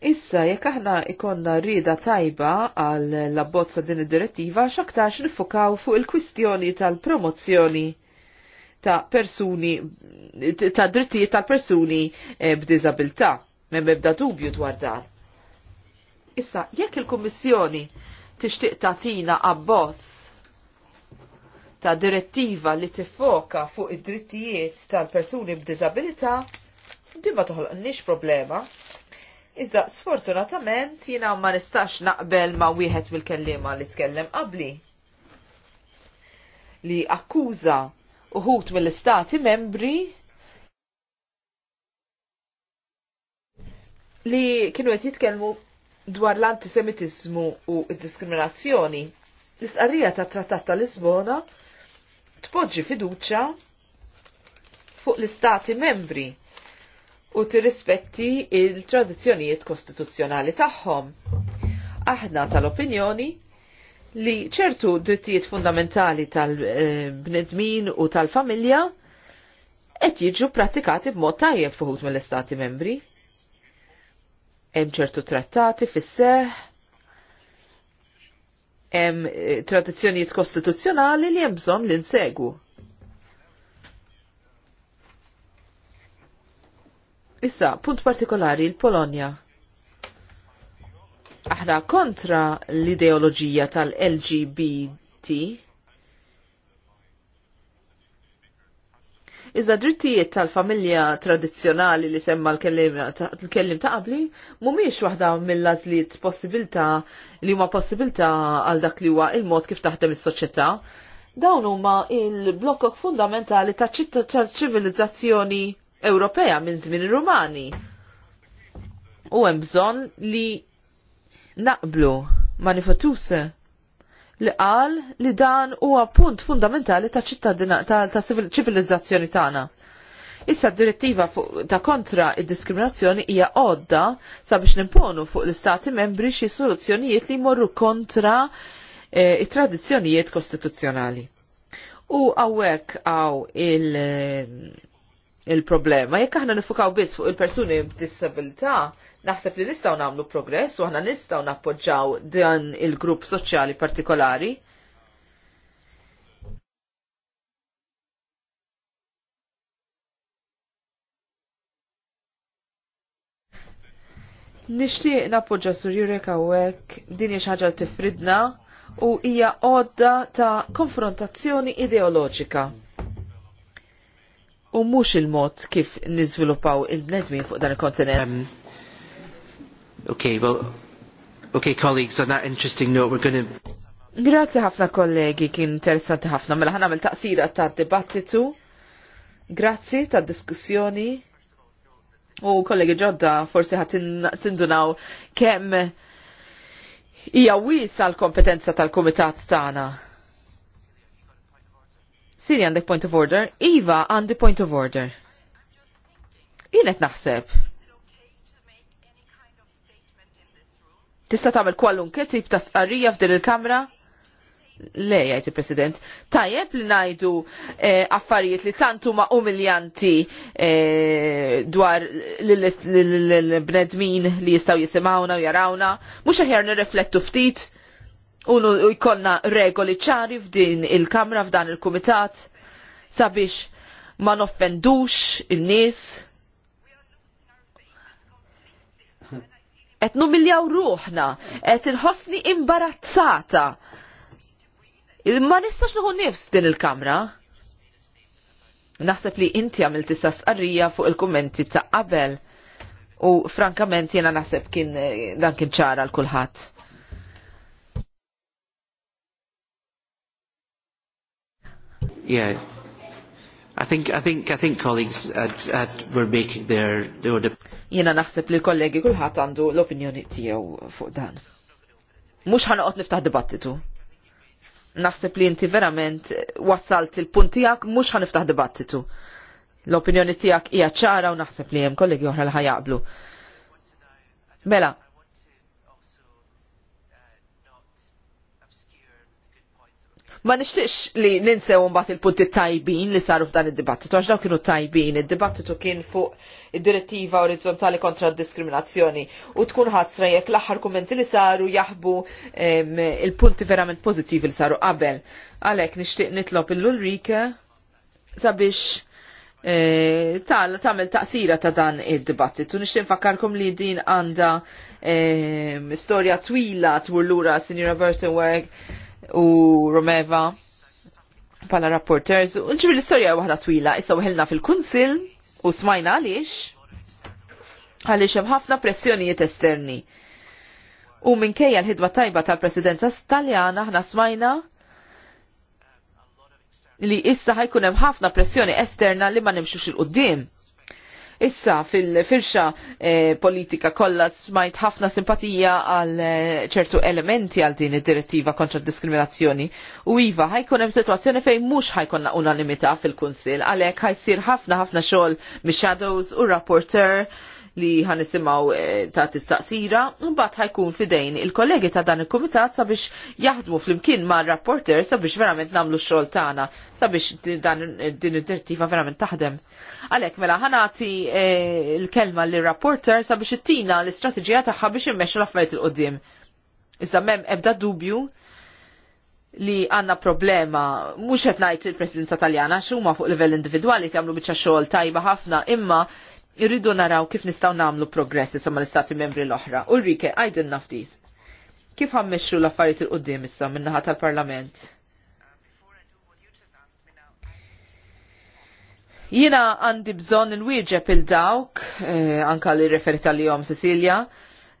Speaker 4: Issa, jekk aħna ikonna rida tajba għal labbozza din id-direttiva, xaktax nifukaw fuq il-kwistjoni tal-promozzjoni ta' persuni, ta' drittijiet tal-persuni eh, b'dizabilta. me ebda dubju dwar dan. Issa, jekk il-Kummissjoni tixtieq tatina abbozz ta' direttiva li tifoka fuq id-drittijiet tal-persuni b'diżabilità, dimma toħloq nix problema Iżda sfortunatament jiena ma nistax naqbel ma wieħed mill-kellima li tkellem qabli. Li akkuża uħut mill-istati membri li kienu qed jitkellmu dwar l-antisemitizmu u d-diskriminazzjoni. L-istqarrija ta' Trattat ta' Lisbona tpoġġi fiduċa fuq l-istati membri u tirrispetti il-tradizzjonijiet kostituzzjonali tagħhom. Aħna tal-opinjoni li ċertu drittijiet fundamentali tal-bnedmin u tal-familja qed jiġu pratikati b'mod tajjeb fuħut mill-Istati membri. Hemm ċertu trattati fis-seħ, hemm eh, tradizzjonijiet kostituzzjonali li hemm bżonn li nsegu. Issa, punt partikolari, il-Polonja. Aħna kontra l-ideoloġija tal-LGBT. Iżda drittijiet tal-familja tradizzjonali li semma l-kellim ta' qabli mumiex waħda mill-azliet possibilta li huma possibilta għal dak li huwa il-mod kif taħdem is-soċjetà. Dawn huma il blokok fundamentali ta' ċivilizzazzjoni Ewropea minn żmien Rumani. U hemm bżonn li naqblu manifatuse li qal li dan huwa punt fundamentali ta' ċittadina ta' ċivilizzazzjoni tagħna. Issa d-direttiva ta' kontra id-diskriminazzjoni hija għodda sabiex nimponu fuq l-istati membri xi soluzzjonijiet li jmorru kontra eh, it-tradizzjonijiet kostituzzjonali. U għawek għaw il- il-problema. Jekk aħna nifukaw biss fuq il-persuni b'disabilità, naħseb li nistgħu nagħmlu progress u aħna nistgħu nappoġġaw dan il-grupp soċjali partikolari. Nixtieq nappoġġa sur Jurek hawnhekk din hi ħaġa tifridna u hija għodda ta' konfrontazzjoni ideoloġika u mhux il-mod kif niżviluppaw il-bnedmin fuq dan il-kontinent. Um,
Speaker 1: okay, well, okay, colleagues, on that interesting note, we're going to...
Speaker 4: Grazie ħafna kollegi, kien interessanti ħafna, mela ħana mill taqsira ta' dibattitu. Grazzi ta' diskussjoni. U kollegi ġodda forsi ħat tindunaw kemm hija wiesa l-kompetenza tal-kumitat tagħna Siri għandek point of order? Iva għandi point of order. Jienet naħseb. Tista tagħmel kwalunke tip ta' sqarrija f'din il-kamra? Le, jgħid il-President. Tajjeb li ngħidu eh, affarijiet li tantu ma' umiljanti eh, dwar l-bnedmin li jistgħu jisimgħuna u jarawna, mhux aħjar nirreflettu ftit unu jkollna regoli ċari f'din il-Kamra f'dan il-Kumitat sabiex ma noffendux in-nies. Qed numiljaw ruħna, qed inħossni imbarazzata. Ma nistax nħu nifs din il-Kamra. Naħseb li inti għamilt issa sqarrija fuq il-kummenti ta' qabel u frankament jena naħseb kien dan kien ċara l kulħadd
Speaker 1: Yeah. I think, I think, I think colleagues at, at were making their, their
Speaker 4: Jena naħseb li l-kollegi kulħadd għandu l-opinjoni tiegħu fuq dan. Mhux ħanoqgħod niftaħ dibattitu. Naħseb li inti verament wassalt il-punt tiegħek mhux niftaħ dibattitu. L-opinjoni tiegħek hija ċara u naħseb li hemm kollegi oħra li ħajaqblu. Mela, Ma nixtiex li ninsew mbagħad il-punti tajbin li saru f'dan id-dibattitu għax dawk kienu tajbin, id-dibattitu kien fuq id-direttiva orizzontali kontra d-diskriminazzjoni u tkun ħasra jekk l-aħħar kummenti li saru jaħbu il-punti verament pożittivi li saru qabel. Għalhekk nixtieq nitlob il-Ulrike sabiex e, tagħmel tal taqsira ta' dan id-dibattitu. Nixtieq nfakkarkom li din għandha storja twila twur lura Sinjora Burton u Romeva pala rapporters. Unġibi l-istoria waħda twila, issa uħilna fil-kunsil u smajna għaliex għaliex hemm ħafna pressjonijiet esterni. U minkejja l-ħidba tajba tal-presidenza taljana aħna smajna li issa ħajkun hemm ħafna pressjoni esterna li ma nimxux il-qudiem Issa fil-firxa eh, politika kollha smajt ħafna simpatija għal eh, ċertu elementi għal din id-direttiva kontra diskriminazzjoni u iva ħajkun hemm sitwazzjoni fejn mhux ħajkonna unanimità fil-Kunsill għalhekk ħajsir ħafna ħafna xogħol mix-shadows u rapporter li ħanisimaw eh, ta' tistaqsira, mbagħad ħajkun fidejn il-kollegi ta' dan il-kumitat sabiex jaħdmu flimkien ma' rapporter sabiex verament namlu x-xogħol tagħna sabiex dan din id-dirtiva verament taħdem. Għalhekk mela ħanati eh, l-kelma li rapporter sabiex ittina l-istrateġija tagħha biex immexxu l-affarijiet il-qudiem. Iżda m'hemm ebda dubju li għanna problema, mux najt il-presidenza taljana, xumma fuq livell individuali jamlu bieċa xogħol tajba ħafna, imma irridu naraw kif nistaw namlu progress issa l-istati membri l-oħra. Ulrike, għajdin naftit. Kif għammexxu l-affarijiet il-qoddim issa minnaħat tal-Parlament? Jina għandi bżon il-wieġeb il-dawk, eh, anka li referi tal jom Cecilia,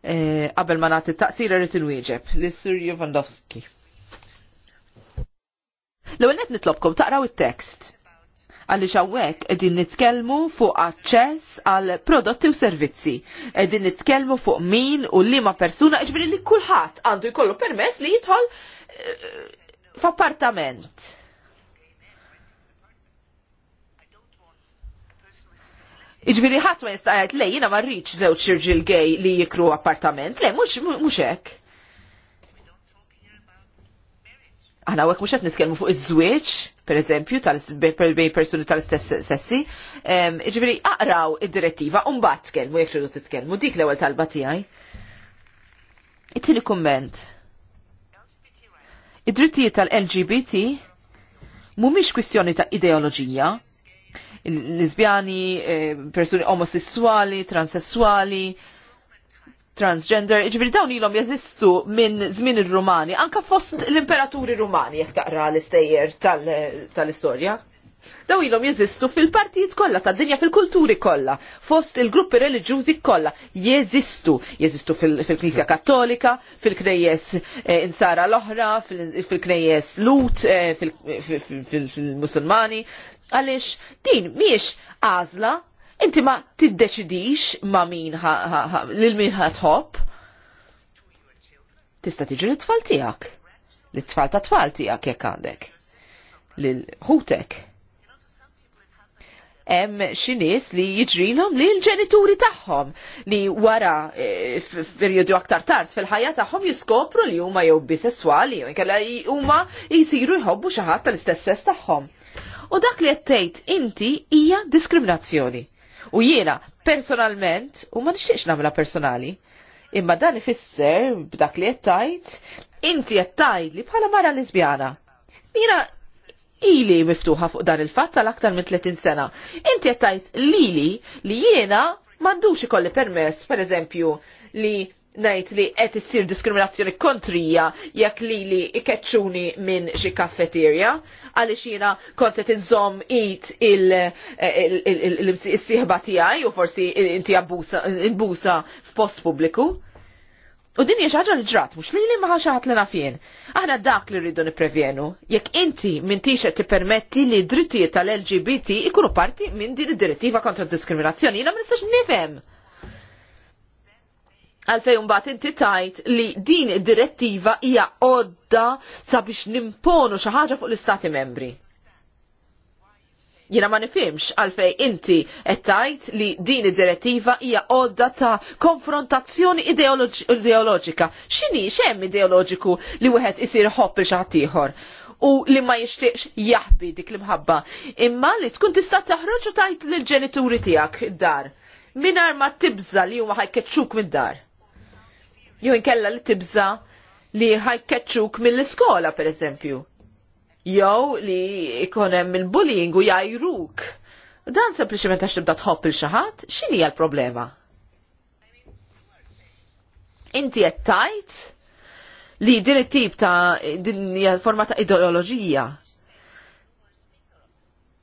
Speaker 4: eh, qabel ma nagħti taqsira rrit il-wieġeb, li Jovandowski. L-ewwel qed nitlobkom taqraw it-text għaliex hawnhekk qegħdin nitkellmu fuq aċċess għal prodotti u servizzi. Qegħdin nitkellmu fuq min u liema persuna, ġifieri li kulħadd għandu jkollu permess li jidħol eh, f'appartament. Iġviri ħadd ma jista' jgħid lej ma rridx żewġ xirġil gej li jikru appartament. Le muxek. mhux hekk. Għana għek mux nitkelmu fuq iż żwieċ per eżempju, bej persuni tal-istess sessi, ġviri aqraw id-direttiva, un-bat tkelmu, jek ċedu titkelmu, dik l ewwel talba tijaj. It-tini komment. Id-drittijiet tal-LGBT mumiex kwistjoni ta' ideoloġija, l personi eh, persuni omosessuali, transessuali, transgender, ġbir dawn ilhom jeżistu minn żmien ir-Rumani, anka fost l-imperaturi Rumani jekk taqra l-istejjer tal-istorja. daw ilhom jeżistu fil-partijiet kollha tad-dinja fil-kulturi kollha, fost il-gruppi reliġjużi kollha jeżistu, jeżistu fil-Knisja Kattolika, fil-Knejjes Insara l-oħra, fil-Knejjes Lut, fil-Musulmani, għaliex din miex għażla inti ma tiddeċidix ma min lil min ħatħobb. Tista' tiġi l-tfal tiegħek. L-tfal ta' tfal tiegħek jekk għandek. Lil ħutek. Hemm xi nies li jiġrilhom li l-ġenituri tagħhom li wara e, f'perjodu aktar tard fil-ħajja tagħhom jiskopru li huma jew bisesswali jew inkella huma jsiru jħobbu xi ħadd tal-istess sess tagħhom u dak li qed tgħid inti hija diskriminazzjoni. U jiena personalment, u ma nixtieqx namla personali, imma dan ifisser b'dak li qed inti qed li bħala mara lesbjana. Jiena ili miftuħa fuq dan il-fatt tal aktar minn 30 sena. Inti qed tgħid lili li jiena m'għandux ikolli permess, pereżempju, li najt li qed issir diskriminazzjoni kontrija jekk li li ikeċċuni minn xi kaffeterja għaliex jiena kont qed inżomm it il-sieħba tiegħi u forsi inti abbusa f'post pubbliku. U din hija ħaġa li ġrat, mhux li li ma ħaxaħat li nafien. Aħna dak li rridu nipprevjenu. Jekk inti minn tixet tippermetti li drittijiet tal-LGBT ikunu parti minn din id-direttiva kontra d diskriminazzjoni, jiena ma nistax nifhem għalfej mbagħad inti tajt li din id-direttiva hija għodda sabiex nimponu xi ħaġa fuq l-istati membri. Jiena ma nifhimx għalfej inti qed tajt li din id-direttiva hija għodda ta' konfrontazzjoni ideoloġika. X'inhi x'hemm ideoloġiku li wieħed isir ħobb il xi ieħor? u li ma jixtieqx jaħbi dik l-imħabba. Imma li tkun tista' taħroġ u tajt lill ġenituri tiegħek id-dar. Minar ma tibża li huma ħajkeċċuk mid-dar jew inkella li tibża li ħajkeċċuk mill-iskola pereżempju. Jew li ikun hemm il-bullying u jajruk. Dan sempliċement għax tibda tħobb il xi ħadd, x'inhi l-problema? Inti qed tajt li din it-tip ta' din hija forma ta' ideoloġija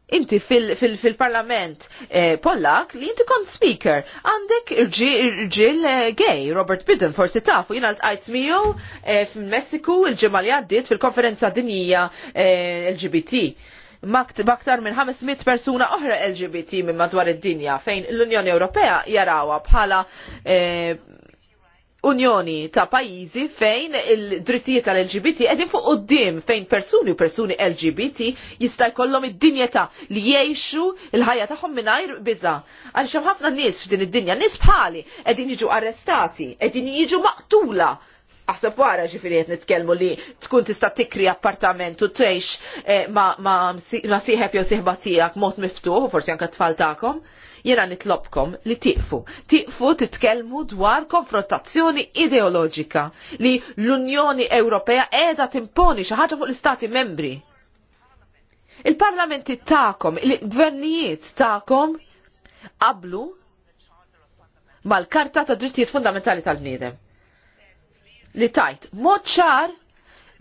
Speaker 4: inti fil-parlament eh, pollak li inti kont speaker għandek irġil eh, gay Robert Biden forsi tafu jina l miju eh, fil-Messiku il-ġimgħa li għaddiet fil-konferenza dinija LGBT. Baktar minn 500 persuna oħra LGBT minn madwar id-dinja fejn l-Unjoni Ewropea jarawa bħala unjoni ta' pajizi fejn il-drittijiet tal-LGBT edin fuq uddim fejn persuni u persuni LGBT jista' jkollhom id-dinjeta li jgħixu il-ħajja tagħhom mingħajr biża. Għaliex hemm ħafna nies f'din id-dinja, nies bħali qegħdin jiġu arrestati, qegħdin jiġu maqtula Aħseb wara ġifiri qed nitkellmu li tkun tista' tikri appartament u tgħix eh, ma' sieħeb jew sieħba tiegħek mod miftuħ u forsi anke tfal tagħkom. Jena nitlobkom li tiqfu. Tiqfu titkelmu dwar konfrontazzjoni ideoloġika li l-Unjoni Ewropea edha timponi xi ħaġa fuq l-Istati membri. Il-parlamenti ta'kom, il-gvernijiet ta'kom qablu mal-Karta ta' Drittijiet Fundamentali tal-Bniedem. Li tajt, mod ċar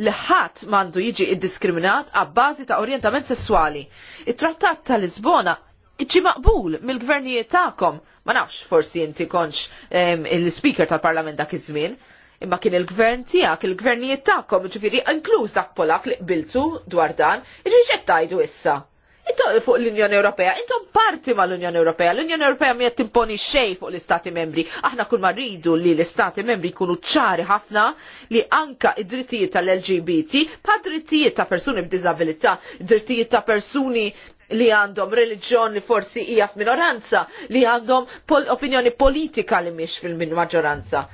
Speaker 4: li ħadd m'għandu jiġi iddiskriminat għabbażi ta' orjentament sesswali. it trattat tal Lisbona Iċi maqbul mill-gvernijiet tagħkom. Ma nafx forsi inti konx il-speaker tal-parlament dak iż-żmien, imma kien il-gvern tiegħek, il-gvernijiet tagħkom, ġifieri inkluż dak Polak li qbiltu dwar dan, ġifieri x'qed tgħidu issa? Intom fuq l-Unjoni Ewropea, intom parti mal-Unjoni Ewropea, l-Unjoni Ewropea mi timponi xej fuq l-Istati membri. Aħna kull marridu li l-Istati membri kunu ċari ħafna li anka id-drittijiet tal-LGBT, pa drittijiet ta' persuni b'dizabilità, drittijiet ta' persuni li għandhom religjon li forsi hija f'minoranza, li għandhom pol opinjoni politika li mhix fil-maġġoranza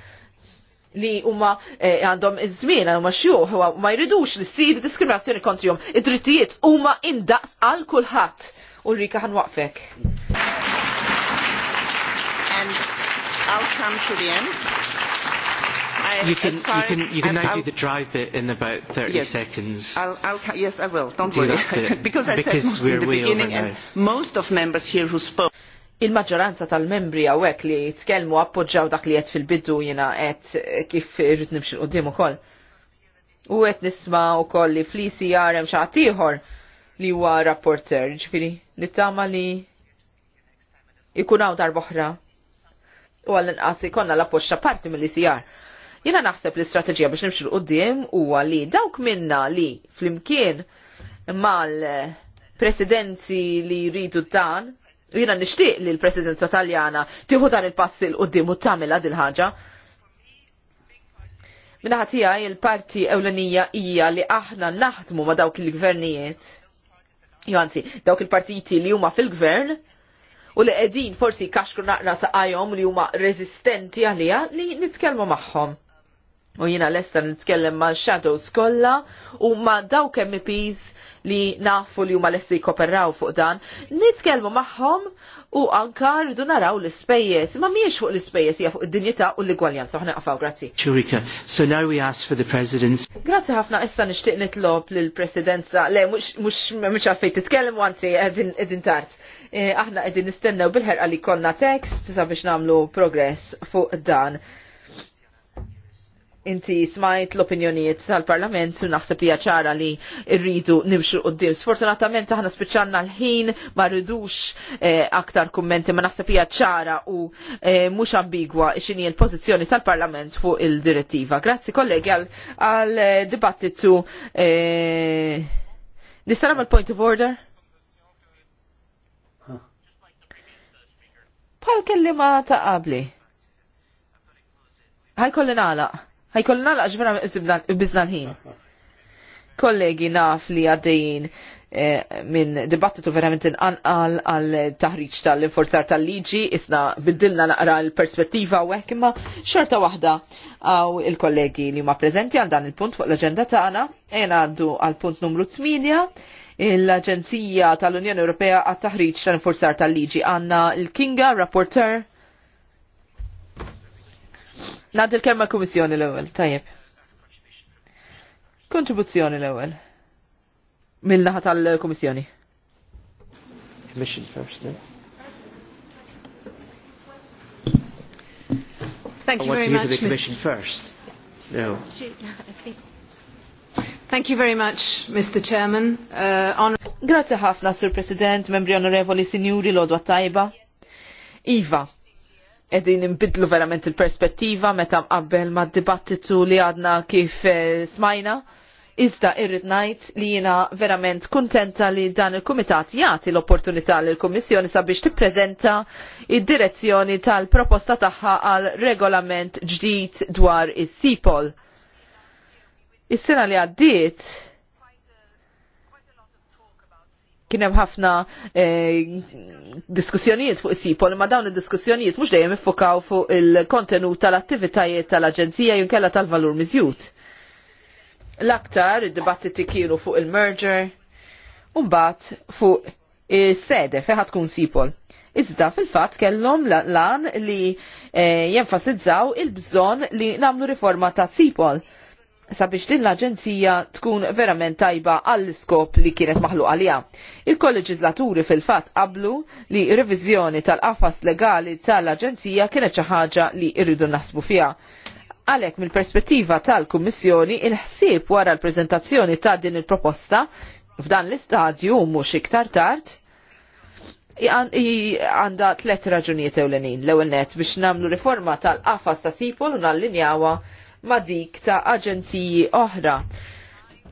Speaker 4: li huma eh, għandhom iż-żmien huma xjuħ ma jridux li sid diskriminazzjoni kontrihom. Id-drittijiet huma indaqs għal kulħadd. Ulrika waqfek. And I'll come to the end. I, you can, you can,
Speaker 1: you can now I'll, do the dry bit in about 30 yes, seconds.
Speaker 4: I'll, I'll, yes, I will. Don't do worry. because I because said we're in the beginning, and most of members here who spoke il-maġġoranza tal-membri għawek li jitkelmu appoġġaw dak li jett fil biddu jina għet eh, kif rrit nimxil nimxi qudiem koll. U għet nisma' u koll li flisi jarem xi li huwa rapporter, ġifiri nittama li ikunaw darb'oħra. U għallin inqas konna l appoġġa parti mill-ICR. Jena naħseb li strategija biex nimxil qoddim huwa li dawk minna li flimkien mal-presidenzi li jridu dan, jena nishtiq li l-presidenza taljana tiħu dan il-passi l-qoddim u tamila dil-ħagġa, Minna ħatija il-parti ewlenija hija li aħna naħdmu ma dawk il-gvernijiet. Jo dawk il-partiti li huma fil-gvern u li qegħdin forsi kaxkru naqra saqajhom li huma rezistenti għaliha li nitkellmu magħhom. U jina l-esta nitkellem ma' shadows kolla u ma' dawk MPs li nafu li huma lesti jkoperraw fuq dan, nitkellmu magħhom u anka rridu naraw l-ispejjeż, ma mhijiex fuq l-ispejjeż hija fuq id-dinjità u l-igwaljanza. Ħna qafgħu grazzi.
Speaker 1: Churika, so now we ask for the presidents.
Speaker 4: Grazzi ħafna issa nixtieq nitlob lill-presidenza le mhux mhux għalfejn titkellem anzi qegħdin tard. Eh, aħna qegħdin nistennew bil-ħerqa li konna tekst sabiex nagħmlu progress fuq dan inti smajt l-opinjonijiet tal-parlament u naħseb li ċara li rridu nimxu qoddim. Sfortunatament aħna spiċċanna l-ħin ma rridux eh, aktar kummenti ma naħseb li ċara u eh, mhux ambigwa xini l-pożizzjoni tal-parlament fuq il-direttiva. Grazzi kollegi għal eh, dibattitu eh, Nistaram mal-point of order? Pal kelli ma ta' qabli. Ħajkolli nagħlaq ħajkollna laqx vera bizna l-ħin. Kollegi naf li għaddejn eh, minn dibattitu verament inqanqal għal taħriġ tal-forzar tal-liġi, isna bidilna naqra l-perspettiva u hekk imma xorta wahda għaw il-kollegi li ma prezenti għal dan il-punt fuq l-agenda tagħna, jena għaddu għal punt numru 8 l-Aġenzija tal-Unjoni Ewropea għat taħriġ tal-Forzar tal-Liġi għanna il-Kinga, rapporter Nad il-kelma kummissjoni l-ewel, tajjeb. Kontribuzzjoni l-ewel. Mill-naħat għal kummissjoni
Speaker 1: Commission first, no? Thank you very much. I want to hear the commission first. No.
Speaker 3: Thank you very much, Mr. Chairman. Uh, on...
Speaker 4: Grazie ħafna, Sir President, membri onorevoli, sinjuri, lodwa tajba. Iva, edin imbidlu verament il-perspettiva meta mqabbel ma' dibattitu li għadna kif eh, smajna. Iżda irrid ngħid li jiena verament kuntenta li dan il-Kumitat jagħti l-opportunità l kummissjoni sabiex tippreżenta id-direzzjoni tal-proposta tagħha għal regolament ġdid dwar is-sipol. Is-sena li għaddiet Kien hemm ħafna eh, diskussjonijiet fuq is-sipol, ma dawn id-diskussjonijiet mhux dejjem iffokaw fuq il-kontenut tal-attivitajiet tal-Aġenzija jinkella tal-valur miżjud. L-aktar id-dibattiti kienu fuq il-merger, u mbagħad fuq is-sede fejn tkun sipol. Iżda fil-fatt kellhom lan li eh, jenfasizzaw il-bżonn li nagħmlu riforma ta' sipol sabiex din l-Aġenzija tkun verament tajba għall iskop li kienet maħluq għalija. Il-kolleġislaturi fil-fat qablu li revizjoni tal-qafas legali tal-Aġenzija kienet xi ħaġa li irridu naħsbu fiha. Għalhekk mill-perspettiva tal-Kummissjoni, il-ħsieb wara l-preżentazzjoni ta' din il-proposta f'dan l-istadju mhux iktar tard għanda tlet raġunijiet ewlenin. L-ewwel net biex nagħmlu riforma tal-qafas ta' sipol u nallinjawa ma' dik ta' aġenziji oħra.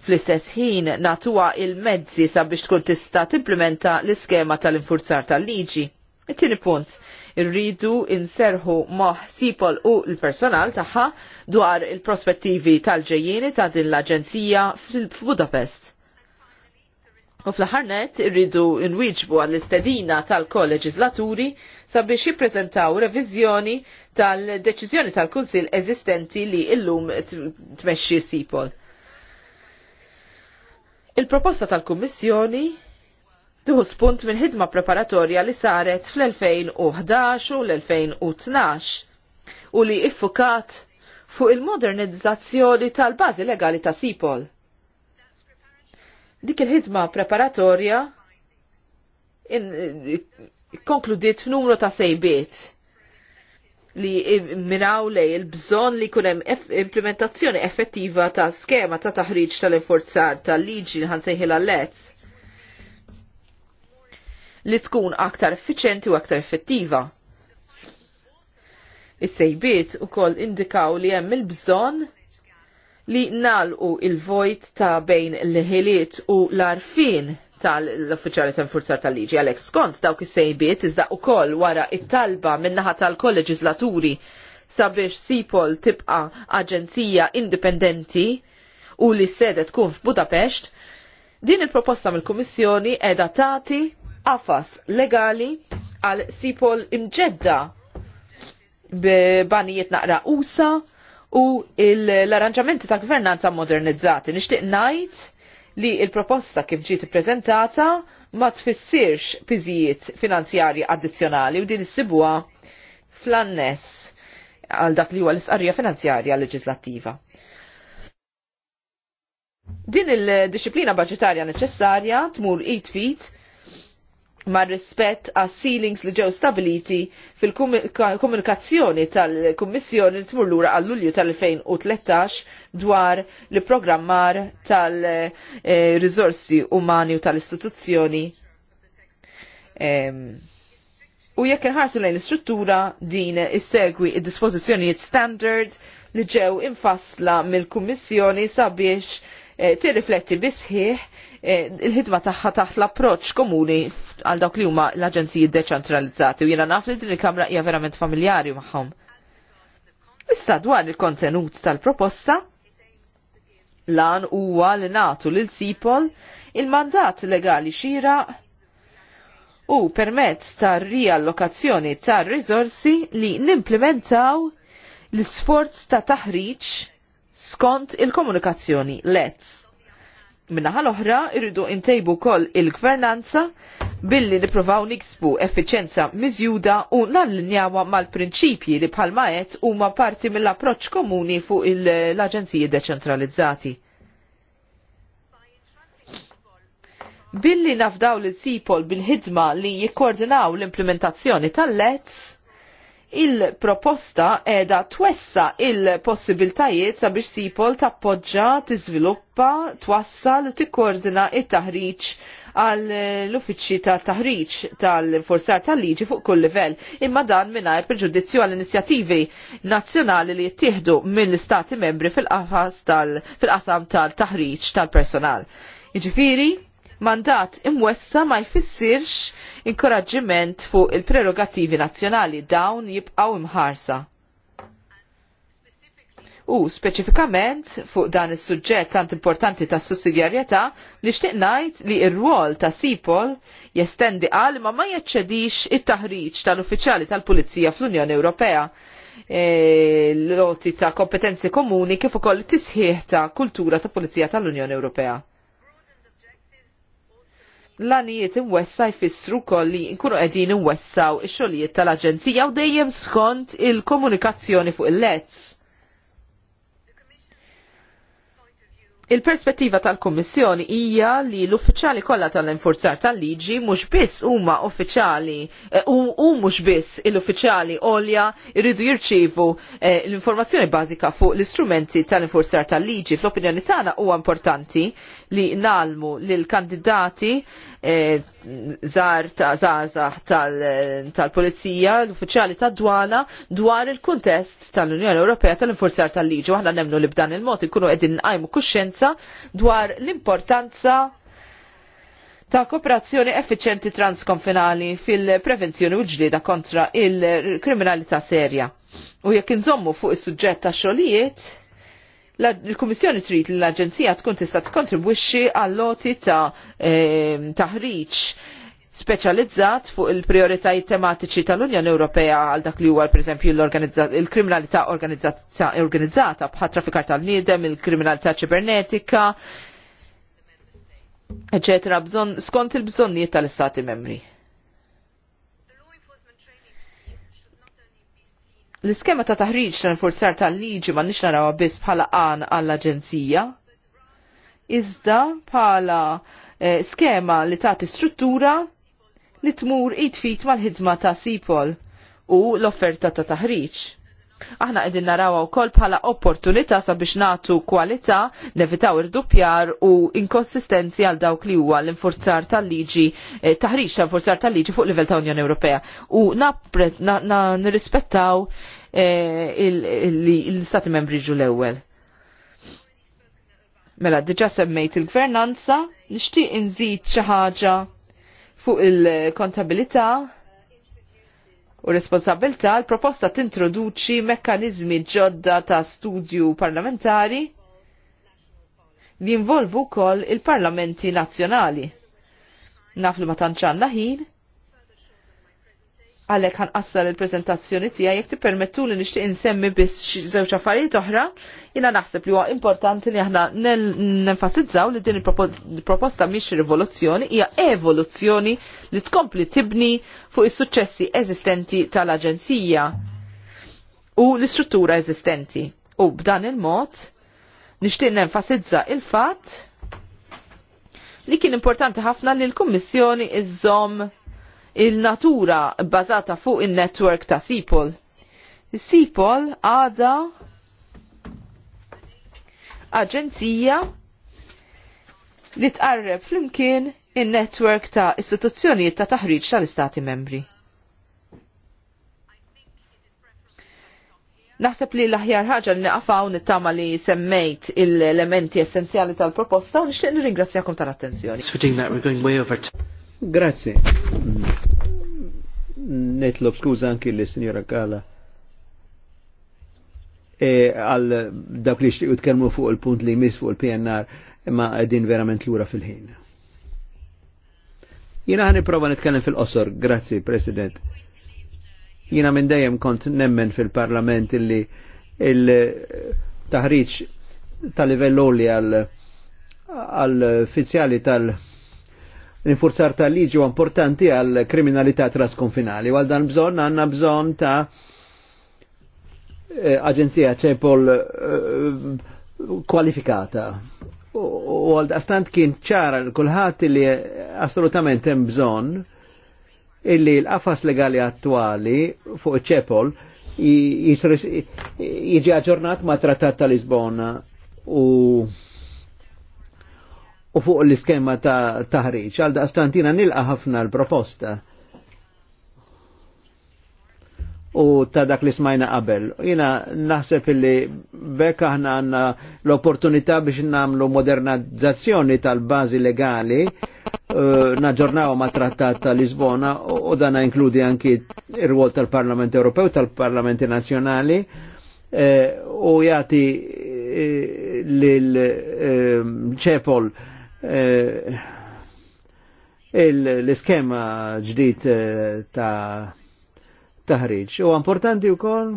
Speaker 4: Fl-istess ħin natuwa il-mezzi sabiex tkun tista' timplementa l-iskema tal-infurzar tal-liġi. It-tieni punt, irridu inserħu moħ sipol u l-personal tagħha dwar il-prospettivi tal-ġejjieni ta' din l-Aġenzija f'Budapest. U fl-ħarnet irridu nwieġbu għall-istedina tal-kolleġislaturi sabiex jippreżentaw reviżjoni tal-deċiżjoni tal-Kunsil eżistenti li illum tmexxi sipol. Il-proposta tal-Kummissjoni tuħu spunt minn ħidma preparatorja li saret fl-2011 u l-2012 u li iffukat fuq il-modernizzazzjoni tal-bazi legali ta' Sipol. Dik il-ħidma preparatorja konkludiet f'numru ta' sejbiet li miraw lej il-bżon li kunem implementazzjoni effettiva ta' skema ta' taħriġ tal-inforzar tal-liġi li sejħila l li tkun aktar effiċenti u aktar effettiva. Is-sejbiet u koll indikaw li hemm il-bżon li nalqu il-vojt ta' bejn l-ħiliet u l-arfin tal-uffiċjali tal-forzar tal-liġi. Alex skont dawk is-sejbiet iżda wkoll wara it-talba minnaħa tal-kolleġislaturi sabiex Sipol tibqa aġenzija indipendenti u li s-sede tkun f'Budapest, din il-proposta mill-Kummissjoni edha tati afas legali għal Sipol imġedda b'banijiet naqra usa u l-arranġamenti ta' gvernanza modernizzati. Nixtieq ngħid li il-proposta kif ġiet ippreżentata ma tfissirx piżijiet finanzjarji addizzjonali u din issibuha fl-anness għal dak li huwa l-isqarrija finanzjarja leġislattiva. Din il-disciplina budgetarja neċessarja tmur it fit ma' rispett għas ceilings li ġew stabiliti fil-komunikazzjoni tal-Kummissjoni li tmur lura għall-Lulju tal-2013 dwar li programmar tal-rizorsi umani u tal-istituzzjoni. U jekk inħarsu lejn l-istruttura din issegwi id-dispożizzjonijiet standard li ġew infasla mill-Kummissjoni sabiex eh, tirrifletti bisħiħ Eh, il-ħidma tagħha taħt l-approċċ komuni għal dawk li huma l-aġenziji deċentralizzati u jiena naf li din il-Kamra hija verament familjari magħhom. Issa dwar il-kontenut tal-proposta, lan huwa li natu lil sipol il-mandat legali xira u permezz tar riallokazzjoni tar risorsi li nimplementaw l-sforz ta' taħriġ skont il-komunikazzjoni LETS Minnaħal oħra irridu intejbu kol il-gvernanza billi niprofaw niksbu effiċenza miżjuda u nallinjawa mal-prinċipji li bħalma u huma parti mill-approċċ komuni fuq l-aġenziji deċentralizzati. Billi nafdaw l sipol bil-ħidma li jikkoordinaw l-implementazzjoni tal-lets, il-proposta edha twessa il-possibiltajiet sabiex sipol tappoġġa, tiżviluppa, twassal u tikkoordina it-taħriġ għal l-uffiċċji ta' taħriġ tal-forzar tal-liġi fuq kull livell, imma dan mingħajr preġudizzju għall inizjattivi nazzjonali li jittieħdu mill-istati membri fil-qasam tal-taħriġ tal-personal. Jiġifieri, mandat imwessa ma jfissirx inkoraġġiment fuq il-prerogativi nazzjonali dawn jibqaw imħarsa. U speċifikament fuq dan is suġġett tant importanti ta' sussidjarjetà nixtieq ngħid li r-rwol ta' Sipol jestendi għal ma ma jeċċedix it-taħriġ tal-uffiċjali tal-Pulizija fl-Unjoni Ewropea e, oti ta' kompetenzi komuni kif ukoll tisħiħ ta' kultura ta' Pulizija tal-Unjoni Ewropea l-għanijiet imwessa jfissru koll li nkunu qegħdin imwessaw ix-xogħlijiet tal-Aġenzija u dejjem skont il-komunikazzjoni fuq il lets Il-perspettiva tal-Kommissjoni hija li l-uffiċjali kollha tal-enforzar tal-liġi mhux biss huma uffiċjali eh, u mhux biss l-uffiċjali olja jridu jirċievu eh, l-informazzjoni bażika fuq l-istrumenti tal-enforzar tal-liġi. Fl-opinjoni tagħna huwa importanti li nalmu lil kandidati E, zar ta' zazah tal-polizija, l-uffiċjali ta' dwana dwar il-kuntest tal-Unjoni Ewropea tal-infurzar tal-liġi. Waħna nemnu li b'dan il-mod ikunu qegħdin nqajmu kuxjenza dwar l-importanza ta' kooperazzjoni effiċenti transkonfinali fil-prevenzjoni u ġdida kontra il-kriminalità serja. U jekk inżommu fuq is-suġġett ta' xogħlijiet, il-Kummissjoni trid li l-Aġenzija tkun tista' tkontribwixxi għal loti ta' ehm, taħriġ speċjalizzat fuq il-prioritajiet tematiċi tal-Unjoni Ewropea għal dak li huwa pereżempju l-kriminalità organizzata bħat traffikar tal-niedem, il-kriminalità ċibernetika, eċetera, bżonn skont il-bżonnijiet tal-Istati membri. L-iskema ta' taħriġ tal-forzar tal-liġi ma' nix narawa biss bħala għan għall-aġenzija. Iżda bħala eh, skema li tagħti struttura li tmur id fit mal-ħidma ta' sipol u l-offerta ta' taħriġ. Aħna qegħdin naraw ukoll bħala opportunità sabiex nagħtu kwalità, nevitaw ir-dupjar u inkonsistenzi għal dawk li huwa l-infurzar tal-liġi, eh, taħriġ tal-infurzar tal-liġi fuq livell ta' Unjoni Ewropea. U nirrispettaw Eh, l-Stati membri ġu l-ewwel. Mela, diġa semmejt il-gvernanza, nixtieq inżid xi ħaġa fuq il-kontabilità u responsabilità, l-proposta tintroduċi mekkanizmi ġodda ta' studju parlamentari li involvu kol il-parlamenti nazzjonali. Naf li ma tantxanna ħin, għalek għan qassar il-prezentazzjoni tija jek permettu li nishti insemmi biss zewċa affarijiet oħra, jina naħseb li huwa importanti li aħna nenfasizzaw li din il-proposta miex rivoluzzjoni, hija evoluzzjoni li tkompli tibni fuq is-suċċessi eżistenti tal-Aġenzija u l-istruttura eżistenti. U b'dan il-mod nixtieq nenfasizza il-fatt li kien importanti ħafna li l-Kummissjoni iżżomm il-natura bazata fuq il-network ta' Sipol. Sipol għada aġenzija li tqarreb flimkien in-netwerk ta' istituzzjonijiet ta' taħriġ tal-istati membri. Naħseb li l-aħjar ħaġa li naqfaw nittama li semmejt il-elementi essenzjali tal-proposta u nixtieq nirringrazzjakom tal-attenzjoni.
Speaker 6: Grazie netlob skuza anki li signora Kala e, għal dak li xtiqu tkellmu fuq il-punt li jmiss fuq il-PNR imma għedin verament lura fil-ħin. Jina ħani prova nitkellem fil-qosor, grazzi President. Jina minn dejjem kont nemmen fil-Parlament illi il-taħriġ tal-livell għal għal-fizzjali tal-, -tal l-infurzar tal-liġi u importanti għal kriminalità trasconfinali. Għal dan bżon għanna bżon ta' eh, aġenzija ċepol eh, kwalifikata. U għal dastant kien ċara l-kulħat li assolutament hemm bżon illi l-qafas legali attuali fuq ċepol jiġi aġġornat ma' trattat tal-Lisbona u u fuq l-iskema ta' taħriċ. Għal daqstantina nilqa ħafna l-proposta. U ta' dak li smajna qabel. Jina naħseb illi bekk aħna għanna l-opportunità biex namlu modernizzazzjoni tal-bazi legali uh, eh, naġġornaw ma' trattat ta' Lisbona u dana inkludi anki ir-rwol tal-Parlament Ewropew, tal-Parlamenti Nazzjonali eh, u jati eh, lil eh, ċepol uh, Eh, l-iskema ġdid eh, ta' taħriġ. U importanti wkoll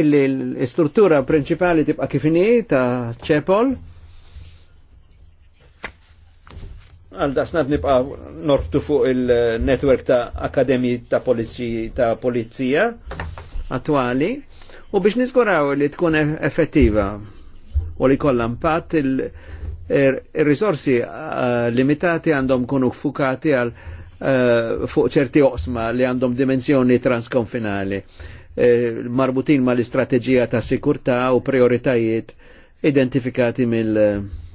Speaker 6: illi l-istruttura principali tibqa' kifini ta' ċepol. Għal dasnat nibqa' norftu fuq il-netwerk ta' akademi ta' polizija, ta' polizija attuali u biex niskuraw li tkun e-, effettiva u li kollha impatt il- Er, il-risorsi eh, limitati għandhom kunu fukati għal eh, fuq ċerti oqsma li għandhom dimensjoni transkonfinali eh, marbutin ma l istrategija ta' sikurta u prioritajiet identifikati mill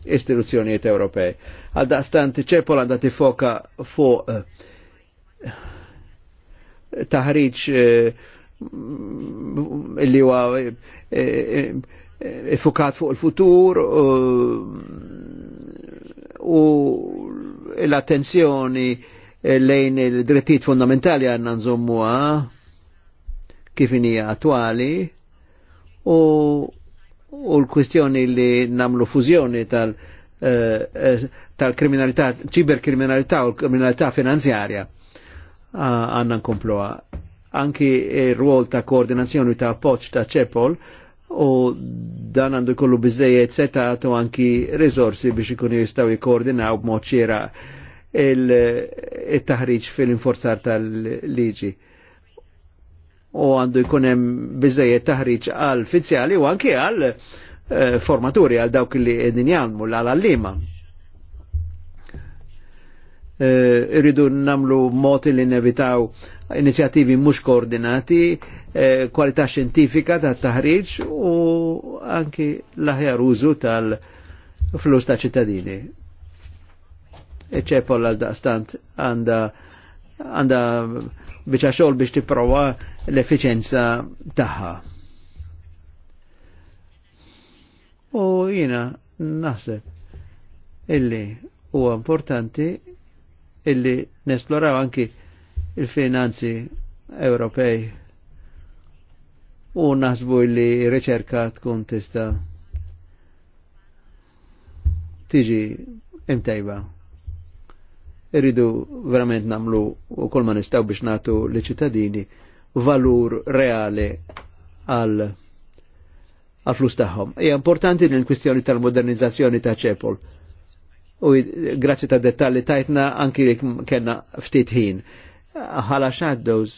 Speaker 6: istituzzjonijiet Ewropej. Għal daqstant ċepol għanda tifoka fuq taħriġ illi huwa ifukat fuq il-futur u l-attenzjoni lejn il-drittijiet fondamentali għanna nżommuha kif hija attwali u u l-kwistjoni li namlu fużjoni tal- eh, eh, tal-kriminalità, ċiberkriminalità u kriminalità finanzjarja għanna nkompluha. Anki il-rwol ta' koordinazzjoni ta' poċ ta' ċepol u dan għandu kollu bizzejiet setat u anki rizorsi biex ikunu jistaw jikordinaw b'mod ċira il-taħriġ fil-inforzar tal-liġi. U għandu jkunem bizzejiet taħriġ għal fizzjali u anki għal eh, formaturi għal dawk li edin jgħalmu l-għal-għallima. Eh, irridu namlu moti li nevitaw inizjativi mux koordinati, Eh, kwalità xintifika ta' taħriġ u anki l-aħjar użu tal-flus ta' ċittadini. Eċepol għal daqstant għanda għanda biex xol biex tipprova l-efficienza taħħa. U jina naħseb illi huwa importanti illi nesploraw anki il-finanzi Ewropej u nasbu li reċerka tkun tista tiġi imtajba. Irridu verament namlu u kol ma nistaw biex natu li ċittadini valur reali għal għal flus taħħom. Ija importanti din kwistjoni tal-modernizzazzjoni ta' ċepol. U grazzi ta' dettalli tajtna anki li kena ftit ħin. Għala shadows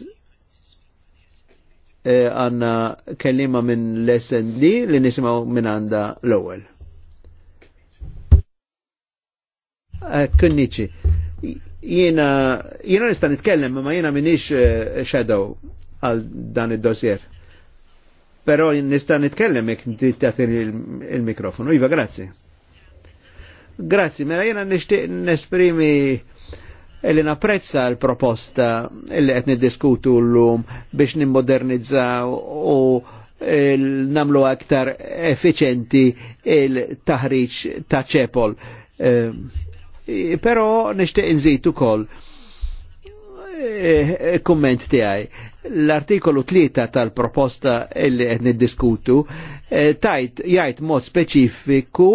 Speaker 6: għanna kellima minn l-SND li nisimaw minn għanda l-ewel. Eh, Kunniċi, jena, jena nista nitkellem, ma jena minix eh, shadow għal dan id-dossier. Pero nista nitkellem jek tatin il-mikrofonu. Iva, grazzi. Grazzi, mela jena nishtiq nesprimi illi e napprezza l-proposta li qed niddiskutu llum biex nimmodernizzaw u e, namlu aktar effiċenti il-taħriġ ta' ċepol. E, Però nixtieq inżid ukoll e, kumment tiegħi. L-artikolu 3 tal-proposta li qed niddiskutu tajt jgħid mod speċifiku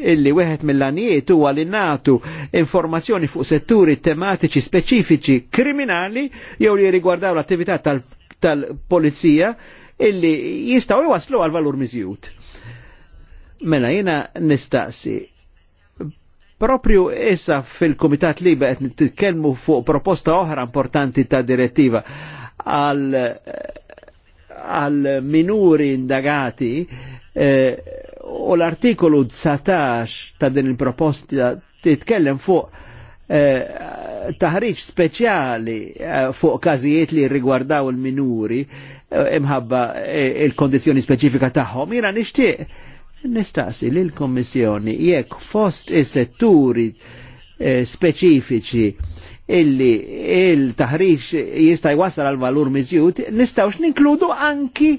Speaker 6: illi weħet mill-anijiet huwa li natu informazzjoni fuq setturi tematiċi speċifiċi kriminali jew li rigwardaw l-attività tal-polizija tal illi jistaw jwaslu għal valur miżjut. Mela jina nistaqsi propju issa fil-Kumitat Liba qed nitkellmu fuq proposta oħra importanti ta' direttiva għal għal minuri indagati eh, u l-artikolu 19 ta' din il-proposta titkellem fuq eh, taħriġ speċjali eh, fuq każijiet li rigwardaw il-minuri eh, imħabba il-kondizjoni speċifika tagħhom. Jiena nixtieq nistaqsi li l-Kommissjoni jekk fost is-setturi speċifiċi illi il-taħriġ jista' jwassal għal valur miżjud, nistgħux ninkludu anki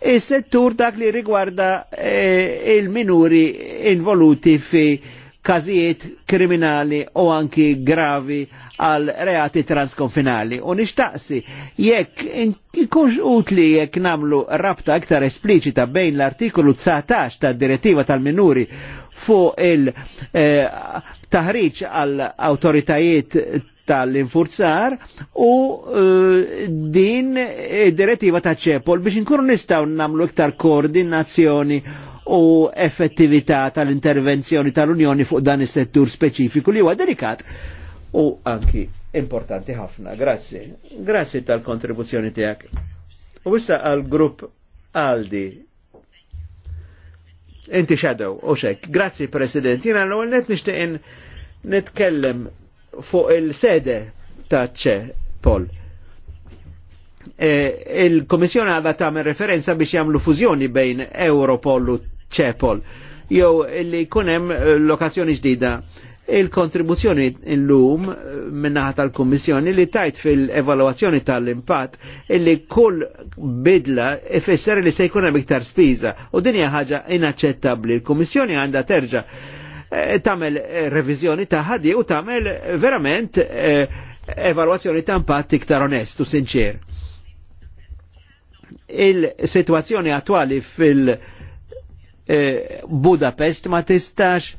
Speaker 6: is-settur dak li rigwarda eh, il-minuri involuti fi kazijiet kriminali u anki gravi għal reati transkonfinali. U nishtaqsi, jekk ikunx utli jekk namlu rabta iktar esplicita bejn l-artikolu 19 ta' direttiva tal-minuri fuq il-taħriġ eh, għal autoritajiet tal-infurzar u eh, din direttiva ta' ċepol biex inkunu nistaw namlu iktar koordinazzjoni u effettività tal-intervenzjoni tal-Unjoni fuq dan is-settur speċifiku li huwa delikat u anki importanti ħafna. Grazzi. Grazzi tal-kontribuzzjoni tiegħek. U issa għal grupp Aldi Inti xadow, u xek. Grazzi, President. Jina l-għol net nishtiqin nitkellem fuq il-sede ta' ċe, Pol. E, Il-Komissjoni għadha tagħmel referenza biex jagħmlu fużjoni bejn Europol u ċepol jew li jkun hemm lokazzjoni ġdida Il-kontribuzzjoni illum eh, minnaħat tal-Kommissjoni li tajt fil-evaluazzjoni tal-impatt illi kull bidla ifisser li se jkun hemm iktar spiża u din hija ħaġa inaċċettabbli. Il-Kommissjoni għandha terġa' eh, tagħmel eh, reviżjoni ta' ħadi u tagħmel verament evaluazzjoni ta' impatt iktar onestu, sinċer. Il-situazzjoni attuali fil- Budapest ma tistax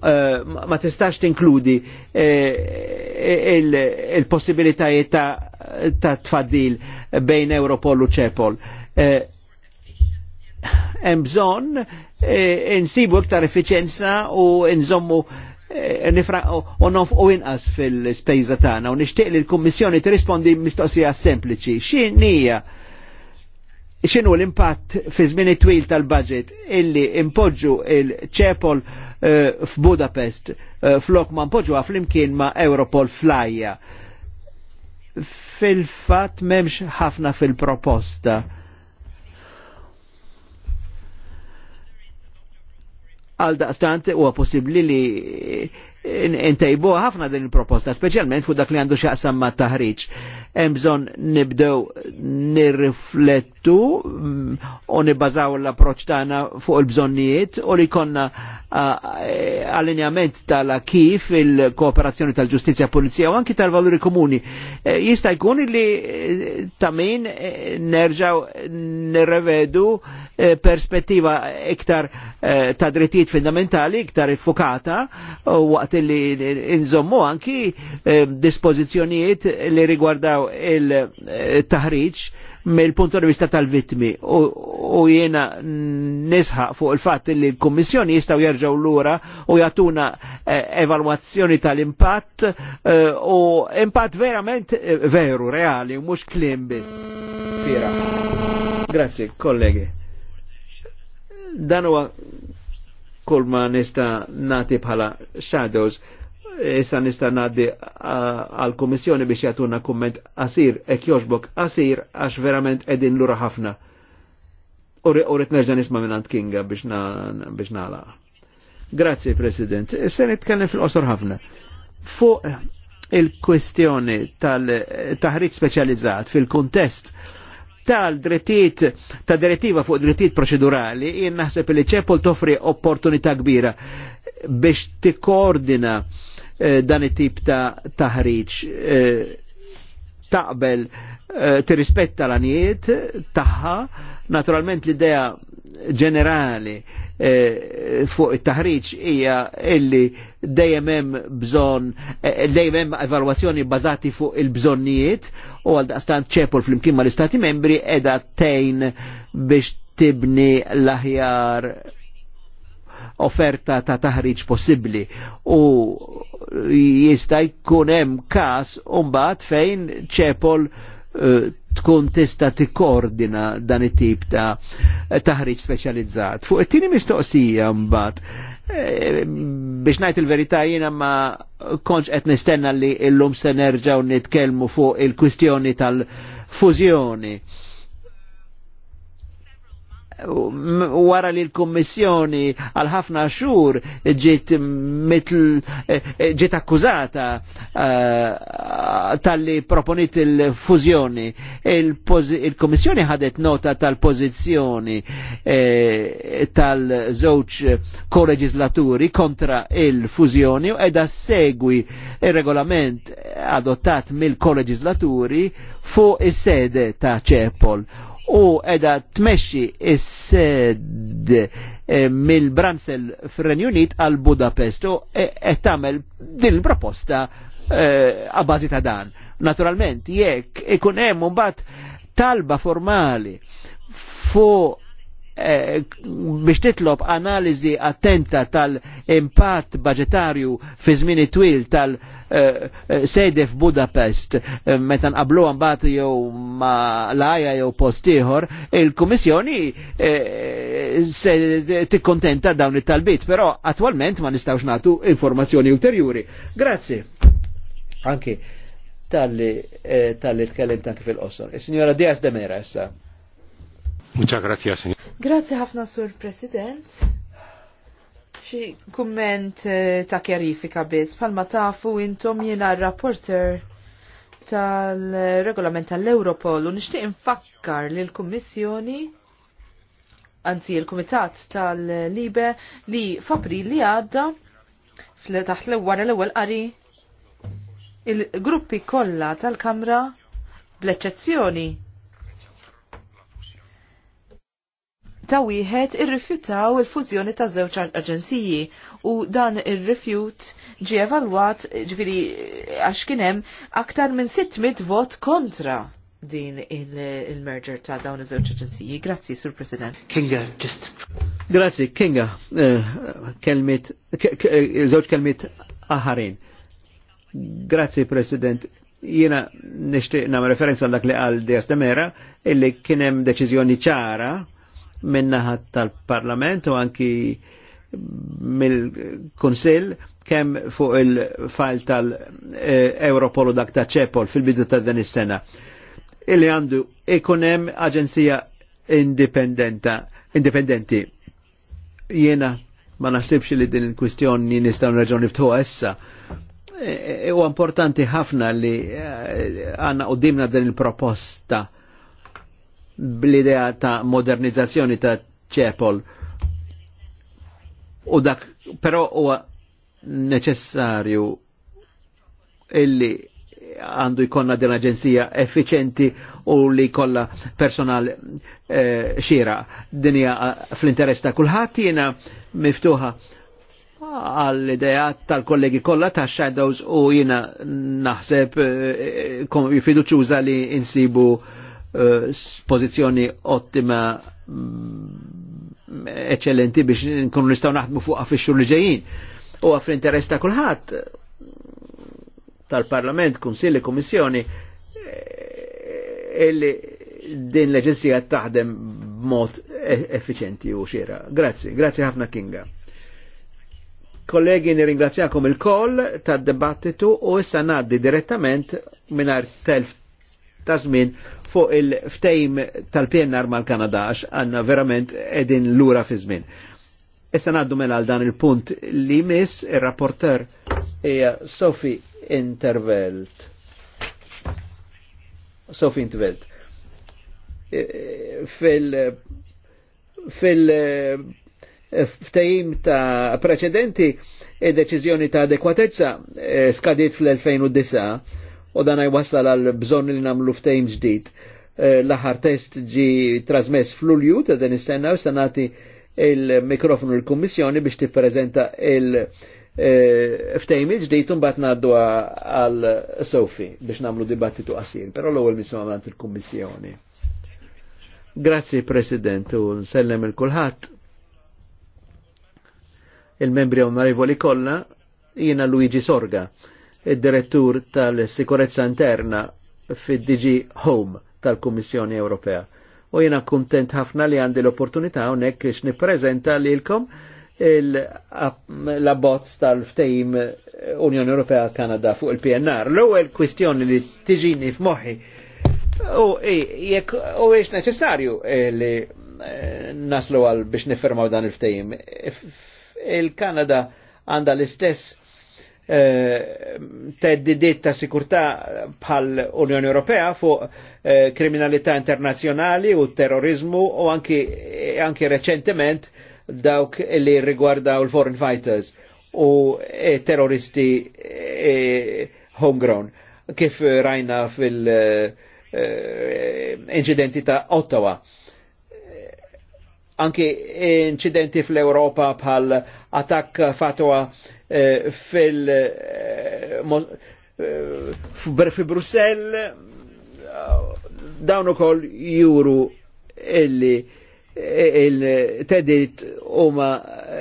Speaker 6: Eh, ma tistax tinkludi eh, eh, il-possibilitajiet ta' tfaddil bejn Europol u ċepol. Hemm bżonn insibu iktar effiċjenza u nżommu u inqas fil-spejza tagħna u nixtieq li l-Kummissjoni tirrispondi mistoqsija sempliċi. X'inhija? xinu l-impatt fi żmien twil tal-budget illi impoġġu il-ċepol eh, f'Budapest eh, flok ma mpoġġuha flimkien ma' Europol flajja. Fil-fatt memx ħafna fil-proposta. Għal daqstant huwa possibbli li intajbu ħafna din il-proposta, specialment fu dak li għandu xaqsam ma taħriġ hemm bżonn nibdew nirriflettu mm, u nibbażaw l-approċċ tagħna fuq il-bżonnijiet u li konna allinjament tal kif il-kooperazzjoni tal-ġustizja pulizija u anki tal-valuri komuni. E, jista' jkun li e, tamin e, nerġaw nirrevedu perspettiva iktar ta' drittijiet fundamentali, iktar iffukata waqt li nżommu anki dispożizzjonijiet li rigwardaw naraw il-taħriġ mill-punt di vista tal vitmi u jiena nisħa fuq il fat li l kommissjoni jistaw jarġaw l-ura u jatuna eh, evalwazzjoni tal-impatt eh, u impatt verament eh, veru, reali, u mux klim bis. Fira. Grazie, kollegi. Dan huwa kull ma nista nati bħala shadows issa nista' ngħaddi għall-Kummissjoni biex jagħtuna kumment qasir hekk joġbok asir, għax verament qegħdin lura ħafna. U nerġa' nisma' minn Kinga biex nagħlaq. Grazzi President. Se nitkellem fil-qosor ħafna. Fuq il-kwestjoni tal-taħriġ speċjalizzat fil-kuntest tal-drittijiet ta' direttiva fuq drittijiet proċedurali, jien naħseb li ċepol toffri opportunità kbira biex tikkoordina koordina Eh, dan it-tip ta' taħriġ. Eh, taqbel eh, tirrispetta l-anijiet tagħha, naturalment l-idea ġenerali fuq it-taħriġ hija illi dejjem hemm bżonn dejjem hemm evalwazzjoni bbażati fuq il-bżonnijiet u għal daqstant ċepol flimkien mal-Istati membri qiegħda tejn biex tibni l-aħjar offerta ta' taħriġ possibbli u jista' jkun hemm każ mbagħad fejn ċepol eh, tkun tista' tikkoordina dan it-tip ta' taħriġ speċjalizzat. Fuq it-tieni mistoqsija mbagħad eh, biex ngħid il-verità jiena ma kontx qed nistenna li llum se nerġgħu nitkellmu fuq il-kwistjoni tal-fużjoni wara li l-Kommissjoni għal ħafna xhur ġiet mitl eh, eh, ġiet akkużata eh, tal-li proponit il-fużjoni. Il-Kommissjoni ħadet nota tal pozizjoni tal-żewġ koleġislaturi kontra il-fużjoni u edha segwi il-regolament adottat mill-koleġislaturi fuq is-sede ta' ċepol u edha tmexxi is-sed eh, mill-Bransel fir-Renju Unit għal Budapest u eh, qed tagħmel din il-proposta għabbażi eh, ta' dan. Naturalment, jekk ikun hemm mbagħad talba formali fuq Eh, biex titlob analizi attenta tal-impatt budgetarju fi żmien twil tal sejde eh, eh f'Budapest metan eh, meta nqablu mbagħad jew ma laja jew post ieħor, il komissjoni se tikkontenta dawn it-talbit, però attualment ma nistgħux nagħtu informazzjoni ulterjuri. Grazzi. Anki tal-li tal-li tkellim tanki fil-qosor. E, is Diaz de Mera issa. Muchas gracias, señor.
Speaker 4: Grazie ħafna, Sur President. Xi kumment eh, ta' kjarifika biss. Palma tafu intom jiena rapporter tal-regolament tal-Europol u nixtieq infakkar li l-Kummissjoni anzi l-Kumitat tal-Libe li f'April li għadda taħt l-ewwel l-ewwel qari il-gruppi kollha tal-Kamra bl-eċċezzjoni ta' wieħed irrifjutaw il-fużjoni ta' żewġ aġenziji u dan ir-rifjut ġie evalwat ġifieri għax kien hemm aktar minn 600 vot kontra din il-merger ta' dawn iż-żewġ aġenziji. Grazzi, Sur President. Kinga,
Speaker 6: just. Grazzi, Kinga, eh, kelmit, eh, żewġ kelmit aħarin. Grazzi, President jiena nishtiq nam referenza dak li għal Dias Demera illi kienem deċizjoni ċara minnaħat tal-Parlament u anki mill-Kunsill kemm fuq il-fajl tal-Europol u dak ta' ċepol fil-bidu ta' dan is-sena. Illi għandu ikunem aġenzija indipendenta, indipendenti. Jena ma naħsibx li din il-kwistjoni nistgħu nerġgħu niftuħ issa. Huwa e, e, e, importanti ħafna li għandna dimna din il-proposta bl-idea ta' modernizzazzjoni ta' ċepol. U dak, però huwa neċessarju illi għandu jkonna din aġenzija effiċenti u li kolla personal eh, din Dinja eh, fl-interess ta' kulħadd jiena miftuħa għall idea tal-kollegi kollha ta' shadows u jiena naħseb eh, eh fiduċuża li insibu eh, Eh, pozizjoni ottima mm, eccellenti biex nkunu nistgħu naħdmu fuqha fix-xhur li ġejjin. U għaf interess ta' kulħadd tal-Parlament, Kunsilli, e Kummissjoni eh, illi din l-Aġenzija taħdem b'mod e-, effiċenti u xiera. Grazzi, grazzi ħafna Kinga. Kollegi, nirringrazzjakom il-koll tad-debattitu u issa naddi direttament minar telf ta' żmien fuq il-ftejm tal-PNR mal-Kanada għax għanna verament edin lura fi żmien. Issa naddu mela għal dan il-punt li miss ir-rapporter hija Sofi Intervelt. Sofi Intervelt. E, fil fil ftejim ta' preċedenti e deċiżjoni ta' adekwatezza e, skadiet fl-2009 u dan jwassal għal bżonn li namlu ftejm ġdid. Eh, l-aħħar test ġi trasmess fl-ulju ta' din is-sena u sanati il-mikrofonu l-Kummissjoni biex tippreżenta il- eh, ftejmi ġdijt un naddu għal Sofi biex namlu dibattitu qasir, pero l-ewwel misma għand il-Kummissjoni. Grazzi President u nsellem il-kulħadd. Il-membri onorevoli kollha jiena Luigi Sorga id-direttur tal-sikurezza interna fid-DG Home tal-Kummissjoni Ewropea. U jena kuntent ħafna li għandi l-opportunità unnek biex niprezenta lilkom l-abbozz tal-ftejim Unjoni Ewropea Kanada fuq il-PNR. L-ewwel kwistjoni li tiġini f'moħħi u jekk u hiex neċessarju li eh, naslu għal biex niffirmaw dan il-ftejim. Il-Kanada għandha l-istess Eh, teddidiet ta' sikurta bħal Unjoni Ewropea fuq eh, kriminalità internazzjonali u terrorizmu u anki, eh, reċentement dawk li rigwardaw l-foreign fighters u terroristi homegrown kif rajna fil-incidenti ta' Ottawa anki incidenti fl-Europa bħal attakk fatwa Eh, fil eh, eh, fi Brussell dawn ukoll juru illi il-tedit huma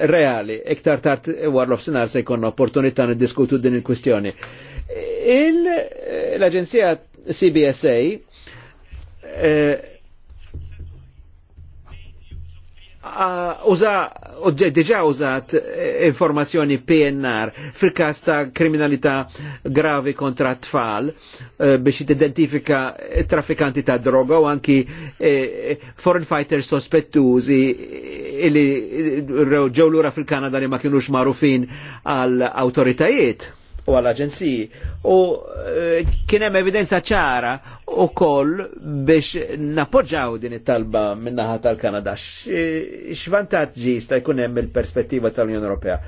Speaker 6: reali, iktar tard warlof sinar se jkun opportunità niddiskutu din il-kwistjoni. L-Aġenzija CBSA uża diġa użat eh, informazzjoni PNR fil-kas ta' kriminalità gravi kontra tfal eh, biex identifika traffikanti ta' droga u anki eh, foreign fighters sospettużi li ġewlura fil-Kanada li ma kienux marufin għal autoritajiet u għall-aġenziji. U eh, kien hemm evidenza ċara u koll biex nappoġġaw din it-talba minnaħa tal-Kanada. X'vantaġġi sta jkun hemm il-perspettiva tal-Unjoni Ewropea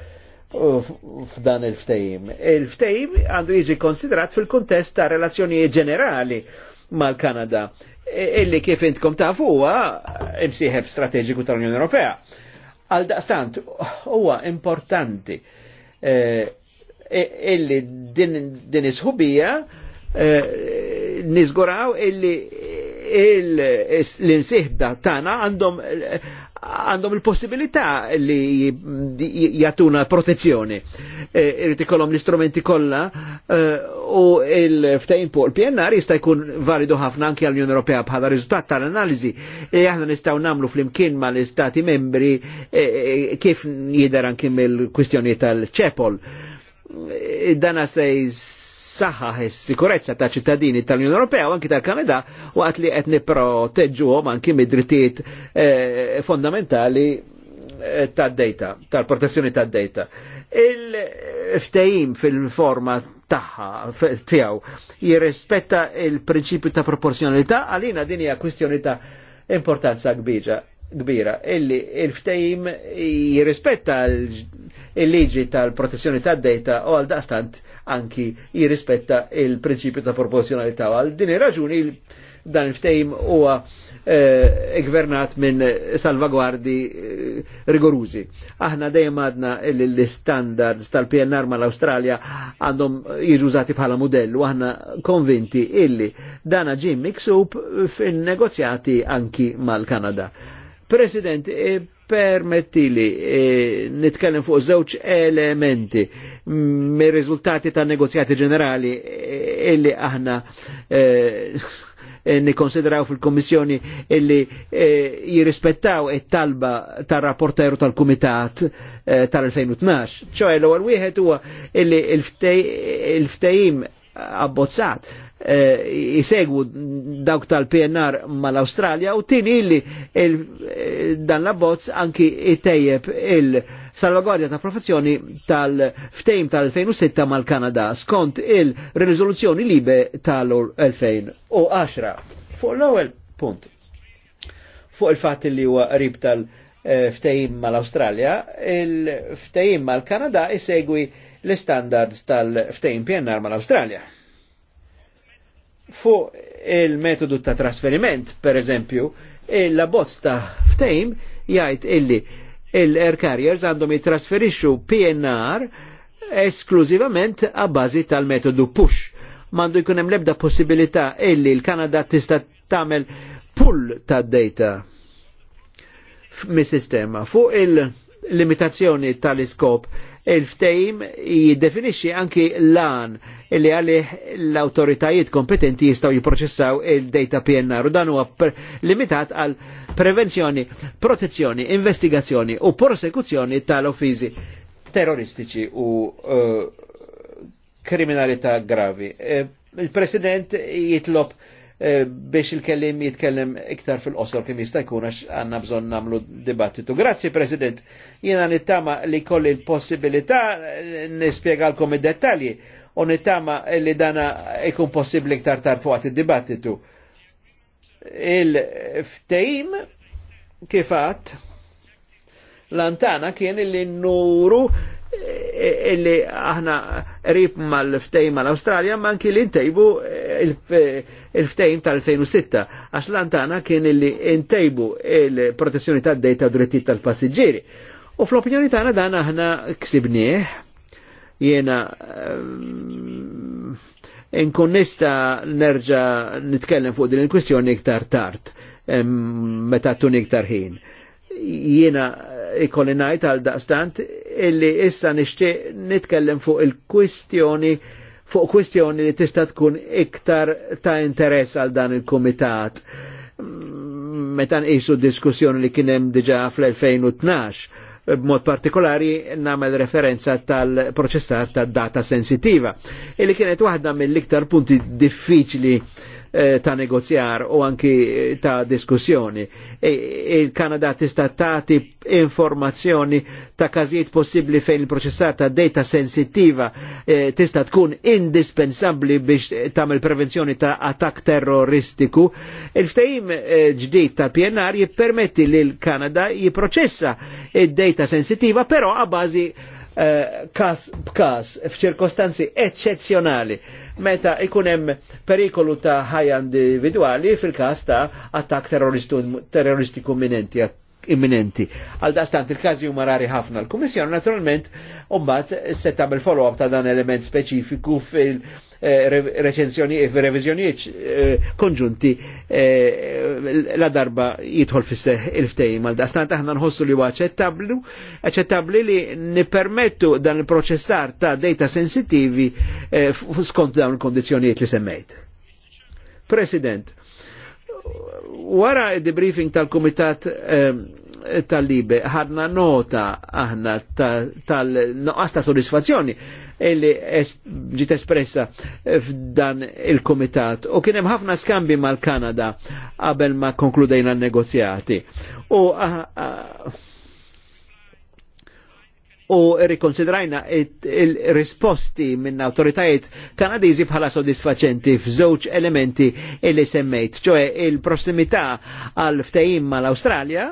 Speaker 6: f'dan il-ftejim? Il-ftejim għandu jiġi konsiderat fil-kuntest ta' relazzjonijiet ġenerali mal-Kanada, e, illi kif intkom ta' fuwa imsieħeb strategiku tal-Unjoni Ewropea. Għal daqstant, huwa importanti eh, E, illi din isħubija e, nizguraw illi l-insihda tana għandhom għandhom il-possibilità li jatuna protezzjoni. E, irrit ikollhom l-istrumenti kollha u il-ftehim fuq il-PNR jista' jkun validu ħafna anke għall unjoni Ewropea bħala riżultat tal-analiżi li aħna nistgħu nagħmlu flimkien mal-Istati membri kif jidher anke mill-kwistjoni tal-ċepol dana se saħħaħ s sikurezza ta' ċittadini tal-Unjoni Ewropea u anki tal-Kanada waqt li qed nipproteġġuhom anki mid-drittijiet eh, fondamentali eh, tad-dejta, tal-protezzjoni tad-dejta. Il-ftehim fil-forma tagħha tiegħu jirrispetta il-prinċipju ta' proporzjonalità għalina din hija kwistjoni ta' importanza kbira kbira illi il-ftejim jirrispetta il-liġi tal-protezzjoni tad data u għal dastant anki jirrispetta il-prinċipju ta' proporzjonalità għal din raġuni dan il-ftejim huwa eh, gvernat minn salvaguardi eh, rigorużi. Aħna dejjem għadna l-standards tal-PNR mal australia għandhom jiġużati bħala modell u aħna konvinti illi dana ġim miksub fin negozjati anki mal-Kanada. President, e permettili e nitkellem fuq żewġ elementi mir mm, riżultati ta' negozjati ġenerali e, illi aħna ni e, nikonsideraw fil-Komissjoni illi jirrispettaw it-talba tar-rapporteru tal-Kumitat tal-2012. ċoħe l-ewwel wieħed huwa illi il ftejim abbozzat jisegwu eh, dawk tal-PNR mal-Australja u tini illi eh, dan la bozz anki itejjeb il-salvaguardja ta' professjoni tal-ftejm tal-2006 mal-Kanada skont il-rizoluzzjoni libe tal-2010. Fuq l-ewwel punt. Fuq il-fatt li huwa rib tal-ftejm mal-Australja, il-ftejm mal-Kanada isegwi l-standards tal-ftejm PNR mal-Australja Fuq il-metodu ta' trasferiment, per eżempju, la bozz ta' ftejm jgħid illi l air carriers għandhom jitrasferixxu PNR esklużivament għabbażi tal-metodu push. Mandu jkun hemm lebda possibilità illi l-Kanada tista' tagħmel pull tad-data mis-sistema fuq il-limitazzjoni tal-iskop Il-ftejm jiddefinixxi anki l lan li għalih l-autoritajiet kompetenti jistaw jiproċessaw il-data PNR u dan huwa limitat għal prevenzjoni, protezzjoni, investigazzjoni u prosekuzzjoni tal-offizi terroristiċi u uh, kriminalità gravi. Eh, Il-President jitlob Eh, biex il-kellim jitkellem iktar fil-qosor kim jista' jkun għax għandna bżonn nagħmlu dibattitu. Grazzi President, jiena nittama li kolli l-possibilità eh, nispjegalkom id-dettalji u nittama li dana ikun possibbli iktar tarfu fuqat id-dibattitu. Il-ftejim kifat l-antana kien li nuru illi aħna rib mal-ftejn mal-Australja, ma anki li ntejbu il-ftejn tal-2006, għax lantana kien illi ntejbu il-protezzjoni tad dejta u tal-passiġġieri. U fl-opinjoni tagħna dan aħna ksibnieh jiena ehm, inkun nerġa' nitkellem fuq din il-kwistjoni iktar tard ehm, meta tun iktar ħin jiena ikolli ngħid għal daqstant illi issa nixtieq nitkellem fuq il-kwistjoni fuq kwistjoni li tista' tkun iktar ta' interess għal dan il-kumitat. Meta nqisu diskussjoni li kien hemm diġà fl-2012 b'mod partikolari namel referenza tal-proċessar ta' data sensitiva, illi kienet waħda mill-iktar punti diffiċli Eh, ta' negozjar u anki eh, ta' diskussjoni. E, Il-Kanada tista' tagħti informazzjoni ta' każijiet possibbli fejn il-proċessar ta' data sensittiva eh, tista' tkun indispensabbli biex tagħmel prevenzjoni ta' attak terroristiku. Il-ftehim ġdid ta' pnr jippermetti li l-Kanada jipproċessa id-data sensittiva però a bażi kas b'kas f'ċirkostanzi eccezzjonali meta ikun hemm perikolu ta' ħajja individwali fil-każ ta' attak terroristiku imminenti imminenti. Għal dastant il każi huma rari ħafna. L-Kummissjoni naturalment umbat se tagħmel follow-up ta' dan element speċifiku fil- Eh, eh, revizjonijiet eh, konġunti la darba jidħol fisseħ il ftej Għal-dastan taħna nħossu li huwa aċċettabli li nipermettu dan il-proċessar ta' data sensitivi skont dawn il-kondizjonijiet li semmejt. President, wara debriefing tal-Komitat tal-Libe ħadna nota aħna tal-noqqas ta' soddisfazzjoni illi ġiet espressa f'dan il-komitat u kien hemm ħafna skambi mal-Kanada qabel ma konkludejna n-negozjati. U u rikonsidrajna il-risposti minn autoritajiet kanadizi bħala soddisfaċenti f'żewġ elementi li semmejt, ċoe il-prossimità għal ftehim mal-Australja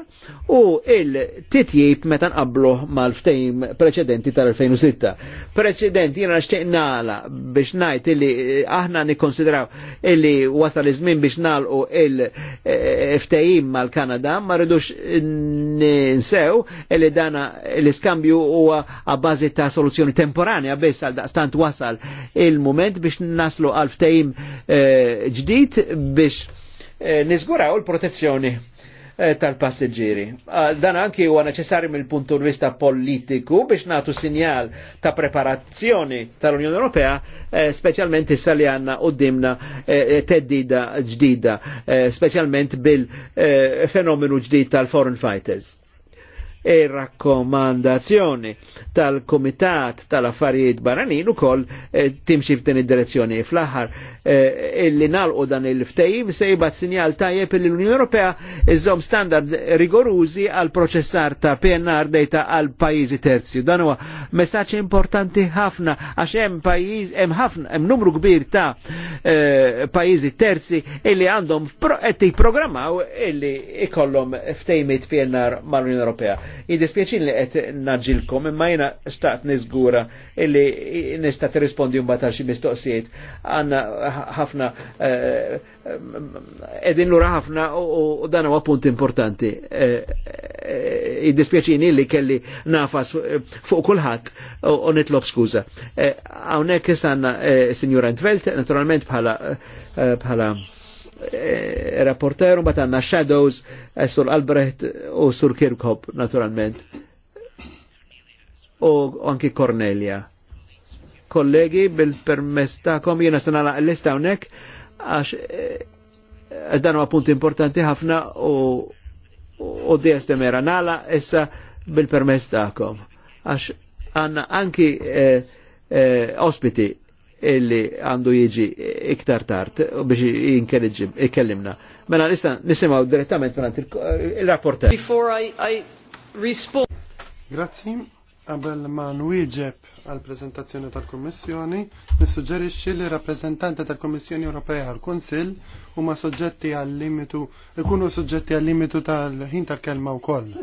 Speaker 6: u il-titjib meta nqablu mal-ftehim preċedenti tal-2006. Preċedenti jena xċeqna għala biex ngħid illi eh, aħna nikkonsidraw illi wasal iż-żmien biex nagħlqu il-ftehim mal-Kanada ma rridux ninsew illi dana l-iskambju u huwa għabbażi ta' soluzzjoni temporanja biss għal daqstant wasal il-moment biex naslu għal ftehim eh, ġdid biex eh, nizguraw il-protezzjoni eh, tal-passiġġieri. Ah, dan anki huwa neċessarju mill-punt vista politiku biex nagħtu sinjal ta' preparazzjoni tal-Unjoni Ewropea, speċjalment issa li għandna qudiemna teddida ġdida, speċjalment bil-fenomenu ġdid tal-foreign fighters ir-rakkomandazzjoni e tal-Kumitat tal-Affarijiet Baranin ukoll e, timxi f'din id-direzzjoni. Fl-aħħar e, illi nalqu dan il-ftehim se jibgħat sinjal tajjeb li l-Unjoni Ewropea iżom standard rigorużi għal proċessar ta' PNR dejta għal pajjiżi terzi. Dan huwa messaġġ importanti ħafna għax hemm pajjiż hemm ħafna hemm numru kbir ta' e, pajjiżi terzi illi għandhom qed pro, jipprogrammaw illi ikollhom ftejmiet PNR mal-Unjoni Ewropea jidispieċin li qed naġilkom imma jiena staqt nizgura illi nista' tirrispondi un għal xi mistoqsijiet. għanna ħafna qegħdin eh, lura ħafna u dan huwa punt importanti. Eh, eh, jidispieċin li kelli nafas fuq kulħadd u nitlob skuza. għawnek jisanna signora Intvelt naturalment bħala bħala e, eh, rapporter, bat għanna Shadows, e, Sur Albrecht u Sur Kirkhop, naturalment. U anki Cornelia. Kollegi, bil-permess ta'kom jena la' l-lista unnek, għax eh, għax dan huwa punt importanti ħafna u u di estemera nala issa bil-permess ta'kom. Għax għanna anki ospiti illi għandu jiġi iktar tard biex jinkellimna. Mela nista nisimaw direttament minn eh, il-rapporter.
Speaker 5: Before I, I respond. Grazzi, qabel ma nwieġeb għal prezentazzjoni tal-Kommissjoni, nissuġġerixxi li rappreżentanti tal-Kommissjoni Ewropea għal kunsill huma soġġetti għal limitu ikunu soġġetti għal limitu tal-ħin tal-kelma wkoll.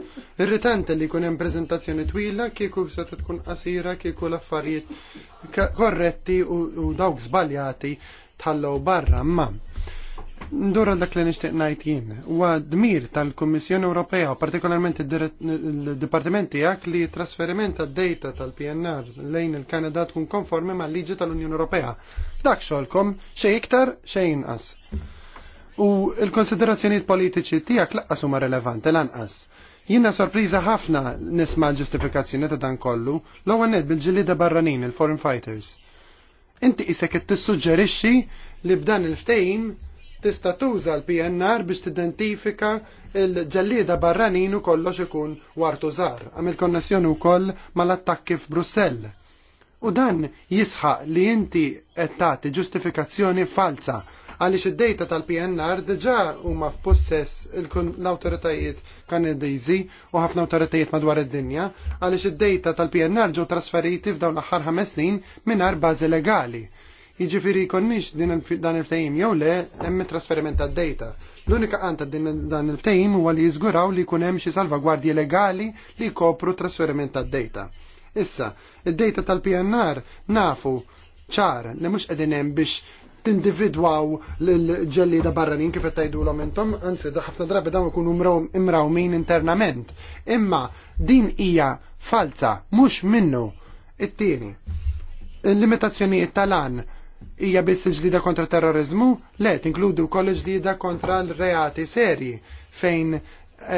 Speaker 5: Irritant li jkun hemm preżentazzjoni twila kieku se tkun qasira kieku l-affarijiet korretti u dawk żbaljati tħallgħu barra imma Ndur dak li nixtieq ngħid jien. Huwa dmir tal-Kummissjoni Ewropea, partikolarment id-Dipartiment tiegħek li trasferiment tad-data tal-PNR lejn il-Kanada tkun konformi mal-liġi tal-Unjoni Ewropea. Dak xogħolkom xejn iktar xejn inqas. U l-konsiderazzjonijiet politiċi tiegħek laqqas huma relevanti lanqas. Jina sorpriża ħafna nisma l-ġustifikazzjoni ta' dan kollu l-ewwel bil-ġilida barranin il-foreign fighters. Inti isek qed tissuġġerixxi li b'dan il-ftehim tista' tuża l-PNR biex tidentifika l-ġellieda barranin u kollox ikun wartu għam il konnessjoni wkoll mal-attakki f'Brussell. U dan jisħaq li inti qed tagħti ġustifikazzjoni falsa għaliex id-dejta tal-PNR diġà huma f'possess l-awtoritajiet kanadiżi u ħafna awtoritajiet madwar id-dinja għaliex id-dejta tal-PNR ġew trasferiti f'dawn l-aħħar ħames snin mingħajr bażi legali Jiġifieri jkollniex dan il ftajim jew le hemm trasferiment tad-data. L-unika din dan il-ftehim huwa li jizguraw li jkun hemm xi salvagwardji legali li jkopru trasferiment tad-data. Issa, id-data tal-PNR nafu ċar li mhux qegħdin hemm biex tindividwaw l-ġelli da barranin kif qed l intom, anzi ħafna drabi dawn ikunu imrawmin internament. Imma din hija falsa, mhux minnu it-tieni. Il-limitazzjonijiet tal-an hija biss il-ġlida kontra terrorizmu? Le, tinkludu wkoll il-ġlida kontra l-reati serji fejn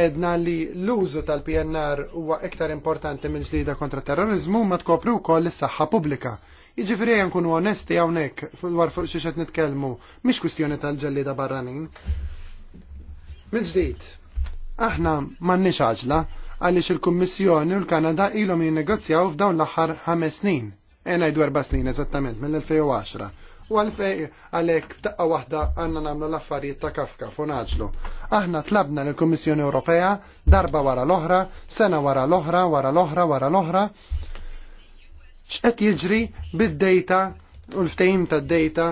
Speaker 5: edna li l-użu tal-PNR huwa iktar importanti minn ġlida kontra terrorizmu ma tkopru wkoll is-saħħa pubblika. Jiġifieri hija nkunu onesti hawnhekk dwar fuq xi nitkelmu, nitkellmu, mhix kwistjoni tal-ġellida barranin. Mill-ġdid, aħna m'għandniex għaġla għaliex il-Kummissjoni u l-Kanada ilhom jinnegozjaw f'dawn l-aħħar ħames snin Ena jdu erba snin eżattament mill-2010. U għalfej għalek taqqa waħda għanna namlu l-affarijiet ta' kafka funaġlu. Aħna tlabna l komissjoni Ewropea darba wara l-oħra, sena wara l-oħra, wara l-oħra, wara l-oħra. ċqed jiġri bid-data u l-ftejim ta' data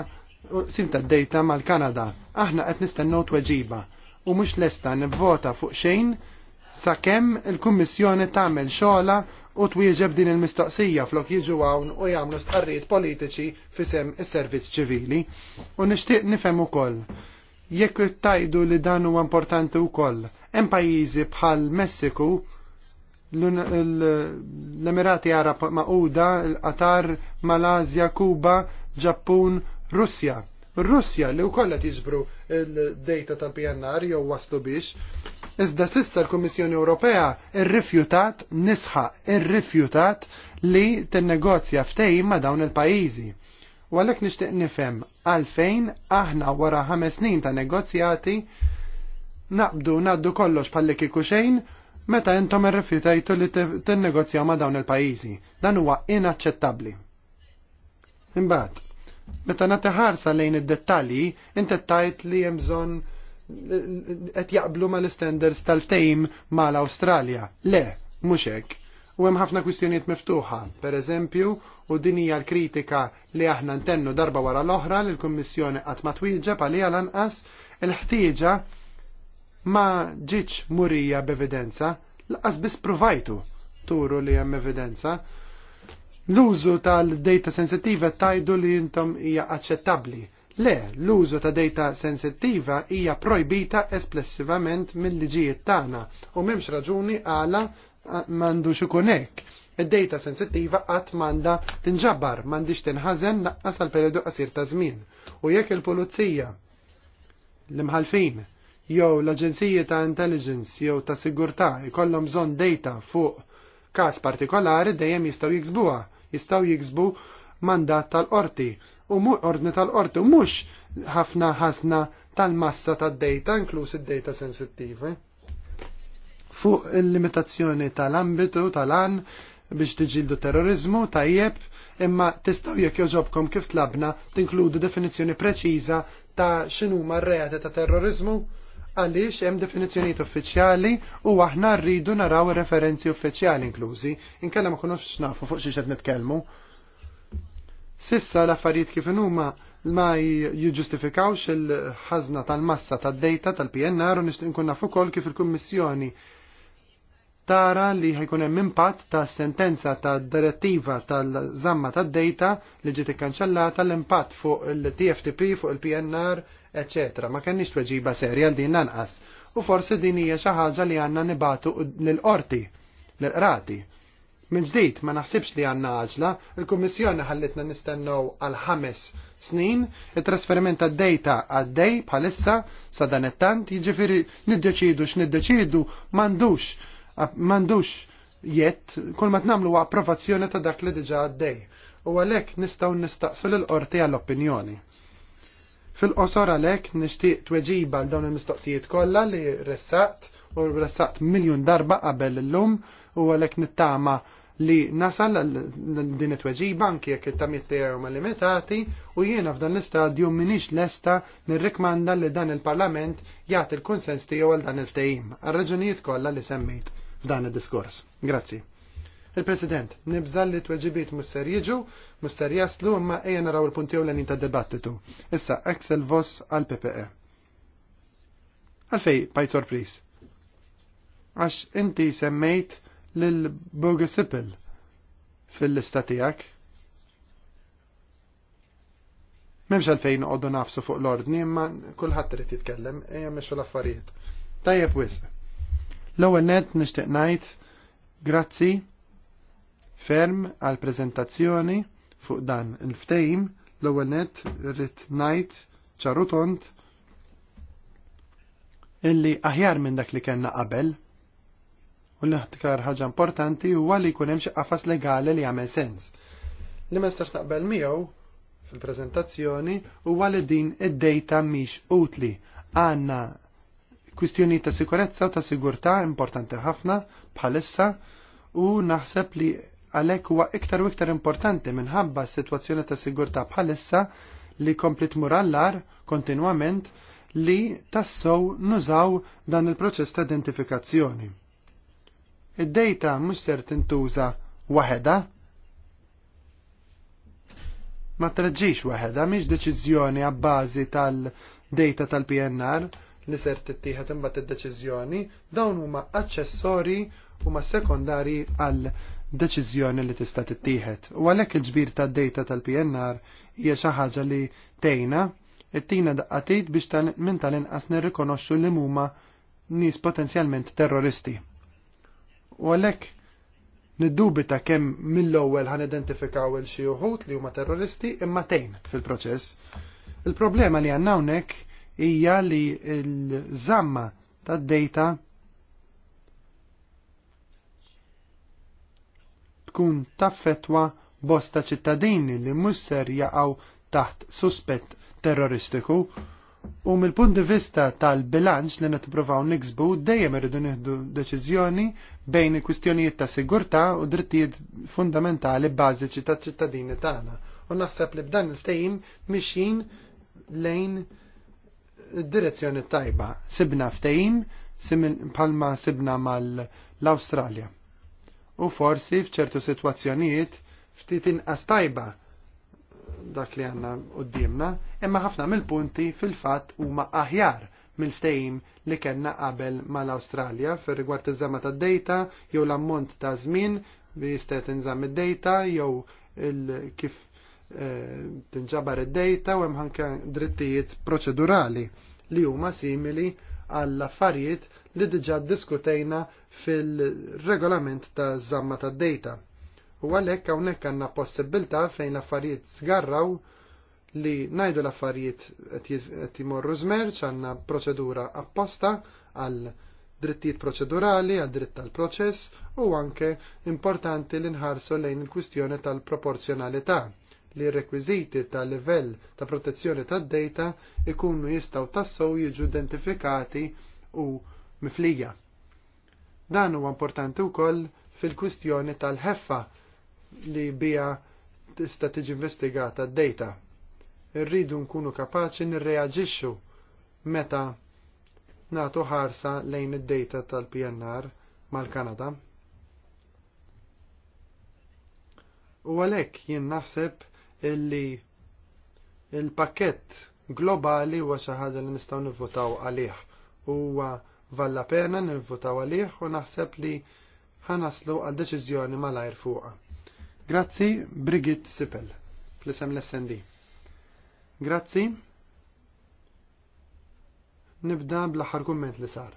Speaker 5: u sim ta' data mal-Kanada. Aħna qed nistennew tweġiba u mhux lesta nivvota fuq xejn sakemm il-Kummissjoni tagħmel xogħla u twieġeb din il-mistoqsija flok jiġu hawn u jagħmlu stqarrijiet politiċi fisem is-servizz ċivili. U nixtieq nifhem ukoll jekk tajdu li dan huwa importanti wkoll. Hemm pajjiżi bħal Messiku l-Emirati Arab Maquda, l-Qatar, Malazja, Kuba, Ġappun, Russja. Russja li wkoll qed jiġbru l-data tal-PNR jew waslu biex Iżda sissa l-Kummissjoni Ewropea irrifjutat, nisħa irrifjutat li tinnegozja ftehim ma' dawn il-pajjiżi. U għalhekk nixtieq nifhem għalfejn aħna wara ħames snin ta' negozjati naqbdu naddu kollox palli kieku xejn meta intom irrifjutajtu li tinnegozja ma' dawn il-pajjiżi. Dan huwa inaċċettabbli. Imbagħad, meta nagħti ħarsa lejn id-dettalji, inti tgħid li hemm bżonn qed jaqblu mal-standards tal-tejm mal-Awstralja. Le, mhux hekk. U hemm ħafna kwistjonijiet miftuħa, pereżempju, u din hija l-kritika li aħna ntennu darba wara l-oħra li l-Kummissjoni qatt ma twieġeb għalija lanqas il-ħtieġa ma ġiċ murija b'evidenza, laqas biss provajtu turu li hemm evidenza. L-użu tal-data sensitiva tajdu li jintom hija aċċettabbli Le, l-użu ta' data sensittiva hija projbita esplessivament mill-liġijiet tagħna u m'hemmx raġuni għala m'għandux ikun hekk. Id-data sensittiva qatt m'għandha tinġabar, m'għandix tinħażen naqqas għal periodu qasir ta' żmien. U jekk il-pulizija l-imħalfin jew l-aġenziji ta' intelligence jew ta' sigurtà jkollhom bżonn data fuq każ partikolari dejjem jistgħu jiksbuha, jistgħu jiksbu mandat tal-qorti u ordni tal-qorti u mhux ħafna ħasna tal-massa tad-data inkluż id-data sensittivi. Fuq il-limitazzjoni tal-ambitu tal-an biex tiġildu terrorizmu tajjeb imma tistaw jekk joġobkom kif tlabna tinkludu definizzjoni preċiża ta' x'inhuma r-reati ta' terrorizmu għaliex hemm definizzjonijiet uffiċjali u aħna rridu naraw referenzi uffiċjali inklużi, inkella ma kunux nafu fuq xi qed nitkellmu. Sissa l-affarijiet kif huma ma jiġustifikawx il-ħażna tal-massa tad-dejta tal-PNR u nixtieq nkun naf ukoll kif il-Kummissjoni tara li ħajkun hemm impatt ta' sentenza ta' direttiva tal-żamma tad-dejta li ġiet ikkanċellata l-impatt fuq il-TFTP, fuq il-PNR, etc. Ma kenniex tweġiba serja għal din lanqas. U forsi din hija xi ħaġa li għandna nibatu lill-qorti, lill-qrati. Minn ġdid ma naħsibx li għanna għaġla, il-Kummissjoni ħallitna nistennew għal ħames snin, it-trasferiment għad-dejta għaddej bħalissa sa dan it-tant, jiġifieri niddeċidu x'niddeċidu m'għandux m'għandux jett kull ma tnamlu approvazzjoni ta' dak li diġa għaddej u għalhekk nistgħu nistaqsu lill-qorti għall-opinjoni. Fil-qosor għalek nishtiq tweġiba għal dawn il-mistoqsijiet kollha li ressaqt u ressaqt miljon darba qabel l-lum u għalhekk nittama li nasal din it-tweġiba anki jekk it-tamiet limitati u jiena f'dan l-istadju minix lesta nirrikmanda li dan il-Parlament jagħti l-kunsens tiegħu għal dan il-ftehim għar-raġunijiet kollha li semmejt f'dan id-diskors. Grazzi. Il-President, nibżal li tweġibiet muster jiġu, muster jaslu imma eja naraw il-punti l ta' dibattitu. Issa Axel Voss għal PPE. Għalfej, pajt sorpris. Għax inti semmejt lil Burger fil-lista tiegħek. Memx għalfejn għoddu nafsu fuq l-ordni, imma kullħat trid jitkellem, ejja mexu l-affarijiet. Tajjeb wisq. L-ewwel net nixtieq ngħid grazzi ferm għal prezentazzjoni fuq dan il-ftejm l-ewwel net rrid ngħid ċarutont illi aħjar minn dak li kellna qabel U l-ħtikar ħaġa importanti huwa li jkun hemm xi qafas legali li jagħmel sens. Li ma nistax naqbel miegħu fil-preżentazzjoni huwa li din id-dejta mhix utli. Għandna kwistjoni ta' sikurezza u ta' sigurtà importanti ħafna bħalissa u naħseb li għalhekk huwa iktar u iktar importanti minħabba s-sitwazzjoni ta' sigurtà bħalissa li komplit murallar kontinwament li tassow nużaw dan il-proċess ta' identifikazzjoni id-data mhux ser tintuża waħeda. Ma treġġiex waħedha mhix deċiżjoni għabbażi tal-data tal-PNR li ser tittieħed imbagħad id-deċiżjoni, dawn huma aċċessorji huma sekondari għal deċiżjoni li tista' tittieħed. U għalhekk il-ġbir tad-data tal-PNR hija xi ħaġa li tejna it-tina daqqatit biex minn tal-inqas nirrikonoxxu li huma nies potenzjalment terroristi. U għalhekk niddubita kemm mill-ewwel għan identifikaw il xi uħut li huma terroristi imma tejn fil-proċess. Il-problema li għannawnek hija li l-żamma tad-data tkun taffetwa bosta ċittadini li musser jaqaw taħt suspett terroristiku U mill-punt di vista tal-bilanċ li nitprovaw niksbu dejjem irridu nieħdu deċiżjoni bejn il-kwistjonijiet ta' sigurtà u drittijiet fundamentali bażiċi taċ ċittadini tagħna. U naħseb li b'dan il-ftehim mixin lejn direzzjoni tajba. Sibna ftehim palma sibna mal-Awstralja. U forsi f'ċertu sitwazzjonijiet ftit inqas tajba dak li għanna qoddimna, imma ħafna mill-punti fil-fatt huma aħjar mill-ftejim li kellna qabel mal-Awstralja fir rigward iż-żama tad-dejta jew l-ammont ta' żmien bi jista' tinżamm id-dejta jew kif eh, tinġabar id-dejta u hemm anke drittijiet proċedurali li huma simili għall affarijiet li diġà diskutejna fil-regolament ta' żamma tad-dejta. U għalhekk hawnhekk għandna possibilità fejn l-affarijiet sgarraw li ngħidu l-affarijiet qed jmorru żmerċ għandna proċedura apposta għal drittijiet proċedurali għal dritt tal-proċess u anke importanti li nħarsu lejn il-kwistjoni tal-proporzjonalità li r-rekwiziti tal livell ta' protezzjoni tad-data ikunu jistaw tassow jiġu identifikati u miflija. Dan huwa importanti wkoll fil-kwistjoni tal-ħeffa li bija tista' tiġi investigata d-data. Irridu nkunu kapaċi nirreaġixxu meta nagħtu ħarsa lejn id-data tal-PNR mal-Kanada. U għalhekk jien naħseb illi il-pakket globali huwa xi ħaġa li nistgħu nivvotaw għalih. Huwa valla pena nivvotaw għalih u naħseb li ħanaslu għal deċiżjoni malajr fuqha. Grazzi Brigitte Sipel, fl-isem l-SND. Grazzi. Nibda bl-aħħar kumment li sar.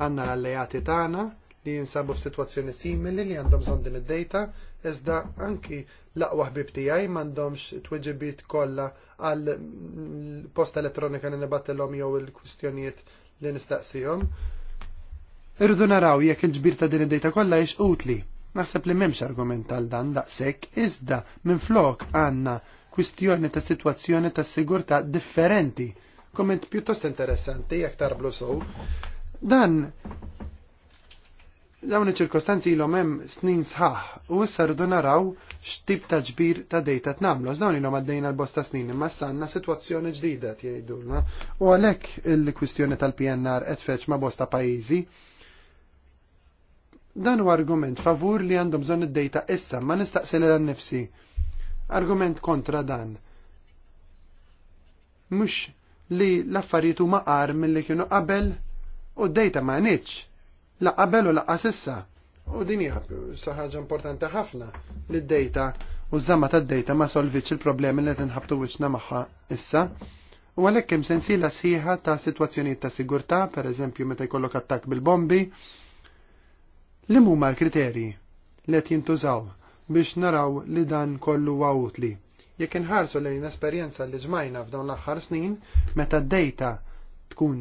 Speaker 5: Għanna l-allejati tagħna li jinsabu f'sitwazzjoni simili li għandhom bżonn din id-dejta, iżda anki l-aqwa ħbib tiegħi m'għandhomx tweġibiet kollha għal posta elettronika li nibattilhom jew il-kwistjonijiet li nistaqsihom. Irdu naraw jekk il-ġbir ta' din id-dejta kollha hix utli Naħseb li memx argument għal dan daqshekk iżda minflok għandna kwistjoni ta' sitwazzjoni ta' sigurtà differenti. Komment pjuttost interessanti jekk tarblu sow. Dan dawn iċ-ċirkostanzi ilhom hemm snin sħaħ u issa rridu naraw x'tip ta' ġbir ta' dejta tnamlu. Dawn ilhom għaddejna l-bosta snin imma sanna sitwazzjoni ġdida jgħidulna. U għalhekk il-kwistjoni tal-PNR qed ma' bosta pajjiżi Dan huwa argument favur li għandhom bżonn id-dejta issa ma nistaqsil l nifsi. Argument kontra dan. Mhux li l-affarijiet huma qar milli kienu qabel u d-dejta ma nitx. La qabel u laqqas issa. U din hija saħaġa importanti ħafna li d-dejta u żamma d dejta ma solvitx il-problemi li tinħabtu wiċċna magħha issa. U għalhekk hemm sensiela sħiħa ta' sitwazzjonijiet ta' sigurtà, pereżempju meta jkollok attakk bil-bombi, Li huma l-kriterji li qed jintużaw biex naraw li dan kollu utli. Jekk inħarsu lejn esperjenza li ġmajna f'dawn l-aħħar snin, meta d-dejta tkun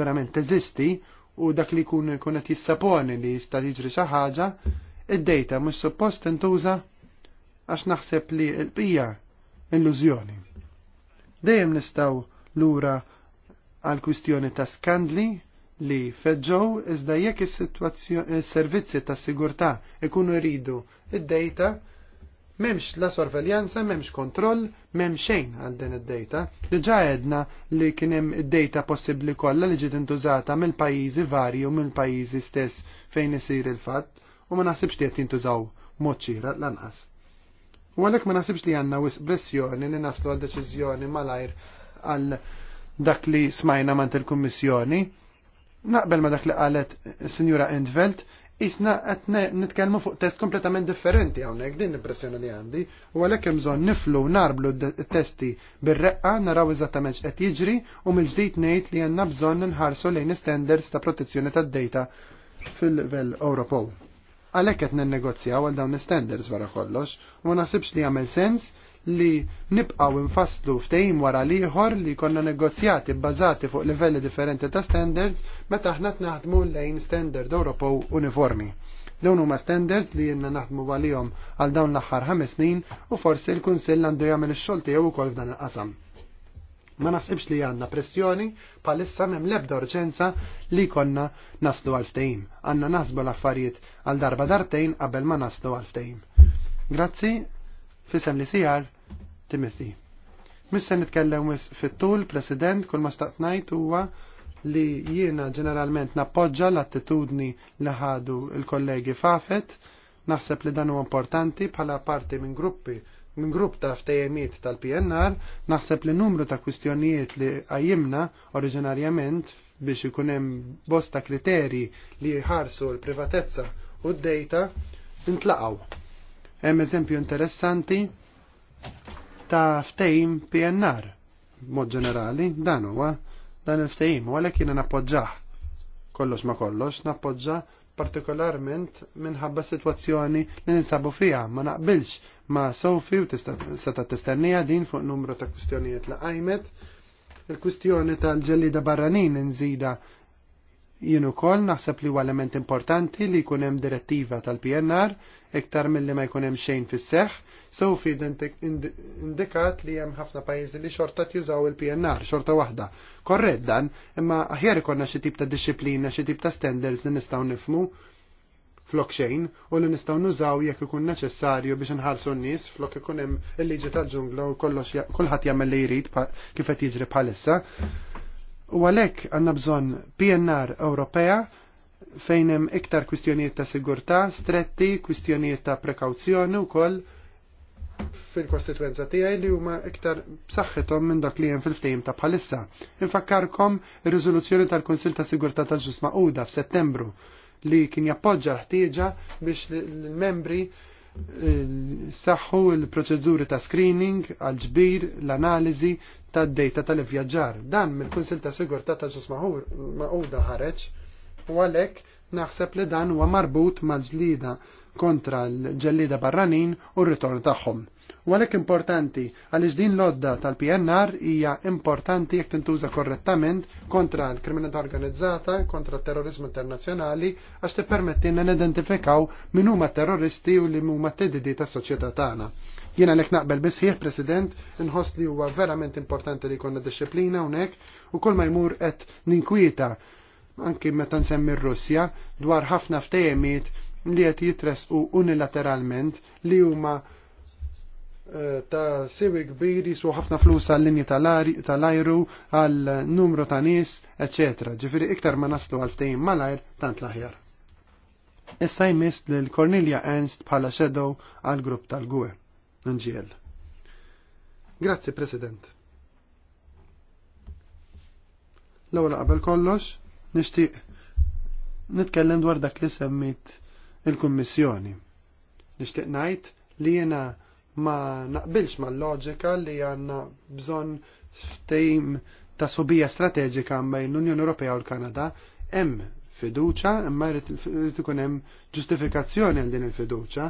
Speaker 5: verament teżisti u dak li kun qed jissaponi li jista' jiġri xi ħaġa, id-dejta mhux suppost intuża għax naħseb li l-bqija illużjoni. Dejjem nistgħu lura għal kwistjoni ta' skandli li feġġow iżda jekk is-servizzi eh, tas-sigurtà ikunu jridu id-dejta memx la sorveljanza, memx kontroll, memx xejn għal din id-dejta. Diġa għedna li kien hemm id-dejta possibbli kollha li ġiet intużata mill-pajjiżi varji u mill-pajjiżi stess fejn isir il-fatt u ma naħsibx li qed jintużaw mod ċira lanqas. U għalhekk ma naħsibx li għandna wis pressjoni li naslu għal deċiżjoni malajr għal dak li smajna mant il-Kummissjoni Naqbel ma dak li qalet Sinjura Endvelt, isna qed nitkellmu fuq test kompletament differenti hawnhekk din l-impressjoni li għandi, u għalhekk hemm bżonn niflu narblu testi bir-reqqa naraw eżattament x'qed jiġri u mill-ġdid ngħid li għandna bżonn nħarsu lejn standards ta' protezzjoni tad-data fil-livell Ewropew Għalhekk qed nennegozjaw għal dawn l-standards wara kollox u ma naħsibx li jagħmel sens li nibqaw infaslu ftehim wara liħor li konna negozjati bbażati fuq livelli differenti ta' standards meta aħna naħdmu lejn standard Ewropew uniformi. Dawn huma standards li jenna naħdmu għalihom għal dawn l-aħħar ħames snin u forsi l-Kunsill għandu jagħmel ix-xogħol tiegħu wkoll f'dan il-qasam. Ma naħsibx li għandna pressjoni palissa l lebda urġenza li konna naslu għal ftehim. Għandna naħsbu l-affarijiet għal darba darbtejn qabel ma naslu għal ftehim. Grazzi, fisem li sijar Timothy. Missa nitkellem wis fit-tul, President, kull ma staqt ngħid huwa li jiena ġeneralment nappoġġa l-attitudni li ħadu il-kollegi fafet, naħseb li dan huwa importanti bħala parti minn gruppi minn grupp ta' ftejemiet tal-PNR, naħseb li numru ta' kwistjonijiet li għajimna oriġinarjament biex ikun hemm bosta kriteri li jħarsu l-privatezza u d-dejta intlaqaw. Hemm eżempju interessanti ta' ftejim PNR, mod ġenerali, dan huwa dan il-ftejim, u għalhekk jiena nappoġġah kollox ma kollox, nappoġġa partikolarment minħabba sitwazzjoni li ninsabu fija, ma naqbilx ma Sofi u seta tistennija din fuq numru ta' kwistjonijiet li qajmet, il-kwistjoni tal-ġellida barranin nżida Jien ukoll naħseb li huwa element importanti li jkun hemm direttiva tal-PNR iktar milli ma jkun hemm xejn fis-seħħ, so fid indikat li hemm ħafna pajjiżi li xorta tjużaw il-PNR xorta waħda. Korrett dan, imma aħjar ikollna xi tip ta' disċiplina, xi tip ta' standards li nistgħu nifmu xejn, u li nistgħu nużaw jekk ikun neċessarju biex nħarsu n-nies flok ikun hemm il-liġi tal-ġungla u kollox kulħadd jagħmel li jrid kif qed jiġri bħalissa. U għalek għanna bżon PNR Ewropea fejn hemm iktar kwistjonijiet ta' sigurtà, stretti, kwistjonijiet ta' prekawzjoni wkoll fil-kostituenza tiegħi li huma iktar b'saħħithom minn dak li hemm fil ftejim ta' bħalissa. Infakkarkom ir-riżoluzzjoni tal-Kunsill ta' Sigurtà tal ġusma Uda f'Settembru li kien jappoġġa l-ħtieġa biex l-membri saħħu l-proċeduri ta' screening għal ġbir l-analiżi tad-dejta tal-ivvjaġġar. Dan mill-Kunsil ta' Sigurtà ta' ġus maquda ħareġ u għalhekk naħseb li dan huwa marbut mal-ġlida kontra l-ġellida barranin u r-ritorn tagħhom. U għalhekk importanti għaliex din lodda tal-PNR hija importanti jekk tintuża korrettament kontra l-kriminalità organizzata, kontra t-terrorizmu internazzjonali għax n nidentifikaw min huma terroristi u li huma t-tedidi tas-soċjetà tagħna. Jiena lek naqbel bisħieħ, President, inħoss li huwa verament importanti li jkollna disċiplina hawnhekk u kull ma jmur qed ninkwieta anki meta nsemmi r-Russja dwar ħafna ftejemiet li qed jitresqu unilateralment li huma Eh, ta' sewi kbir jiswa ħafna flus għall-linji tal-ajru, għall-numru ta' nies, etc. Ġifiri iktar ma naslu għal-ftejn mal-ajr tant laħjar. Issa jmiss lil Cornelia Ernst bħala shadow għal-grupp tal gwe nġiel. Grazzi, President. L-ewwel qabel kollox, nixtieq nitkellem dwar dak li semmit il-Kummissjoni. Nixtieq ngħid li jena ma naqbilx mal-loġika li għanna bżon ftejm ta' subija strateġika bejn l-Unjoni Ewropea u l-Kanada, hemm fiduċa, imma jrid ikun hemm ġustifikazzjoni għal din il-fiduċa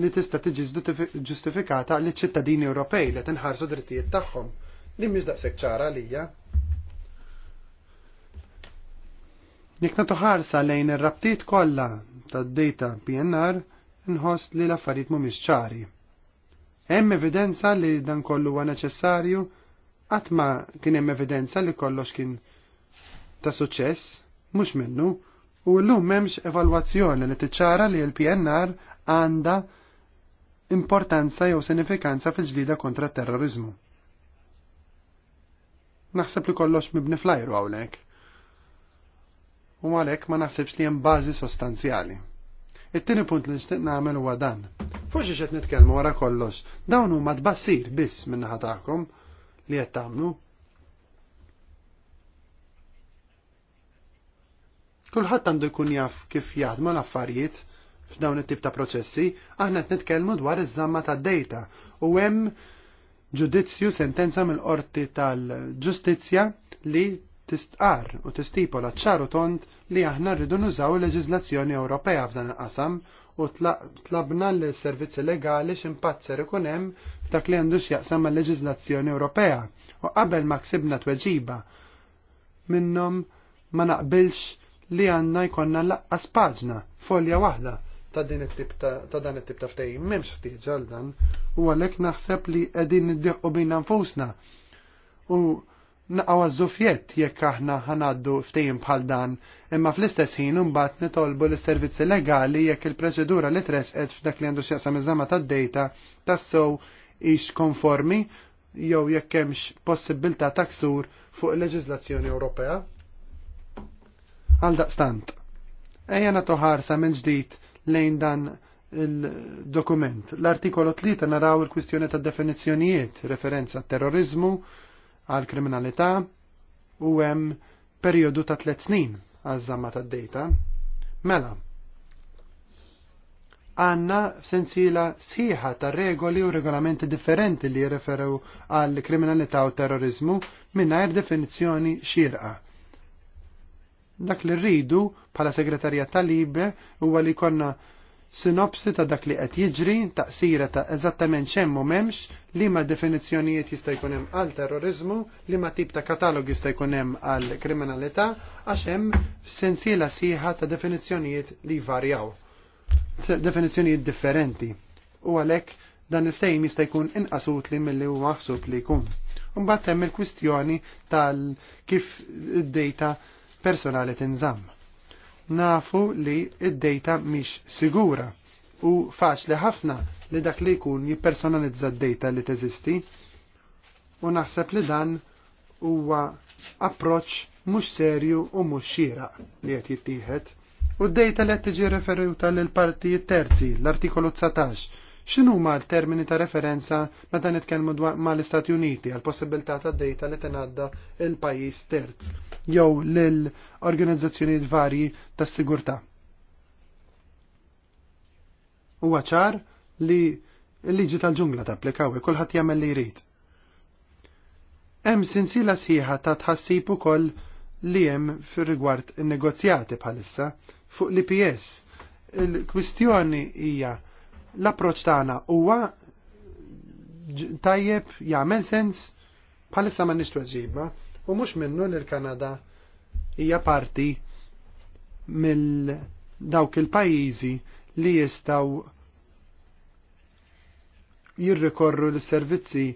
Speaker 5: li tista' tiġi ġustifikata li ċittadini Ewropej li tinħarsu drittijiet tagħhom. Din mhix daqshekk ċara għalija. Jekk nagħtu ħarsa lejn ir-rabtiet kollha tad-data PNR, nħoss li l-affarijiet mhumiex ċari. Hemm evidenza li dan kollu huwa neċessarju qatt ma kien hemm evidenza li kollox kien ta' suċċess, mhux minnu, u llum m'hemmx evalwazzjoni li tiċċara li l-PNR għandha importanza jew sinifikanza fil-ġlida kontra t terrorizmu. Naħseb li kollox mibni flajru hawnhekk. U għalhekk ma naħsebx li hemm bażi sostanzjali. It-tieni punt li nixtieq nagħmel huwa dan. Fuq xi qed nitkellmu wara kollox, dawn huma tbassir biss min-naħa tagħkom li qed tagħmlu. Kulħadd għandu jkun jaf kif jaħdmu l-affarijiet f'dawn it-tip ta' proċessi, aħna qed nitkellmu dwar iż-żamma tad-dejta u hemm ġudizzju sentenza mill-qorti tal-ġustizzja li tistqar u tistipola ċaru tont li aħna rridu nużaw il-leġizlazzjoni Ewropea f'dan il-qasam u tlabna l servizzi legali ximpazzer ikun hemm f'dak li għandux jaqsam mal leġizlazzjoni Ewropea u qabel ma ksibna tweġiba minnhom ma naqbilx li għandna jkollna laqqas paġna folja waħda ta' din it-tip ta' dan it-tip ta' ftehim m'hemmx ftit ġaldan, u għalhekk naħseb li qegħdin niddeħqu bejna nfusna u naqaw għazzufjett jekk aħna ħanaddu ftejn bħal dan, imma fl-istess ħin mbagħad nitolbu l servizzi legali jekk il-proċedura li tresqet f'dak li għandu x'jaqsam iż-żama tad-dejta tassew hix konformi jew jekk hemmx possibilità ta' ksur fuq il-leġiżlazzjoni Ewropea. Għal daqstant, ejja nagħtu ħarsa minn ġdid lejn dan il-dokument. L-artikolu 3 naraw il-kwistjoni ta' definizzjonijiet, referenza terrorizmu, għal kriminalità u hemm perjodu ta' tliet snin għal żamma tad-dejta. Mela, għanna sensiela sħiħa ta' regoli u regolamenti differenti li jirreferu għal kriminalità u terrorizmu minnajr definizzjoni xirqa dak li rridu bħala segretarja tal-libe huwa li konna sinopsi ta' dak li qed jiġri, taqsira ta' eżattament xemm u m'hemmx, li ma' definizzjonijiet jista' jkun hemm għal terrorizmu, li ma' tip ta' katalog jista' jkun hemm għal kriminalità, għax hemm sensiela sieħa ta' definizzjonijiet li jvarjaw. Definizzjonijiet differenti. U għalhekk dan il-fejm jista' jkun inqas utli milli huwa maħsub li jkun. Imbagħad hemm il-kwistjoni tal kif id-data personali tinżamm nafu li id-data mhix sigura u faċli ħafna li dak li jkun jippersonalizza d-data li teżisti u naħseb li dan huwa approċ mhux serju u mhux xieraq li qed jittieħed u d-dejta li qed tiġi referuta lil partijiet terzi l-artikolu 19 X'inhu huma l-termini ta' referenza meta nitkellmu mal-Istati Uniti għal possibilità ta' data li tingħadda il pajjiż terz jew lil organizzazzjonijiet varji tas-sigurtà. Huwa ċar li l-liġi tal-ġungla tapplikaw e kulħadd jagħmel li jrid. Hemm sinsiela sieħa ta' tħassib ukoll li hemm fir-rigward in-negozjati bħalissa fuq l-IPS. Il-kwistjoni hija l-approċ tagħna huwa tajjeb jagħmel sens bħalissa ma nix tweġiba u mhux minnu l kanada hija parti mill dawk il-pajjiżi li jistgħu jirrikorru l-servizzi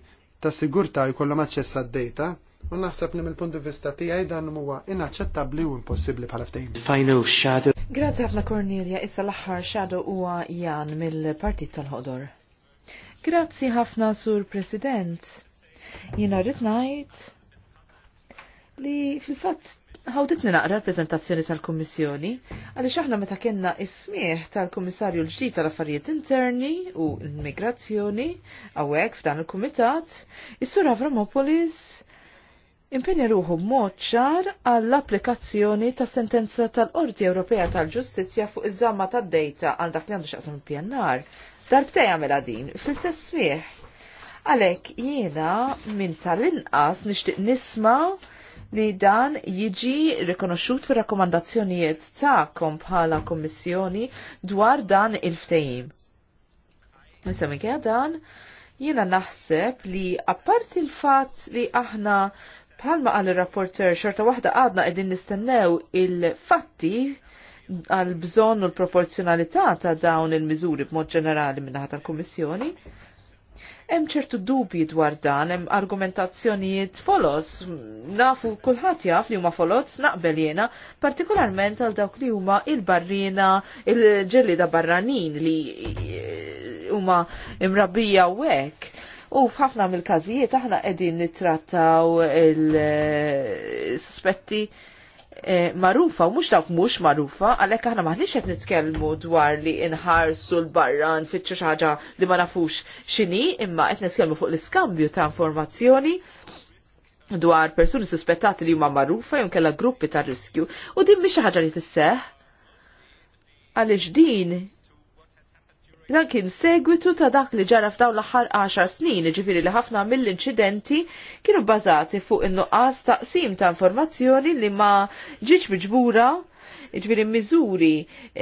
Speaker 5: ta' sigurtà jkollhom aċċess għad-data U naħseb li mill-punt di vista tiegħi dan huwa inaċċettabbli u impossibbli bħala ftehim.
Speaker 1: Final shadow.
Speaker 4: Grazzi ħafna Cornelia, issa l-aħħar shadow huwa Jan mill-Partit tal-Ħodor. Grazzi ħafna sur President. Jiena rrid ngħid li fil-fatt ħawditni naqra l preżentazzjoni tal kummissjoni għaliex aħna meta kienna ismieħ tal-Kummissarju l-ġdid tal-Affarijiet Interni u l-Immigrazzjoni, hawnhekk f'dan il-Kumitat, is-Sur Avramopolis impini ruħu mod ċar għall-applikazzjoni ta' sentenza tal-Qorti Ewropea tal-Ġustizzja fuq iż-żamma tad-dejta għal dak li għandu xaqsam il-PNR. Darbtej għamela din, fl-istess smieħ. Għalek jiena minn tal-inqas nixtieq nisma' li dan jiġi rikonoxxut fir rakkomandazzjonijiet ta'kom bħala Kommissjoni dwar dan il-ftehim. Nsemmi dan, jiena naħseb li apparti l-fatt li aħna Bħalma għal il-rapporter xorta waħda għadna qegħdin nistennew il-fatti għal bżonn u l-proporzjonalità ta' dawn il-miżuri b'mod ġenerali minnaħat tal-Kummissjoni. Hemm ċertu dubji dwar dan, hemm argumentazzjonijiet folos, nafu kulħadd jaf li huma folos, naqbel jiena, partikolarment għal dawk li huma il-barrina, il-ġellida barranin li huma imrabbija u hekk u f'ħafna mill-każijiet aħna qegħdin nittrattaw il-suspetti eh, marufa u mux dawk mux marufa, għalek aħna maħniex qed nitkellmu dwar li inħarsu l-barra nfittxu xaġa ħaġa li ma nafux x'inhi, imma qed nitkellmu fuq l-iskambju ta' informazzjoni dwar persuni suspettati li huma marufa jew kellha gruppi ta' riskju u din mhix ħaġa li tisseħ. Għaliex din Dan kien segwitu ta' dak li ġara f'dawn l-aħħar 10 snin, ġifiri li ħafna mill-inċidenti kienu bażati fuq in-nuqqas taqsim ta' informazzjoni li ma ġiġ miġbura, ġifiri miżuri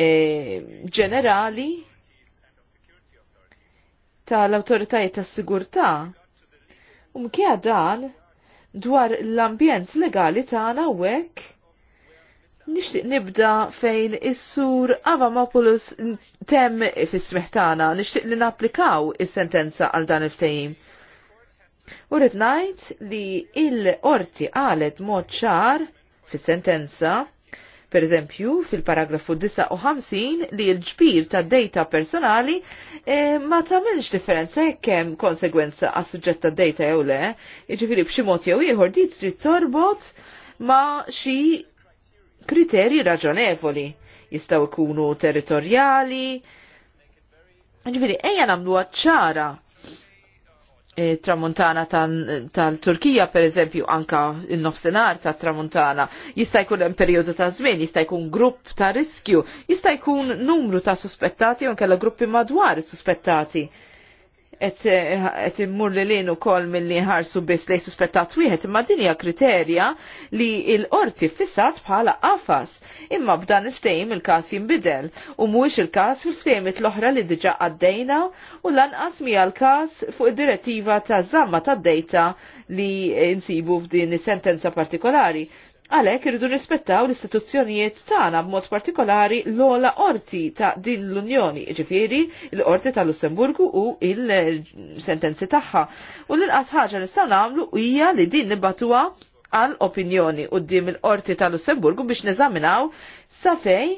Speaker 4: eh, ġenerali tal-autoritajiet tas-sigurtà. U mkejja dan dwar l-ambjent legali tagħna hekk Nixtieq nibda fejn is-sur Avamopoulos tem fis-smeħtana nixtieq li napplikaw is-sentenza għal dan il-ftehim. U rrid ngħid li il-qorti qalet mod ċar fis-sentenza Per eżempju, fil-paragrafu 59 li l-ġbir ta' data personali e, ma minx differenza jekk hemm konsegwenza għas suġġett ta' data jew le, jiġifieri b'xi mod jew ieħor dit trid torbot ma' xi Kriteri raġonevoli. Jistaw ikunu territorjali, ġviri, eja namlu ċara e, tramuntana tal-Turkija, tal per eżempju, anka il-nofsenar ta' tramuntana, jista' jkun hemm perjodu ta' żmien, jista' jkun grupp ta' riskju, jista' jkun numru ta' suspettati u la' gruppi madwar is suspettati qed immur li kol ukoll milli ħarsu biss li suspettat wieħed imma din hija kriterja li l-qorti fissat bħala qafas. Imma b'dan il ftejm il-każ jinbidel u mhuwiex il-każ fil ftejmit l-oħra li diġà għaddejna u lanqas mija l-każ fuq id-direttiva ta' żamma tad-dejta li insibu f'din is-sentenza partikolari. Għalek irridu nispettaw l-istituzzjonijiet tagħna b'mod partikolari l-ola orti ta' din l-Unjoni, ġifieri l-Orti ta' Lussemburgu u il-sentenzi tagħha. U l-inqas ħaġa nistgħu nagħmlu hija li din nibatuha għal opinjoni qudiem il-Qorti ta' Lussemburgu biex neżaminaw sa fej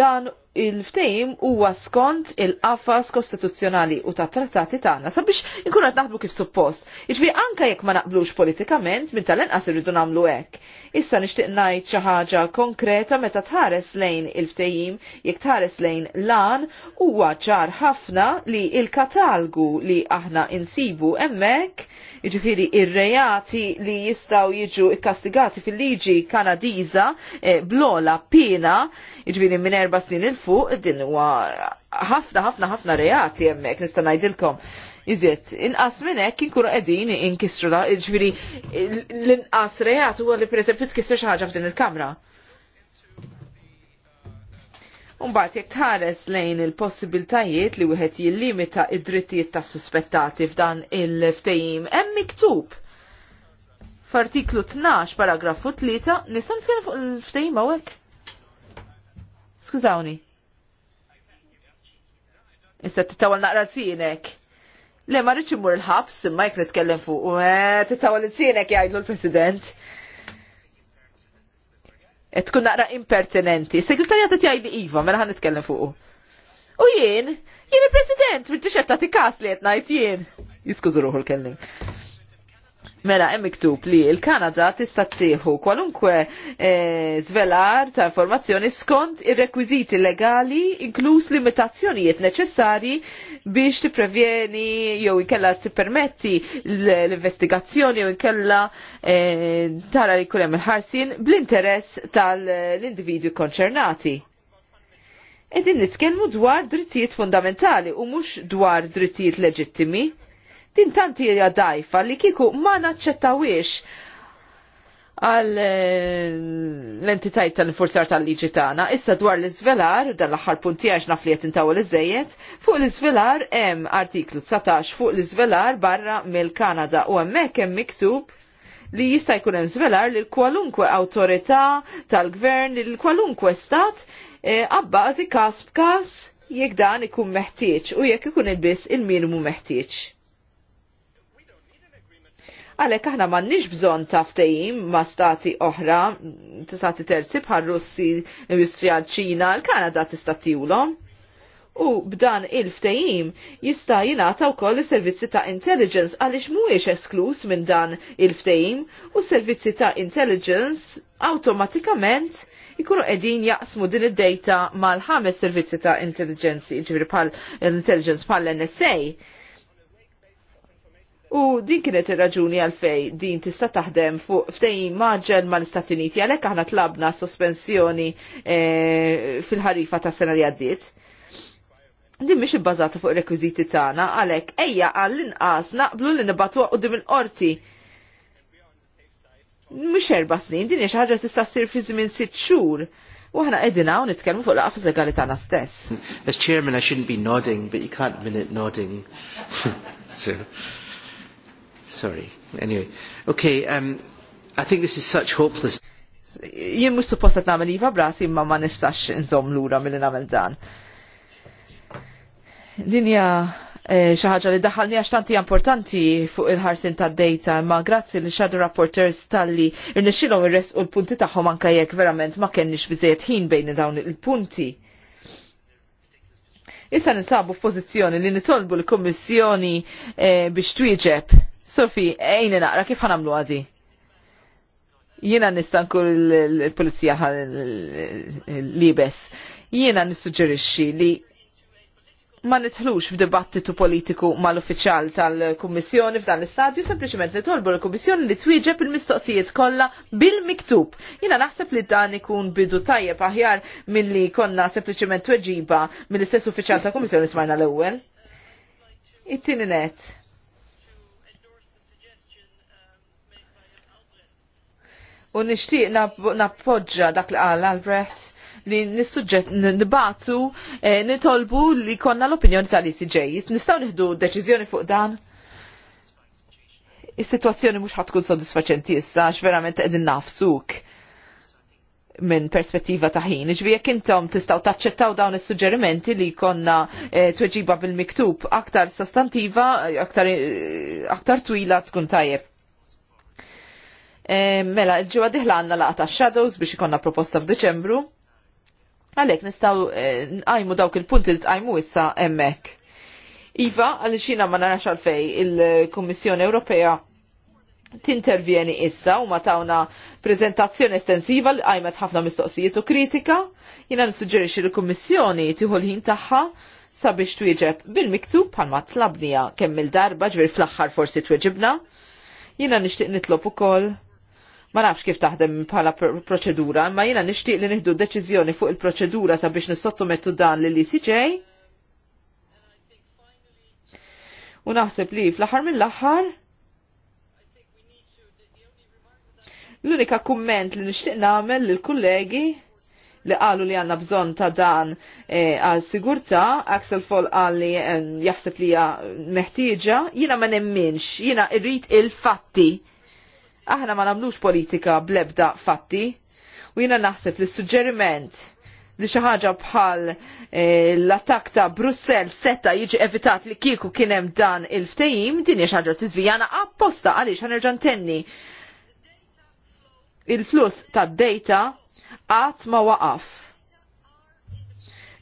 Speaker 4: dan il-ftejim huwa skont il-qafas kostituzzjonali u ta' trattati tagħna sabiex inkunu qed naħdmu kif suppost. Jiġri anke jekk ma naqblux politikament minn tal-inqas irridu nagħmlu hekk. Issa nixtieq ngħid xi ħaġa konkreta meta tħares lejn il-ftejim jekk tħares lejn lan huwa ċar ħafna li il-katalgu li aħna insibu hemmhekk Jiġifieri ir rejati li jistgħu jiġu ikkastigati fil-liġi Kanadiża eh, blola pina, iġifiri minn erba' snin il fuq din huwa ħafna ħafna ħafna reati hemmhekk nista' ngħidilkom. Iżiet, inqas minn hekk inkunu qegħdin inkissru ġifieri l-inqas rejati huwa li pereżempju tkisser xi ħaġa f'din il-kamra. Umbat jek tħares lejn il-possibiltajiet li wieħed jillimita id-drittijiet ta' suspettati f'dan il-ftejim hemm miktub. F'artiklu 12 paragrafu 3 nista' nitkellem fuq il-ftejim hawnhekk. Skużawni. Issa titawal naqra tsienek. Le ma rridx imur il-ħabs imma jekk nitkellem fuq. Eh, titawal tsienek jgħidlu l-President. Et kun naqra impertinenti. Segretarja ta' jgħid iva, mela ħan nitkellem fuq. U jien, jien il-President, bil-tixetta ti kas li qed ngħid jien. Jiskużu ruħu l-kellim. Mela, hemm miktub li l kanada tista' tieħu kwalunkwe żvelar eh, ta' informazzjoni skont ir-rekwiżiti legali inkluż limitazzjonijiet neċessarji biex tipprevjeni jew ikella tippermetti l-investigazzjoni jew ikella eh, tara li jkun hemm il-ħarsin bl-interess tal-individwi konċernati. Edin nitkellmu dwar drittijiet fundamentali u mhux dwar drittijiet leġittimi Din tanti hija dajfa li kieku ma naċċettawiex għal eh, l-entitajt tal-forzar tal-liġi tagħna. Issa dwar l-iżvelar, dan l-aħħar punti għax naf li qed intaw iż fuq l-iżvelar hemm artiklu 19 fuq l-iżvelar barra mill-Kanada u hemmhekk hemm miktub li jista' jkun hemm żvelar lil kwalunkwe awtorità tal-gvern lil kwalunkwe stat eh, għabbażi e, kas b'kas jekk dan ikun meħtieġ u jekk ikun il-biss il-minimu meħtieġ. Għalek aħna m'għandniex bżonn ta' ftehim ma' stati oħra, stati terzi bħal Russi, Russia, Ċina, l-Kanada tista' tiwlhom. U b'dan il-ftehim jista' jingħata wkoll is-servizzi ta' intelligence għaliex mhuwiex esklus minn dan il ftejim u s-servizzi ta' intelligence awtomatikament ikunu edin jaqsmu din id-data mal-ħames servizzi ta' intelligence, ġifiri pal-intelligence pal-NSA. U din kienet ir-raġuni għalfej din tista' taħdem fuq ftehim maġġel mal-Istati Uniti għalhekk aħna tlabna sospensjoni eh, fil-ħarifa ta' sena li għaddiet. Din mhix ibbażata fuq rekwiżiti tagħna għalhekk ejja għall-inqas naqblu li nibatwa qudiem il-qorti. Mhux erba' snin, din hija xi ħaġa tista' ssir fi żmien sitt xhur. U aħna edina u nitkellmu fuq laqaf legali tagħna stess.
Speaker 1: As chairman I shouldn't be nodding, but you can't minute nodding. so. Sorry. Anyway. Okay, um, I think this is such hopeless.
Speaker 4: Jien mhux suppost qed nagħmel iva brati imma ma nistax inżomm lura milli nagħmel dan. Dinja eh, xi ħaġa li daħalni għax tanti importanti fuq il-ħarsin tad-dejta, imma grazzi li xadu rapporters talli res u l-punti tagħhom anke jekk verament ma kenniex biżejjed ħin bejn dawn il-punti. Issa ninsabu f'pożizzjoni li nitolbu l-Kummissjoni eh, biex twieġeb Sofi, ejni naqra, kif ħanamlu għadi? Jiena nistanku l-polizija libes. Jiena nissuġġerixxi li ma nitħlux f'dibattitu politiku mal-uffiċjal tal-Kummissjoni f'dan l-istadju, sempliċement nitolbu l-Kummissjoni li twieġeb il-mistoqsijiet kollha bil-miktub. Jiena naħseb li dan ikun bidu tajjeb aħjar milli konna sempliċement tweġiba mill-istess uffiċjal tal-Kummissjoni smajna l-ewwel. It-tieni u nishtiq nappoġġa dak li qal Albrecht li nissuġġet nibatu eh, nitolbu li konna l-opinjoni tal-ECJ. Nistaw nihdu deċiżjoni fuq dan? Is-sitwazzjoni mhux ħatkun sodisfaċenti issa għax verament qegħdin nafsuk minn perspettiva ta' ħin. Ġvi jekk intom tistgħu taċċettaw dawn is-suġġerimenti li konna eh, tweġiba bil-miktub aktar sostantiva, eh, aktar twila tkun tajjeb. Eh, mela, ġiwa diħla għanna laqta Shadows biex ikonna proposta f'Deċembru. Għalek nistaw għajmu eh, dawk il-punti li tqajmu issa emmek. Iva, għal xina ma narax għalfej il-Kommissjoni Ewropea tintervjeni issa u ma tawna prezentazzjoni estensiva li għajmet ħafna mistoqsijiet u kritika. Jina nissuġġerixi l-Kommissjoni l ħin taħħa sabiex twieġeb bil-miktub bħalma tlabnija kemm il-darba ġveri fl-axħar forsi twieġibna jina nishtiq nitlob ukoll ma nafx kif taħdem bħala proċedura, ma jiena nixtieq li nieħdu deċiżjoni fuq il-proċedura sabiex nissottometu dan li l-ICJ. U naħseb li fl-aħħar mill-aħħar l-unika kumment li nixtieq nagħmel l kollegi li qalu li għanna bżon ta' dan eh, għal sigurta, Axel Fall għal li eh, jaħseb li meħtieġa, jina ma nemminx, jina irrit il-fatti Aħna ma nagħmlux politika blebda fatti. U jiena naħseb li suġġeriment li xi ħaġa bħal eh, l-attak ta' Brussell seta' jiġi evitat li kieku kien hemm dan il-ftehim din hija xi ħaġa tiżvijana apposta għaliex nerġa' ntenni il-flus ta' data għat ma waqaf.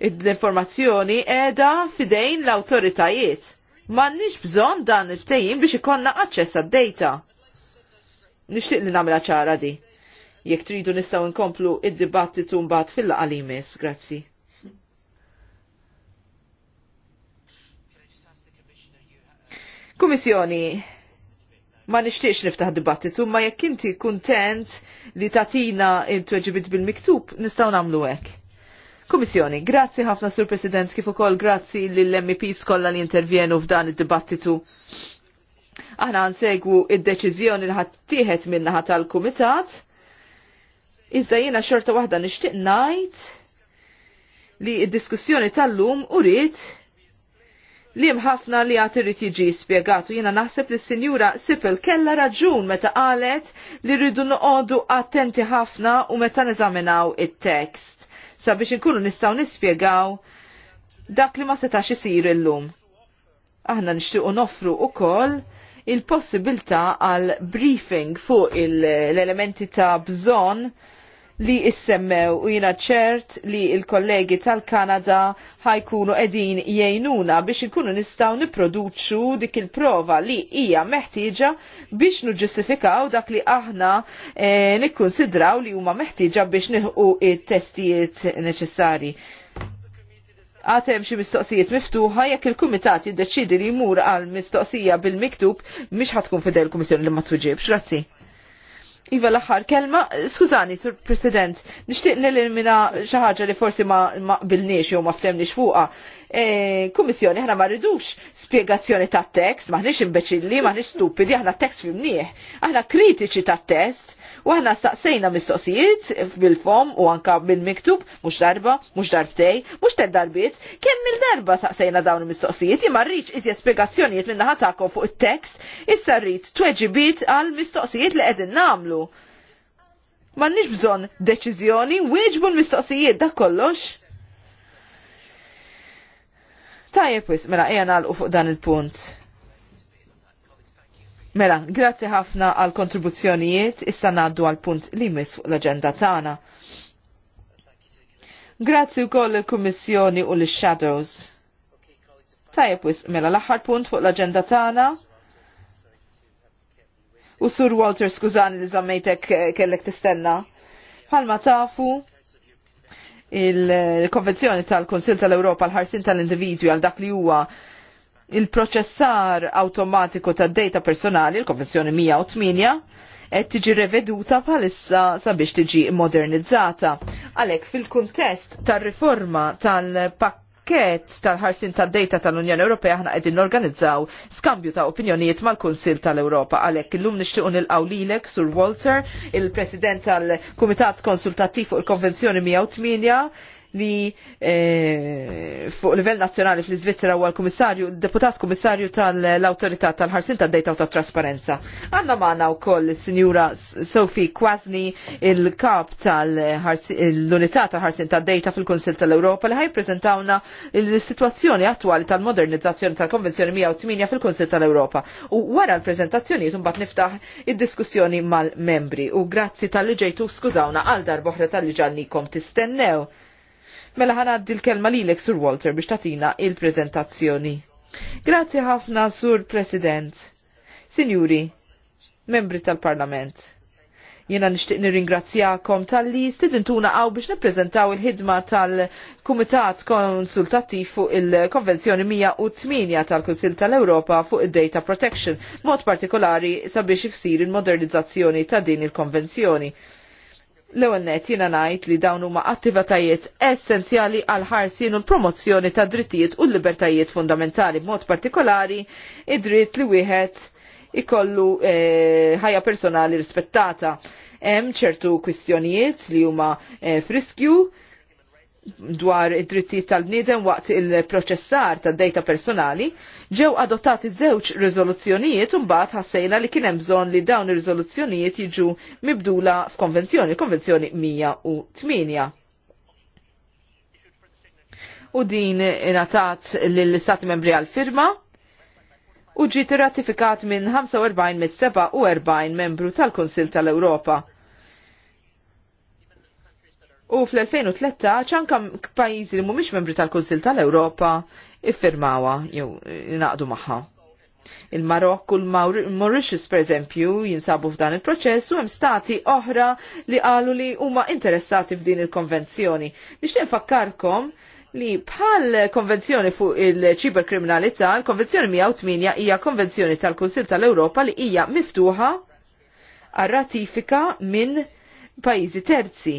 Speaker 4: L-informazzjoni edha fidejn l-autoritajiet. m'għandniex bżon dan il-ftejim biex ikonna aċċess għad data nixtieq li nagħmilha ċara di. Jekk tridu nistgħu nkomplu id-dibattitu mbagħad fil-laqgħa grazzi. Kummissjoni, ma nixtiex niftaħ dibattitu, ma jekk inti kuntent li tatina il-tweġibit bil-miktub, nistaw namlu hekk. Kummissjoni, grazzi ħafna Sur President kif ukoll grazzi lill-MEPs kollha li intervjenu f'dan id-dibattitu. Aħna nsegwu id-deċiżjoni li ħattieħed minnaħa tal-kumitat. Iżda jiena xorta waħda nixtieq ngħid li d-diskussjoni tal-lum uriet li mħafna li għat irid jiġi spjegatu jiena naħseb li s-sinjura Sipil kella raġun meta qalet li rridu noqogħdu attenti ħafna u meta neżaminaw it-tekst sabiex inkunu nistgħu nispjegaw dak li ma setax isir illum. Aħna nixtiequ noffru ukoll il possibilta għal briefing fuq l-elementi ta' bżon li issemmew u jina ċert li il-kollegi tal-Kanada ħajkunu edin jgħinuna biex ikunu nistaw niproduċu dik il-prova li hija meħtieġa biex nuġġustifikaw dak li aħna e, nikkonsidraw li huma meħtieġa biex nilħu it-testijiet neċessari għatem xi mistoqsijiet miftuħa jekk il-kumitat jiddeċidi li jmur għal mistoqsija bil-miktub mhix ħatkun fidel il-Kummissjoni li ma twiġibx. Grazzi. Iva l-axar kelma, skużani, sur President, nishtiq l-elimina xaħġa li forsi ma, bil bilniex jew ma ftemniex fuqa. E, kummissjoni aħna ma rridux spjegazzjoni ta' tekst, maħniex imbeċilli, maħniex stupidi, aħna tekst fimnieħ, aħna kritiċi ta' test, u aħna staqsejna mistoqsijiet bil-fom u anka bil-miktub, mux darba, mux darbtej, mux ted darbiet, kemm il-darba staqsejna dawn il-mistoqsijiet, jimarriċ izja iżja spjegazzjonijiet minna ħatakom fuq il-tekst, issa rrid tweġibiet għal mistoqsijiet li qegħdin namlu. nix bżon deċiżjoni, wieġbu l-mistoqsijiet da kollox Tajjeb wis, mela ejja nagħlqu fuq dan il-punt. Mela, grazzi ħafna għal kontribuzzjonijiet, issa ngħaddu għal punt li mis fuq l-aġenda tana. Grazzi wkoll il-Kummissjoni u l-Shadows. Tajjeb wis, mela l-aħħar punt fuq l-aġenda tagħna. U Sur Walter, skużani li zammejtek eh, kellek tistenna. Palma tafu, il-Konvenzjoni tal-Konsil tal-Europa l-ħarsin tal-individwi għal dak li huwa il-proċessar automatiku tad data personali, il-Konvenzjoni 108, qed tiġi reveduta bħalissa sabiex tiġi modernizzata. Għalhekk fil-kuntest tar-riforma tal-pakk pakket tal-ħarsin tad-data tal-Unjoni Ewropea aħna qegħdin norganizzaw skambju ta' opinjonijiet mal-Kunsil tal-Ewropa. Għalhekk illum nixtiequ nilqgħu lilek sur Walter, il-President tal-Kumitat Konsultattiv fuq il-Konvenzjoni 108 li eh, fuq livell nazzjonali fl-Iżvizzera huwa l-Kummissarju, deputat Kummissarju tal-Awtorità tal-Ħarsin tad-Dejta u tat-Trasparenza. Għandna magħna wkoll is-Sinjura Sophie Kwasni, il-kap tal-Unità tal-Ħarsin tad-Dejta fil-Kunsill tal-Ewropa li ħajpreżentawna l-sitwazzjoni attwali tal-modernizzazzjoni tal-Konvenzjoni 108 fil-Kunsill tal-Ewropa. U wara l-preżentazzjonijiet imbagħad niftaħ id-diskussjoni mal-membri u grazzi tal liġejtu skużawna għal darboħra tal-li tistennew. Mela għaddi l-kelma lilek Sur Walter biex tatina il-prezentazzjoni. Grazzi ħafna Sur President. Sinjuri, membri tal-Parlament. Jena nishtiq nirringrazzjakom tal-li stidintuna għaw biex nippreżentaw il-ħidma tal-Kumitat Konsultattiv fuq il-Konvenzjoni 108 tal-Kunsil tal-Europa fuq il-Data Protection, mod partikolari sabiex iksir il-modernizzazzjoni ta' din il-konvenzjoni. L-ewwel net jiena ngħid li dawn huma attivatajiet essenzjali għal ħarsin u l-promozzjoni ta' drittijiet u l-libertajiet fundamentali b'mod partikolari id-dritt li wieħed ikollu eh, ħajja personali rispettata. Hemm ċertu kwistjonijiet li huma eh, friskju dwar id-drittijiet tal-bniedem waqt il-proċessar tad-dejta personali, ġew adottati żewġ riżoluzzjonijiet u mbagħad ħassejna li kien hemm bżonn li dawn ir-riżoluzzjonijiet jiġu mibdula f'konvenzjoni, konvenzjoni 108. U din ingħatat lill-Istati Membri għal firma u ġiet irratifikat minn 45 mis-47 membru tal kunsill tal-Ewropa U fl-2013 kam pajjiżi li mhumiex membri tal-Kunsil tal-Ewropa iffirmawa jew naqdu magħha. Il-Marokk u l-Mauritius per eżempju jinsabu f'dan il-proċess u hemm stati oħra li qalu li huma interessati f'din il-konvenzjoni. Nixtieq nfakkarkom li bħal konvenzjoni fuq il-ċiberkriminalità, il-konvenzjoni 108 hija konvenzjoni tal-Kunsil tal-Ewropa li hija miftuħa għal ratifika minn pajjiżi terzi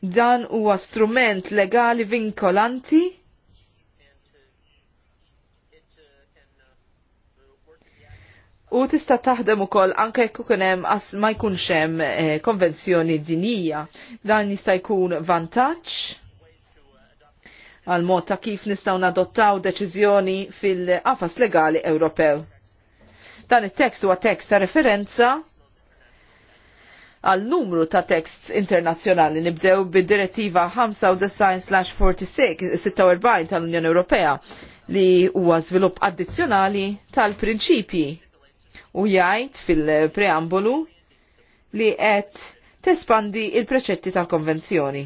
Speaker 4: Dan huwa strument legali vinkolanti U tista' taħdem ukoll anke jekk ikun hemm ma jkunx hemm eh, konvenzjoni dinija. Dan jista' jkun vantaġġ għal mod ta' kif nistgħu nadottaw deċiżjoni fil-qafas legali Ewropew. Dan it-tekst huwa tekst ta' referenza għal numru ta' teksts internazzjonali nibdew bid-direttiva 95/46 tal-Unjoni Ewropea li huwa żvilupp addizzjonali tal-prinċipji u jgħid fil-preambolu li qed tespandi il-preċetti tal-konvenzjoni.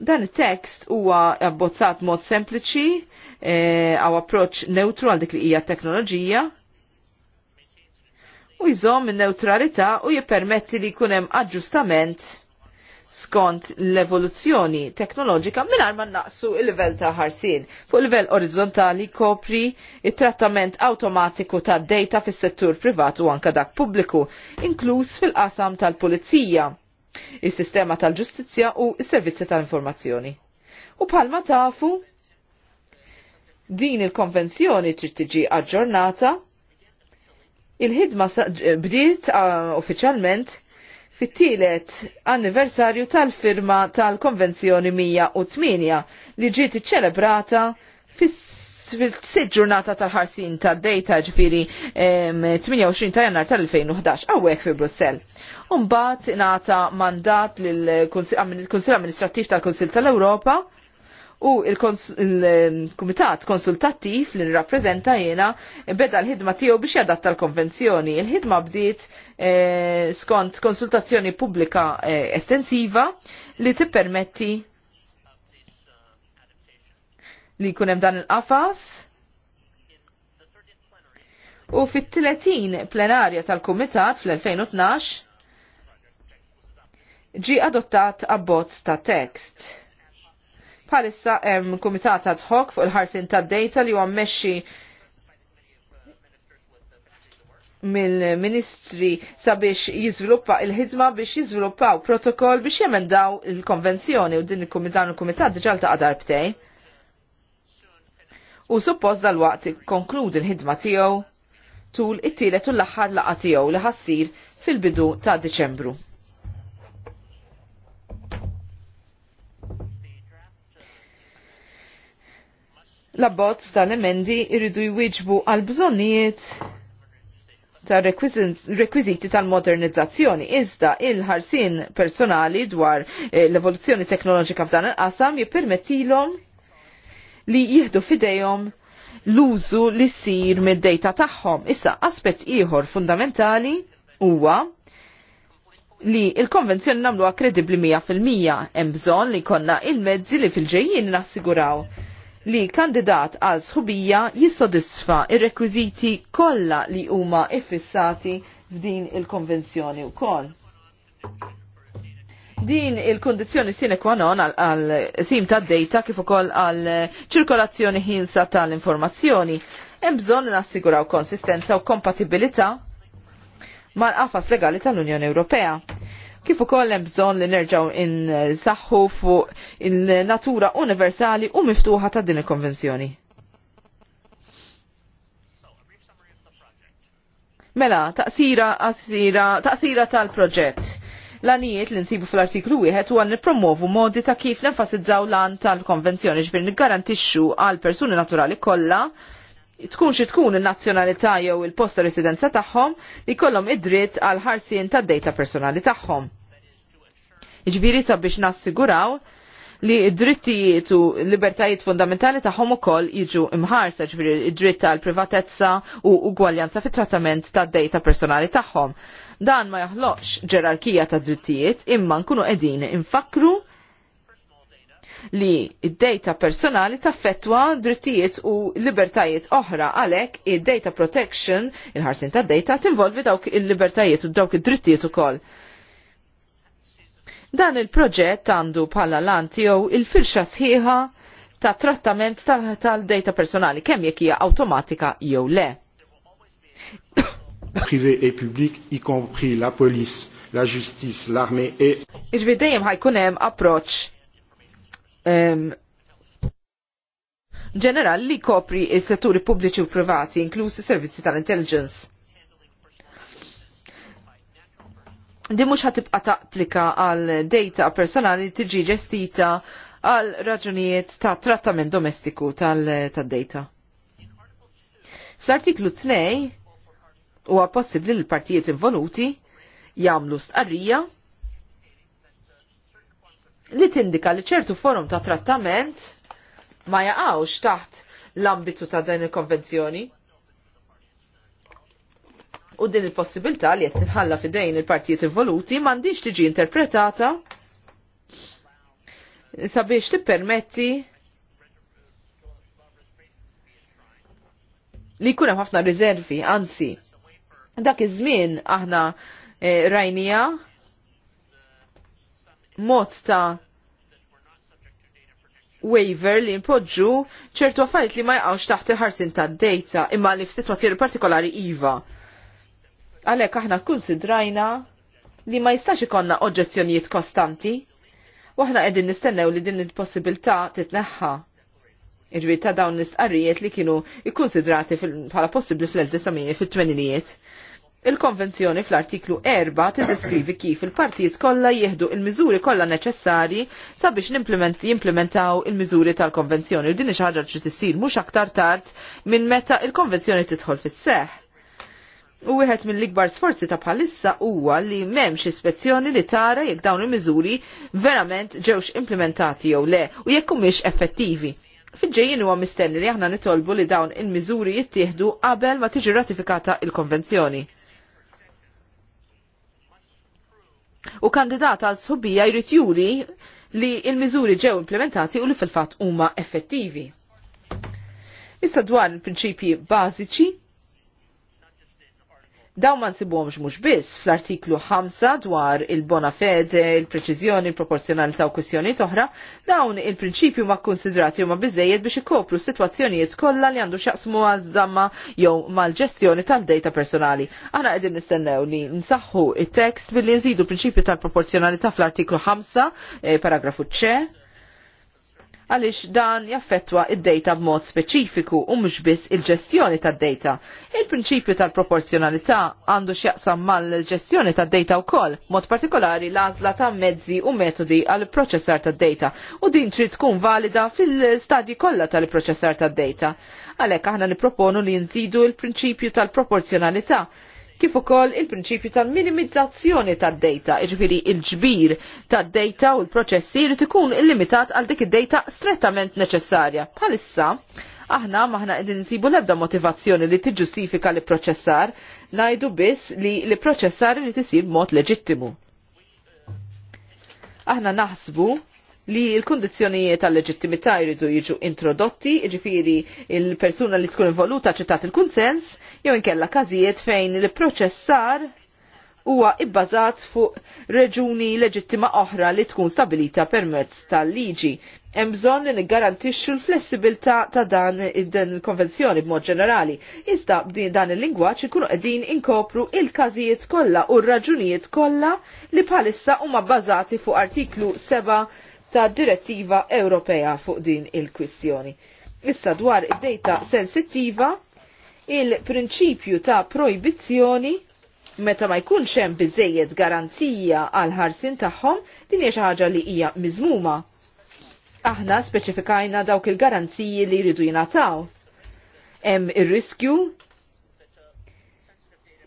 Speaker 4: Dan it-tekst huwa abbozzat mod sempliċi eh, għaw approċ neutru għal dik li hija teknoloġija u jżomm in-neutralità u jippermetti li jkun hemm aġġustament skont l-evoluzzjoni teknoloġika mingħajr ma naqsu il-livell ta' ħarsien. Fuq livell orizzontali kopri il trattament awtomatiku tad data fis-settur privat u anka dak pubbliku, inkluż fil-qasam tal-pulizija, is-sistema tal-ġustizzja u s-servizzi tal-informazzjoni. U bħalma tafu, din il-konvenzjoni trid tiġi aġġornata Il-ħidma bdiet ah, uffiċjalment fit-tielet anniversarju tal-firma tal-Konvenzjoni 108 li ġiet iċċelebrata fis-sitt ġurnata tal-ħarsin tad-dejta ġifiri 28 ta' jannar tal-2011 għawek fi Brussell. Umbat nata mandat lill kunsill Amministrattiv tal kunsill tal-Europa u il-Kumitat Konsultattiv li nirrappreżenta jiena beda l-ħidma tiegħu biex jadatta l-konvenzjoni. Il-ħidma bdiet eh, skont konsultazzjoni pubblika eh, estensiva li tippermetti li kunem dan il-qafas u fit-30 plenarja tal-Kumitat fl-2012 ġi adottat abbozz ta' tekst. Palissa hemm kumitat ad hoc fuq il-ħarsin tad-data li huwa mmexxi mill-ministri sabiex jizviluppa il-ħidma biex jizviluppaw protokoll biex jemendaw il-konvenzjoni u din il kumitat u kumitat diġal ta' btej. U suppost dal-waqt konkludi l-ħidma tiegħu tul it-tielet u l-aħħar laqa tiegħu li ħassir fil-bidu ta' Diċembru. L-abbozz tal-emendi irridu jwiġbu għal bżonnijiet ta' rekwiziti tal-modernizzazzjoni. Iżda il-ħarsin personali dwar eh, l-evoluzzjoni teknoloġika f'dan il-qasam jippermettilhom li jihdu fidejhom l-użu li sir mid-dejta tagħhom. Issa aspett ieħor fundamentali huwa li il-konvenzjoni nagħmluha kredibbli 100% hemm bżonn li konna il-mezzi li fil-ġejjin nassiguraw li kandidat għal sħubija jissodisfa ir-rekwiżiti kollha li huma iffissati f'din il-konvenzjoni wkoll. Din il-kondizjoni sine qua non għal sim ta' data kif ukoll għal ċirkolazzjoni ħinsa tal-informazzjoni. Hemm bżonn nassiguraw konsistenza u kompatibilità mal-qafas legali tal-Unjoni Ewropea kif ukoll hemm bżonn li nerġgħu insaħħu fuq il-natura universali u miftuħa ta' din il-konvenzjoni. Mela, taqsira taqsira tal-proġett. L-għanijiet li nsibu fl-artiklu wieħed huwa nipromovu modi ta' kif nenfasizzaw l-għan tal-konvenzjoni ġbir niggarantixxu għal persuni naturali kollha tkun xi tkun in-nazzjonalità jew il posta residenza tagħhom li jkollhom id-dritt għal ħarsien tad-dejta personali tagħhom. Ġbiri sabiex nassiguraw li id-drittijiet u libertajiet fundamentali tagħhom ukoll jiġu imħarsa ġbiri id-dritt tal privatezza u ugwaljanza fit-trattament tad-dejta personali tagħhom. Dan ma jaħloqx ġerarkija ta' drittijiet imma nkunu qegħdin infakru li id-data personali taffettwa drittijiet u libertajiet oħra għalek id-data protection, il-ħarsin ta' data, tinvolvi dawk il-libertajiet u dawk id-drittijiet u koll. Dan il-proġett għandu bħala lan tiegħu il-firxa sħiħa ta' trattament tal-data personali kemm jekk hija awtomatika jew le.
Speaker 5: privé et public, y compris la police, la justice, l'armée et...
Speaker 4: Iġbi dejjem ħajkun hemm approċċ ġenerali li kopri s-setturi pubbliċi u privati, inklusi servizzi tal-intelligence. Di mhux ħatibqa' taqplika għal data personali tiġi ġestita għal raġunijiet ta' trattament domestiku tal-data. Fl-artiklu 2 huwa possibbli l partijiet involuti jagħmlu stqarrija li tindika li ċertu forum ta' trattament ma jaqgħux taħt l-ambitu ta' din il-konvenzjoni u din il-possibilità li qed tinħalla fidejn il-partijiet involuti m'għandix tiġi interpretata sabiex tippermetti li jkun hemm ħafna riservi, anzi, dak iż-żmien aħna eh, rajnija mod ta' waiver li npoġġu ċertu affarijiet li ma jqgħux taħt il-ħarsin tad-data imma li f'sitwazzjoni partikolari iva. Għalhekk aħna kkunsidrajna li ma jistax ikonna oġġezzjonijiet kostanti. aħna qegħdin nistennew li din il-possibilità titneħħa. Iġbir ta' dawn l-istqarrijiet li kienu ikkonsidrati bħala possibbli fl-1980-iet. Il-konvenzjoni fl-artiklu 4 tiddeskrivi kif il-partijiet kollha jieħdu il-miżuri kollha neċessarji sabiex jimplementaw il-miżuri tal-konvenzjoni u din xi ħaġa li issir mhux aktar tard minn meta il-konvenzjoni tidħol fis-seħħ. U wieħed mill-ikbar sforzi ta' bħalissa huwa li m'hemmx ispezzjoni li tara jekk dawn il-miżuri verament ġewx implementati jew le u jekk humiex effettivi. fil huwa mistenni li aħna nitolbu li dawn il-miżuri jittieħdu qabel ma tiġi ratifikata il-konvenzjoni. U kandidata għal sħubija jrid juri li il-miżuri ġew implementati u li fil-fatt huma effettivi. Issa dwar il-prinċipji bażiċi Daw ma nsibhomx mhux biss fl-artiklu 5 dwar il-bona fede, il-preċiżjoni, il-proporzjonalità u kwestjoni oħra, dawn il-prinċipju ma konsidrati huma biżejjed biex ikopru situazzjonijiet kollha li għandu x'jaqsmu għaż-żamma jew mal-ġestjoni tal-data personali. Aħna qegħdin nistennew li nsaħħu it-tekst billi nżidu l-prinċipju tal-proporzjonalità fl-artiklu 5, eh, paragrafu ċe, għaliex dan jaffettwa id-data b'mod speċifiku u mhux biss il-ġestjoni tad-data. Il-prinċipju tal-proporzjonalità għandu x'jaqsam mal-ġestjoni tad-data wkoll, mod partikolari l-għażla ta' mezzi u metodi għal proċessar tad-data u din trid tkun valida fil-stadji kollha tal-proċessar tad-data. Għalhekk aħna nipproponu li nżidu il-prinċipju tal-proporzjonalità kif ukoll il-prinċipju tal-minimizzazzjoni tad-data, iġifieri il-ġbir tad-data u l-proċessi jrid ikun illimitat għal dik id-data strettament neċessarja. Bħalissa, aħna maħna qegħdin nsibu l-ebda motivazzjoni li tiġġustifika li proċessar, ngħidu biss li li proċessar irid isir b'mod leġittimu. Aħna naħsbu li l-kondizjonijiet tal-leġittimità jridu jiġu introdotti, ġifiri il-persuna li tkun involuta ċitat il-kunsens, jew inkella każijiet fejn il-proċessar huwa ibbażat fuq reġuni leġittima oħra li tkun stabilita permezz tal-liġi. Hemm bżonn li niggarantixxu l-flessibilità ta' dan il-konvenzjoni b'mod ġenerali. Iżda dan il-lingwaġġ ikunu qegħdin inkopru il-każijiet kollha u r-raġunijiet kollha li bħalissa huma bbażati fuq artiklu 7 ta' direttiva Ewropea fuq din il-kwistjoni. Issa dwar id-data sensittiva, il-prinċipju ta' proibizzjoni meta ma jkunx hemm biżejjed garanzija għal ħarsin tagħhom, din hija xi ħaġa li hija miżmuma. Aħna speċifikajna dawk il-garanziji li jridu jingħataw. Hemm ir-riskju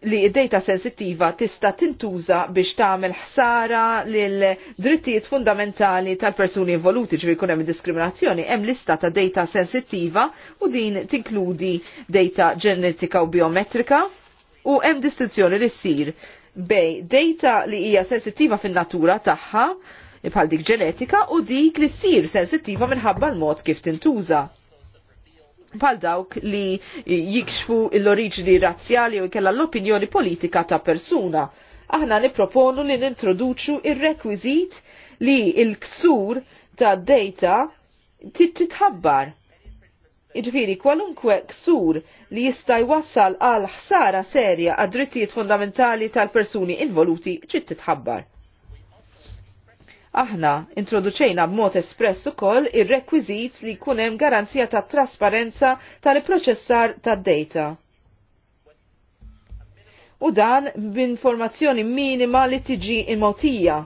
Speaker 4: li id-data sensittiva tista tintuża biex tagħmel ħsara lil drittijiet fundamentali tal-persuni involuti ġri jkun hemm diskriminazzjoni, hemm lista ta' data sensittiva u din tinkludi data ġenetika u biometrika u hemm distinzjoni li ssir bej data li hija sensittiva fin-natura tagħha bħal dik ġenetika u dik li ssir sensittiva minħabba l-mod kif tintuża bħal dawk li jikxfu l-oriġini razzjali u jkella l-opinjoni politika ta' persuna. Aħna niproponu li nintroduċu ir-rekwizit li il-ksur ta' data titħabbar. Iġviri, kwalunkwe ksur li jista' jwassal għal ħsara serja għad drittijiet fundamentali tal-persuni involuti ċit titħabbar. Aħna introduċejna b'mod espress ukoll ir-rekwiżit li jkun hemm garanzija ta' trasparenza tal-proċessar tad-data. U dan b'informazzjoni minima li tiġi imotija.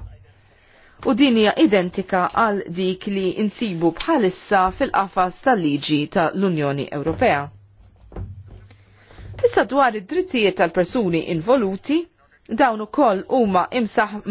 Speaker 4: U din hija identika għal dik li insibu bħalissa fil-qafas tal-liġi tal-Unjoni Ewropea. Issa dwar id-drittijiet tal-persuni involuti, dawn ukoll huma imsaħħa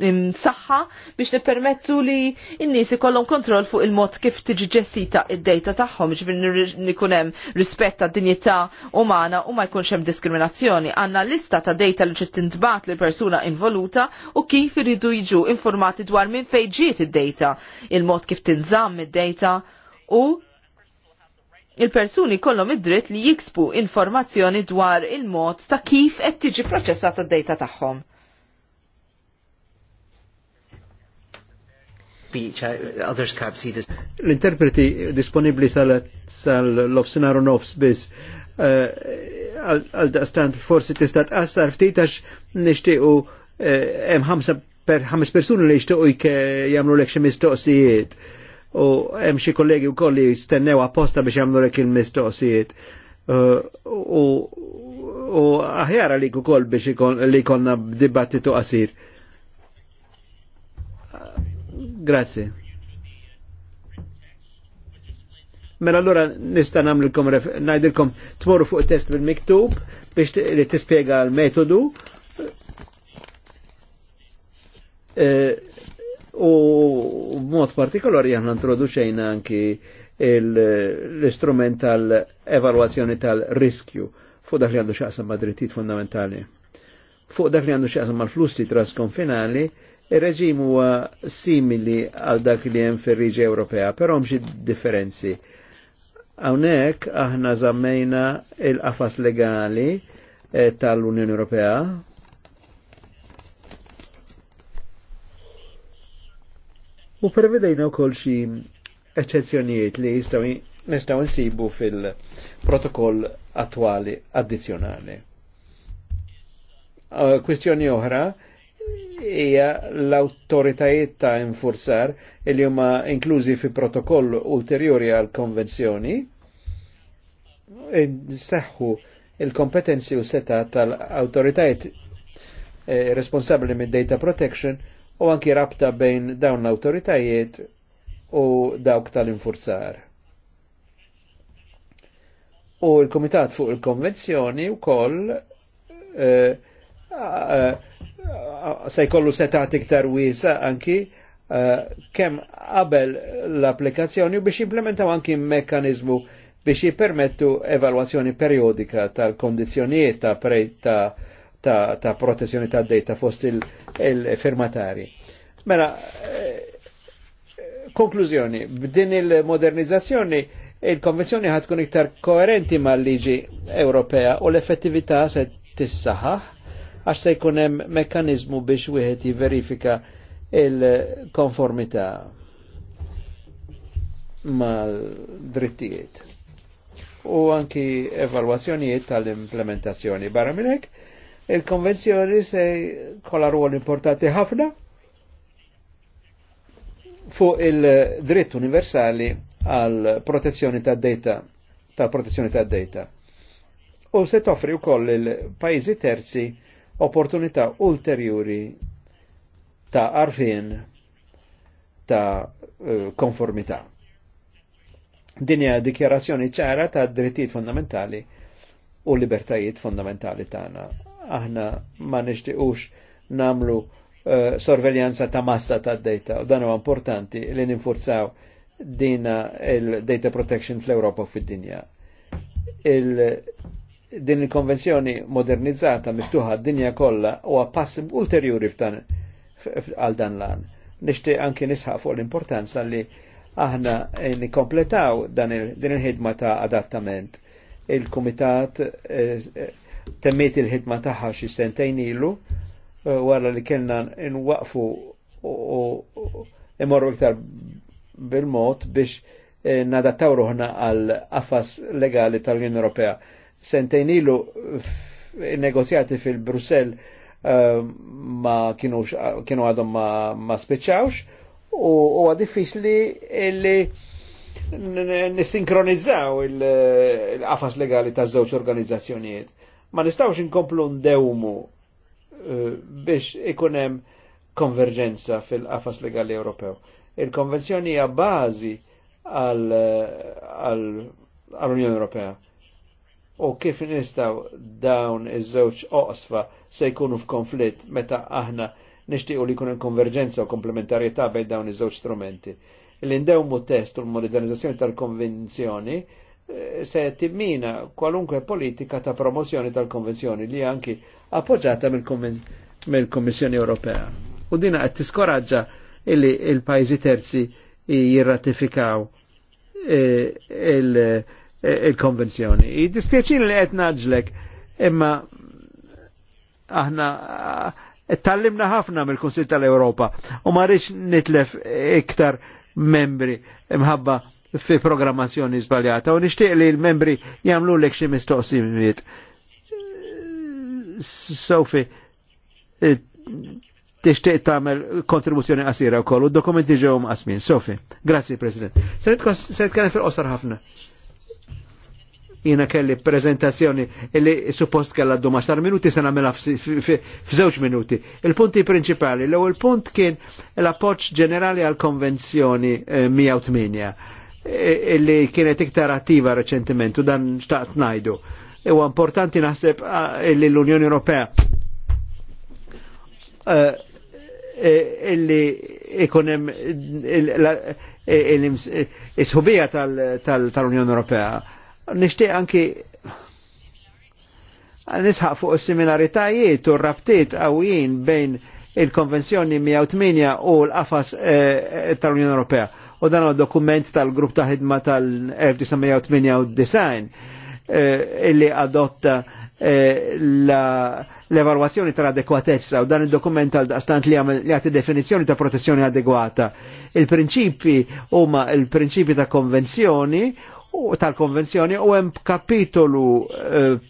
Speaker 4: biex nippermettu li n-nies ikollhom kontroll fuq il-mod kif tiġi ġessita id-dejta tagħhom ġifier ikun hemm rispett tad-dinjità umana u ma jkunx hemm diskriminazzjoni. Għandna lista ta' dejta li ġiet tintbat lil persuna involuta u kif iridu jiġu informati dwar minn fejn ġiet id-dejta, il-mod kif tinżamm id-dejta u il-persuni kollom id-dritt li jiksbu informazzjoni dwar il-mod ta' kif qed tiġi proċessata d-dejta tagħhom.
Speaker 1: L-interpreti
Speaker 6: disponibli sal-lofsinar u nofs biss eh, għal-daqstant forsi tista' tqassar ftit għax nixtiequ eh, hemm ħames persuni li jixtiequ jagħmlu lek xi mistoqsijiet u hemm xi kollegi wkoll li jistennew apposta biex jagħmlu lek il-mistoqsijiet. Uh, u aħjar għalik ukoll biex li konna dibattitu qasir. Grazie. Mela allora nista' nagħmlilkom ngħidilkom tmorru fuq test bil-miktub biex li tispjega l-metodu uh, u mod partikolari aħna introduċejna anki l-istrument tal-evaluazzjoni tal-riskju fuq dak li għandu xaqsam ma' drittijiet fundamentali. Fuq dak li għandu xaqsam ma' flussi trasconfinali, il-reġim huwa simili għal dak li hemm fir-riġi Ewropea, però mxi differenzi. Hawnhekk aħna żammejna il-qafas legali eh, tal-Unjoni Ewropea U pervedajna u kol xi eccezzjonijiet li jistaw nistaw nsibu fil-protokoll attuali addizjonali. Uh, Kwestjoni oħra hija l-autoritajiet ta' infurzar li huma inklużi fi protokoll ulterjuri għal konvenzjoni seħħu il-kompetenzi u seta tal-autoritajiet eh, responsabli mid data protection u anki rabta bejn dawn l-autoritajiet u dawk tal-infurzar. U il-Komitat fuq il-Konvenzjoni u koll eh, eh, eh, se jkollu setat iktar wiesa anki kemm qabel l-applikazzjoni u biex implementaw anki mekkanizmu biex jipermettu evalwazzjoni periodika tal-kondizjonijiet ta' prej ta' ta', ta protezzjoni ta' data fost il-firmatari. Il mela, eh, konklużjoni, b'din il-modernizzazzjoni il-konvenzjoni ħatkun iktar koerenti mal-liġi Ewropea u l-effettività se tissaħħaħ għax se jkun hemm mekkaniżmu biex wieħed jiverifika il-konformità mal-drittijiet u anki evalwazzjonijiet tal-implementazzjoni. Barra minn hekk, Il-konvenzjoni se kolla ruol importanti ħafna fuq il-dritt universali għal protezzjoni ta' data tal protezzjoni ta' data. U se toffri wkoll il-pajjiżi terzi opportunità ulterjuri ta' arfin ta' eh, konformità. Din hija dikjarazzjoni ċara ta' drittijiet fondamentali u libertajiet fondamentali tagħna aħna ma nixtiqux namlu uh, sorveljanza ta' massa ta' data u dan huwa importanti li ninfurzaw dina il-data protection fl-Europa u fid-dinja. Il din il-konvenzjoni modernizzata miftuħa d-dinja kollha huwa pass ulterjuri f'dan għal dan lan. Nixtieq anki nisħaq fuq l-importanza li aħna nikkompletaw dan din il-ħidma ta' adattament. Il-Kumitat eh, temmiet il-ħidma tagħha xi sentejn ilu wara li kellna nwaqfu u imorru iktar bil-mod biex nadattaw ruħna għal affas legali tal-Unjoni Ewropea. Sentejn ilu negozjati fil-Brussell ma kienu għadhom ma, ma spiċċawx u huwa diffiċli li nisinkronizzaw il-qafas legali ta' żewġ organizzazzjonijiet ma nistawx inkomplu ndewmu eh, biex ikunem konverġenza fil-qafas legali Ewropew. Il-konvenzjoni hija bażi għall-Unjoni Ewropea. U kif nistaw dawn iż-żewġ oqsfa se jkunu f'konflitt meta aħna nixtiequ li jkun konverġenza u komplementarjetà bejn dawn iż-żewġ strumenti. L-indewmu test u l-modernizzazzjoni tal-konvenzjoni se timmina kwalunkwe politika ta' promozjoni tal-konvenzjoni li anki appoġġata mill-Kommissjoni Ewropea. U dina qed tiskoraġġa illi il-pajjiżi terzi jirratifikaw e, e, il-konvenzjoni. I Dispjaċin li qed naġlek imma aħna e, tallimna ħafna mill-Kunsil tal-Ewropa u ma rridx nitlef iktar membri imħabba fi programmazzjoni sbagliata u nixtieq li l-membri jagħmlu lek xi mistoqsimiet. Sofi, eh, tixtieq tagħmel kontribuzzjoni qasira wkoll u d-dokumenti ġewum mqasmin. Sofi, grazzi President. Se nitkellem fil qosar ħafna jina kelli prezentazzjoni li suppost kella d xar minuti sena mela f'żewġ minuti. Il-punti principali, l ewwel punt kien l-appoċ ġenerali għal konvenzjoni 108 eh, Eh, li kienet iktar attiva reċentiment u dan xtaqt najdu. Ewa importanti naħseb ah, li l-Unjoni Ewropea eh, eh, illi ikonem il-sħubija tal-Unjoni Ewropea. Nishtiq anki nisħaq fuq similaritajiet u rabtiet għawjien bejn il-Konvenzjoni 108 u l-qafas tal-Unjoni Ewropea u dan huwa dokument tal-grupp ta' ħidma tal-1998 eh, illi adotta eh, l evaluazzjoni tal-adekwatezza u dan il-dokument għal-daqstant li għati definizjoni ta' protezzjoni adegwata. Il-prinċipi huma il-prinċipi ta' konvenzjoni u tal-konvenzjoni u hemm kapitolu eh,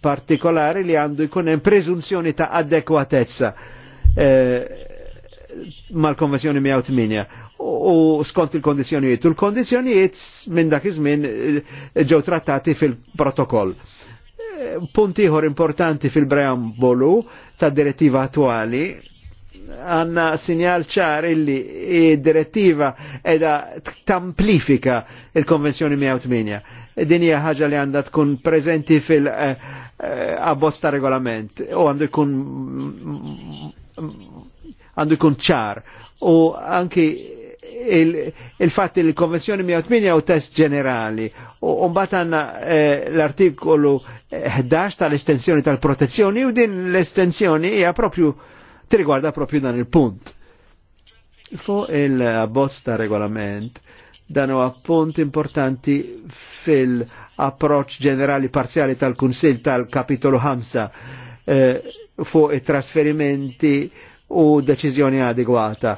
Speaker 6: partikolari li għandu jkun hemm preżunzjoni ta' adekwatezza mal-konvenzjoni 108 u skont il-kondizjonijiet. U l-kondizjonijiet minn dak iż-żmien eh, ġew trattati fil-protokoll. Eh, punt ieħor importanti fil-preambolu ta' direttiva attuali għanna sinjal ċar illi direttiva edha tamplifika il-konvenzjoni 108. Din hija ħaġa li għandha tkun prezenti fil-abbozz eh, ta' regolament u għandu jkun għandu jkun ċar u anki il-fatt il il-konvenzjoni 108 u test ġenerali. U mbagħad għandna eh, l-artikolu 11 tal-estensjoni tal-protezzjoni u din l-estensjoni hija propju tirigwarda propju dan il-punt. Fu il-bozz ta' regolament dan huwa punt importanti fil-approċ ġenerali parzjali tal-Kunsil tal-Kapitolu 5 eh, fuq it-trasferimenti u deċiżjoni adegwata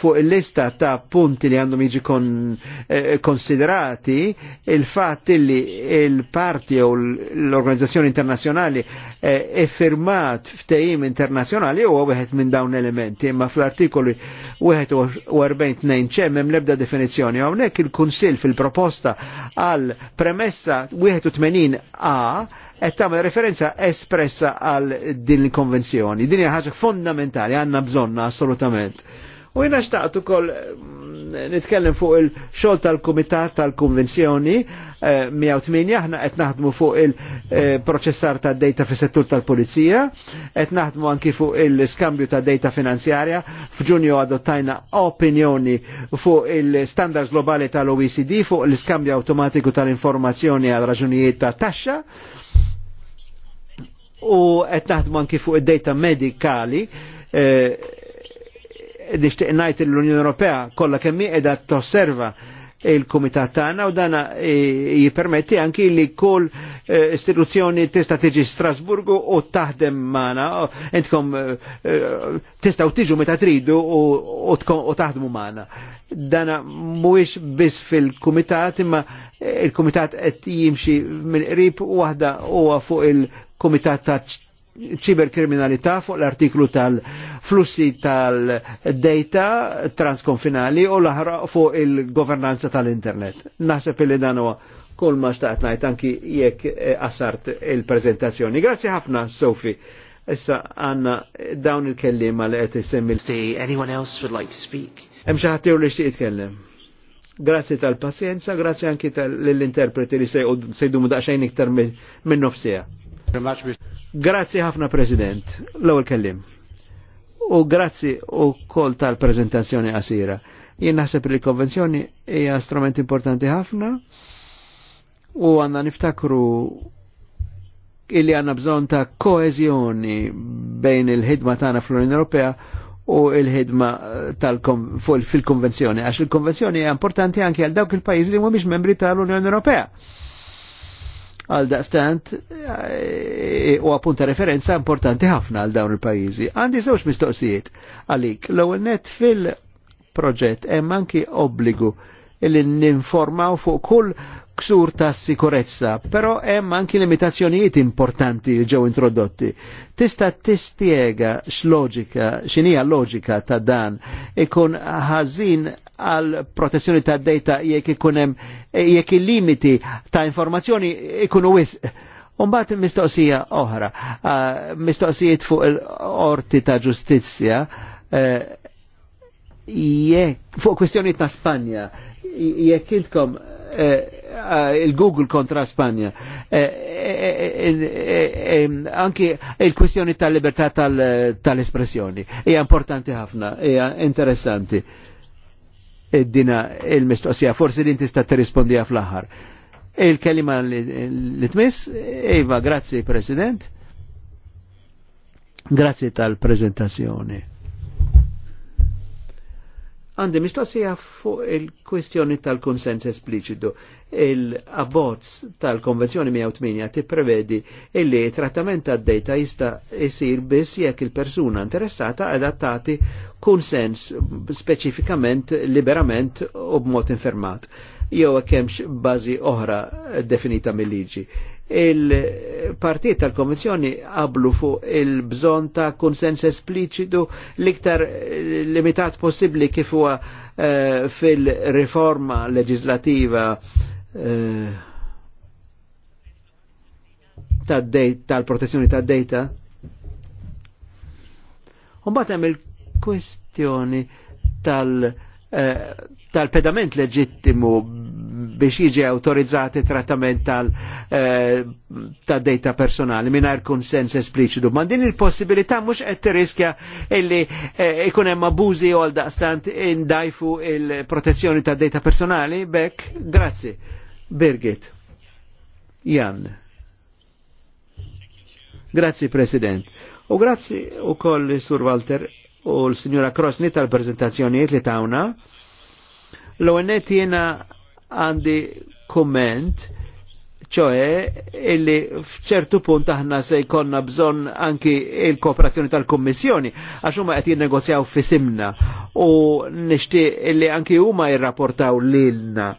Speaker 6: fuq il-lista ta' punti li għandhom jiġi kon, eh, konsiderati il-fatt li il-parti u l-organizzazzjoni internazjonali eh, effirmat eh, ftehim internazjonali huwa wieħed minn dawn elementi, imma fl-artikoli 41 ċemm hemm l-ebda definizzjoni. Hawnhekk il-Kunsill fil-proposta għal premessa 81 A qed tagħmel referenza espressa għal din il-konvenzjoni. Din hija ħaġa fondamentali għandna bżonna assolutament. U jina xtaqt ukoll mm, nitkellem fuq il-xogħol tal-Kumitat tal-Konvenzjoni 108 eh, aħna qed naħdmu fuq il-proċessar ta' data fis-settur tal-Pulizija, qed naħdmu anki fuq il-skambju ta' data finanzjarja. F'Ġunju adottajna opinjoni fuq il-standards globali tal-OECD fuq l-iskambju automatiku tal-informazzjoni għal raġunijiet ta' taxxa u qed naħdmu anki fuq id-data medikali eh, nixtieq ngħid l-Unjoni Ewropea kollha kemm qiegħda tosserva il-komitat tagħna u dana e, jippermetti anki li kull e, istituzzjoni tista' tiġi Strasburgu u taħdem magħna intkom e, tistgħu tiġu meta tridu u taħdmu magħna. Dana mhuwiex biss fil-kumitat imma il-kumitat qed jimxi mill-qrib waħda huwa fuq il-kumitat ta' ċiberkriminalità fuq l-artiklu tal-flussi tal-data transkonfinali u l-aħra fuq il-governanza tal-internet. Naħseb li dan huwa kull ma xtaqt ngħid anki jekk eh, qasart il-preżentazzjoni. Grazzi ħafna, Sofi. Issa għanna dawn il kellim li qed issemmi. Anyone else would like to speak? Hemm xi ħadd li xtieq jitkellem. Grazzi tal-pazjenza, grazzi anki tal-interpreti li sejdu daqsxejn iktar minn nofsija. Grazzi ħafna President, l-ewwel kellim. U grazzi u kol tal-prezentazzjoni qasira. Jien naħseb li l-konvenzjoni hija strument importanti ħafna u għandna niftakru illi għanna bżon ta' koezjoni bejn il-ħidma tagħna fl-Unjoni Ewropea u il-ħidma fil-konvenzjoni, għax il-konvenzjoni hija importanti anke għal dawk il-pajjiżi li mhumiex membri tal-Unjoni Ewropea għal daqstant eh, u appunta referenza importanti ħafna għal dawn il-pajizi. Għandi żewġ mistoqsijiet għalik. L-ewwel net fil-proġett hemm anki obbligu li ninformaw fuq kull ksur ta' sikurezza, però hemm anki limitazzjonijiet importanti li ġew introdotti. Tista' tispjega x'loġika, x'inija loġika ta' dan ikun ħażin għal protezzjoni ta' data jekk ikun hemm jekk il-limiti ta' informazzjoni ikunu wis. Umbat mistoqsija oħra, ah, mistoqsijiet fuq il-orti ta' ġustizzja, eh, jekk fuq kwestjoni ta' Spanja, jekk intkom eh, Eh, il-Google kontra Spanja. Eh, eh, anki il-kwestjoni tal-libertà tal-espressjoni. Hija importanti ħafna, hija interessanti. Dina il-mistoqsija, forsi din tista' tirrispondija fl-aħħar. Il-kelima li tmiss, Iva, grazie President. Grazie tal-prezentazzjoni. Għandi mistoqsija fuq il-kwistjoni tal-konsens espliċitu. Il-abbozz tal-Konvenzjoni 108 tipprevedi illi trattament tad data jista jisir biss jekk il-persuna interessata adattati konsens speċifikament, liberament u b'mod infermat jew hemmx bażi oħra definita mill-liġi il partit tal-Komissjoni qablu fuq il-bżon ta' konsens espliċitu l-iktar limitat possibbli kif huwa uh, fil-riforma leġislativa uh, tal-protezzjoni ta tad-data. Umbat hemm il-kwestjoni tal- uh, tal-pedament leġittimu biex jiġi autorizzati trattament tal eh, ta' data personali mingħajr konsens espliċitu. Ma din il-possibilità mhux qed riskja illi eh, ikun eh, hemm abużi għal daqstant indajfu il-protezzjoni ta' data personali bekk. Grazzi. Birgit. Jan. Grazzi President. U grazzi u koll Sur Walter u l-Signora Krosni tal-prezentazzjoniet li tawna. l onet jena għandi komment ċoħe illi fċertu punt aħna se jkonna bżon anki il-kooperazzjoni tal-Kommissjoni, għax huma qed jinnegozjaw fisimna u nixtieq illi anki huma jirrapportaw lilna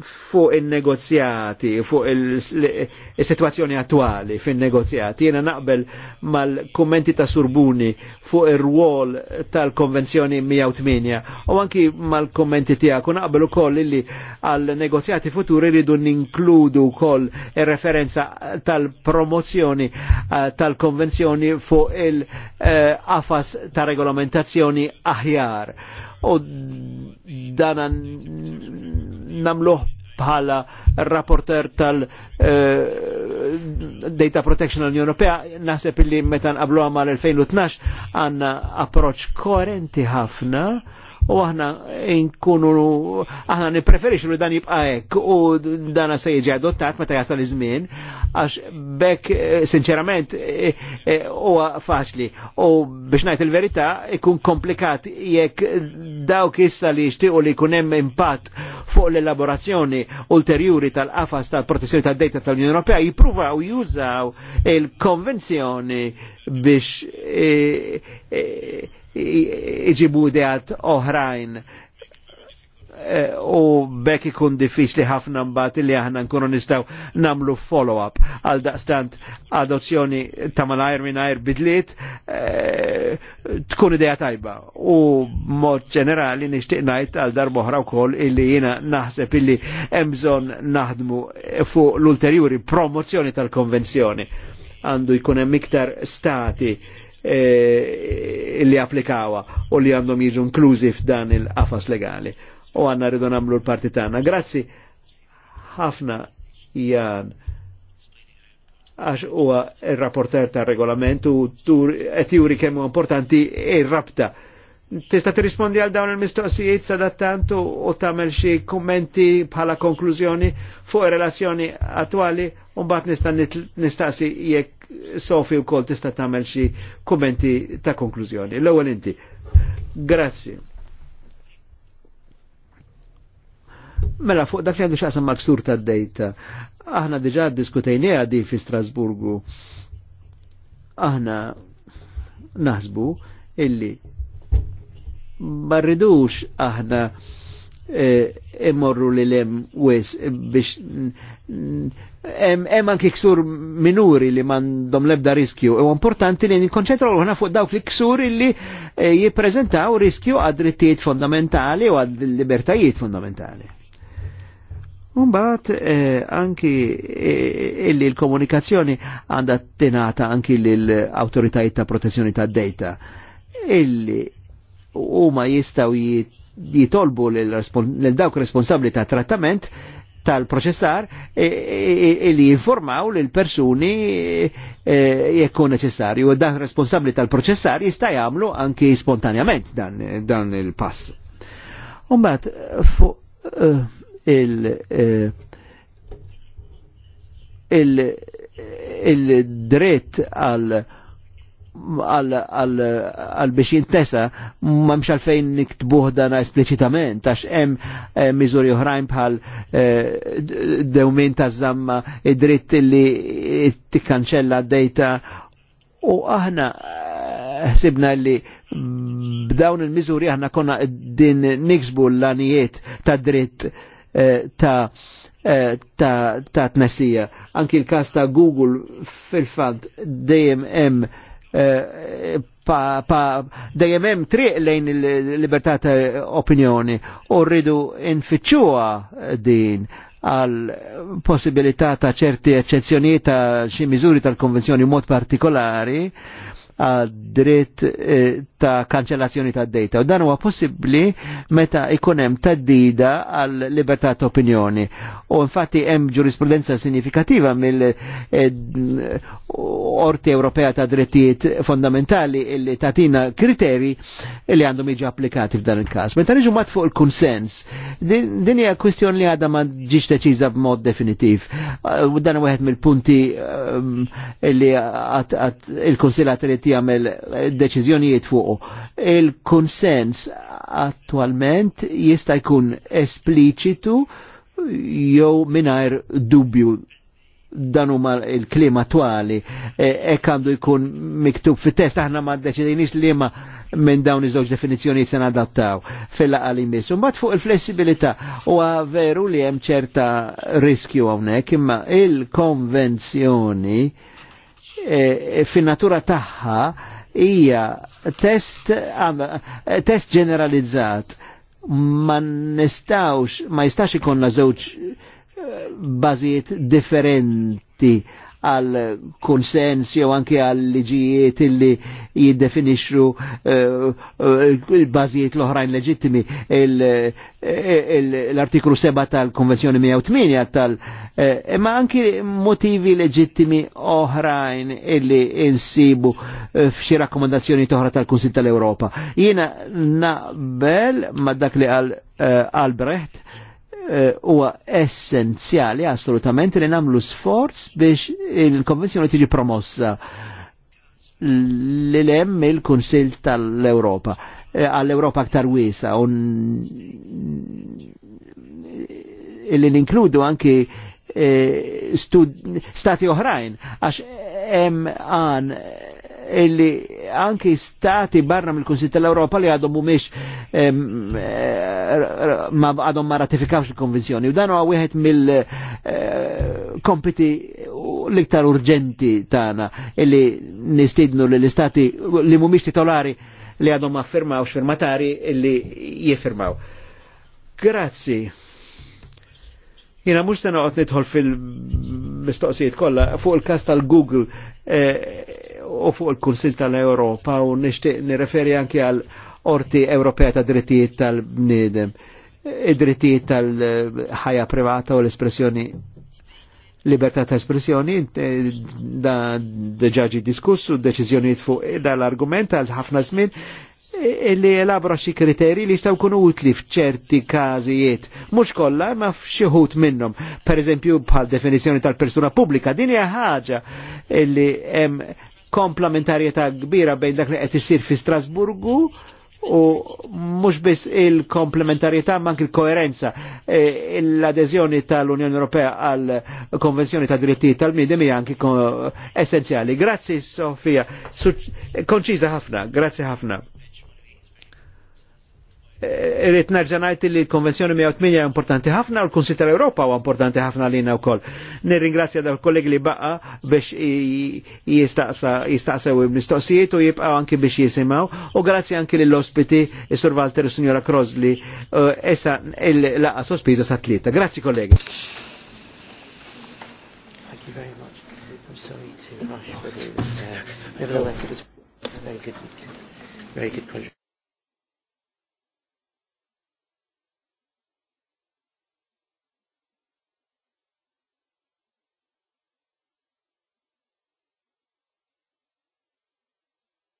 Speaker 6: fuq il-negozjati, fuq il-situazzjoni attuali fin-negozjati. Jena naqbel mal-kommenti ta' Surbuni fuq ir ruol tal-Konvenzjoni 108 u anki mal-kommenti tiegħek u naqbel ukoll illi għal-negozjati futuri rridu ninkludu wkoll il referenza tal-promozzjoni eh, tal-Konvenzjoni fuq il eh, afas ta' regolamentazzjoni aħjar u dana namluħ bħala rapporter tal uh, Data Protection l Europea naħseb illi meta nqablu għamal 2012 għanna approċ koerenti ħafna u aħna nkunu aħna nipreferixu li dan jibqa' hekk u dana se jiġi adottat meta jasal iż-żmien għax bekk eh, sinċerament eh, eh, huwa faċli u biex ngħid il-verità ikun komplikat jekk dawk issa li jixtiequ li jkun hemm impatt fuq l-elaborazzjoni ulterjuri tal-qafas tal-protezzjoni tad-dejta tal-Unjoni Ewropea jippruvaw jużaw il-konvenzjoni biex iġibu ideat oħrajn e, u bekk ikun diffiċli ħafna mbagħad li aħna nkunu nistgħu nagħmlu follow-up għal daqstant adozzjoni ta' malajr mingħajr bidliet e, tkun idea tajba. U mod ġenerali nixtieq ngħid għal darba oħra wkoll illi jiena naħseb illi hemm bżonn naħdmu fuq l-ulterjuri promozzjoni tal-konvenzjoni għandu jkun hemm iktar stati E, li applikawa u li għandhom jiġu inklużi f'dan il-qafas legali. U għanna rridu namlu l-parti tagħna. Grazzi ħafna jan għax huwa il-rapporter tar regolamentu tur qed juri kemm importanti ir-rabta. E Tista tirrispondi għal dawn il-mistoqsijiet sadattantu u tamel xi kummenti bħala konklużjoni fuq relazzjoni attwali u mbagħad nista' nistaqsi jekk Sofi wkoll tista' tagħmel xi kummenti ta' konklużjoni. L-ewwel inti. Grazzi. Mela fuq dak li għandu xaqsam maksur tad-dejta. Aħna diġà diskutejniha di fi Strasburgu. Aħna naħsbu illi barridux aħna eh, imorru li lem wis biex hemm anki ksur minuri li m'għandhom lebda riskju. U importanti li nikkonċentraw ruħna fuq dawk li ksur li eh, jippreżentaw riskju għad drittijiet fondamentali u għad libertajiet fondamentali. Umbat eh, anki illi l-komunikazzjoni għandha tenata anki l-autoritajiet ta' protezzjoni ta' data illi u ma jistaw jitolbu l-dawk responsabli ta' trattament tal-proċessar e, e, e, li jinformaw l persuni jekkun neċessarju u dan responsabli tal-proċessar jista' jagħmlu anki spontanjament dan, il-pass. Umbat fuq il-dritt għal għal biex jintesa ma mx għalfejn niktbuħ dana esplicitament għax hemm eh, miżuri oħrajn bħal eh, dewmin ta' zamma id-dritt li tikkanċella d-dejta u aħna eh, ħsibna li b'dawn il-miżuri aħna konna din niksbu l-lanijiet ta' dritt ta' ta' t-nessija. Anki l-kas ta' Google fil-fat dejjem hemm Eh, pa, pa dejjem hemm triq lejn il-libertà ta' opinjoni u rridu infittxuha din għal possibilità ta' ċerti eċċezzjonijiet ta' xi miżuri tal-konvenzjoni mod partikolari għad dritt eh, ta' kanċellazzjoni ta' data u dan huwa possibbli meta ikun hemm taddida għal libertà ta' opinjoni. U infatti hemm ġurisprudenza sinifikativa mill-Orti eh, Ewropea ta' Drittijiet Fondamentali illi tatina kriteri li għandhom jiġu applikati f'dan il-każ. Meta niġu mat fuq il-kunsens, din hija kwistjoni li għadha ma ġiex deċiża b'mod definitiv. U dan wieħed mill-punti ehm, illi il kunsilla għatri jagħmel eh, deċiżjonijiet fuq Il-konsens attualment jista' jkun espliċitu jew mingħajr dubju dan huma l klima twali e, hekk għandu jkun miktub fit-test aħna ma ddeċidinix li ma minn dawn iż-żewġ definizzjonijiet se nadattaw fil-laqal imiss. Imbagħad fuq il-flessibilità huwa veru li hemm ċerta riskju hawnhekk imma il-konvenzjoni e, fin-natura tagħha Ija, test, test ġeneralizzat ma nistawx, ma jistax ikonna żewġ eh, bazijiet differenti għal konsens jew anke għal liġijiet illi jiddefinixxu eh, eh, l-bażijiet l-oħrajn leġittimi eh, l-artiklu 7 tal-Konvenzjoni 108 tal- imma anki motivi leġittimi oħrajn illi insibu f'xi rakkomandazzjoni oħra tal kunsill tal-Ewropa. Jiena naqbel ma dak li għal Albrecht Eh, huwa uh, essenzjali assolutament li namlu sforz biex il-konvenzjoni tiġi promossa li lem il-Kunsil tal-Europa eh, għall-Europa aktar wisa un li ninkludu anki eh, stati oħrajn għax hemm għan illi anki stati barra mill kunsil tal-Europa li għadhom mumiex eh, ma għadhom ma ratifikawx il-konvenzjoni. U dan huwa wieħed mill-kompiti eh, l-iktar urġenti tagħna illi nistidnu l-istati li mhumiex titolari li għadhom ma firmawx firmatari illi jiffirmaw. Grazzi. Jena mux sena għot nidħol fil-mistoqsijiet kolla fuq il-kas tal-Google eh, u fuq il-Kunsil tal-Europa u nishtiq nireferi anki għal Orti Ewropea ta' drittijiet tal-bnidem, id-drittijiet tal-ħajja privata u l-espressjoni libertà ta' espressjoni eh, da deġaġi diskussu deċiżjonijiet fuq dal-argument għal ħafna żmien illi eh, elabra xi kriteri li jistgħu jkunu utli f'ċerti każijiet, mhux kollha ma f'xi ħut minnhom. Pereżempju bħal definizzjoni tal-persuna pubblika din hija ħaġa illi hemm komplementarjetà kbira bejn dak li qed isir fi Strasburgu u mhux biss il-komplementarjetà ma anke l koerenza e, l-adeżjoni tal-Unjoni Ewropea għal konvenzjoni ta' diritti tal midem hija anke essenzjali. Grazzi Sofia, konċiża ħafna, grazzi ħafna irrit nerġanajt li l-Konvenzjoni 108 importanti ħafna u l-Kunsil tal-Europa u importanti ħafna lina u koll. Nirringrazzja dal kollegi li baqa biex jistaqsa u mistoqsijiet u jibqa anki biex jisimaw u grazzi anki l-ospiti Sur Walter Signora Crosli essa il-laqa sospiża sa' tlieta. Grazzi kollegi.
Speaker 1: Uh, very good,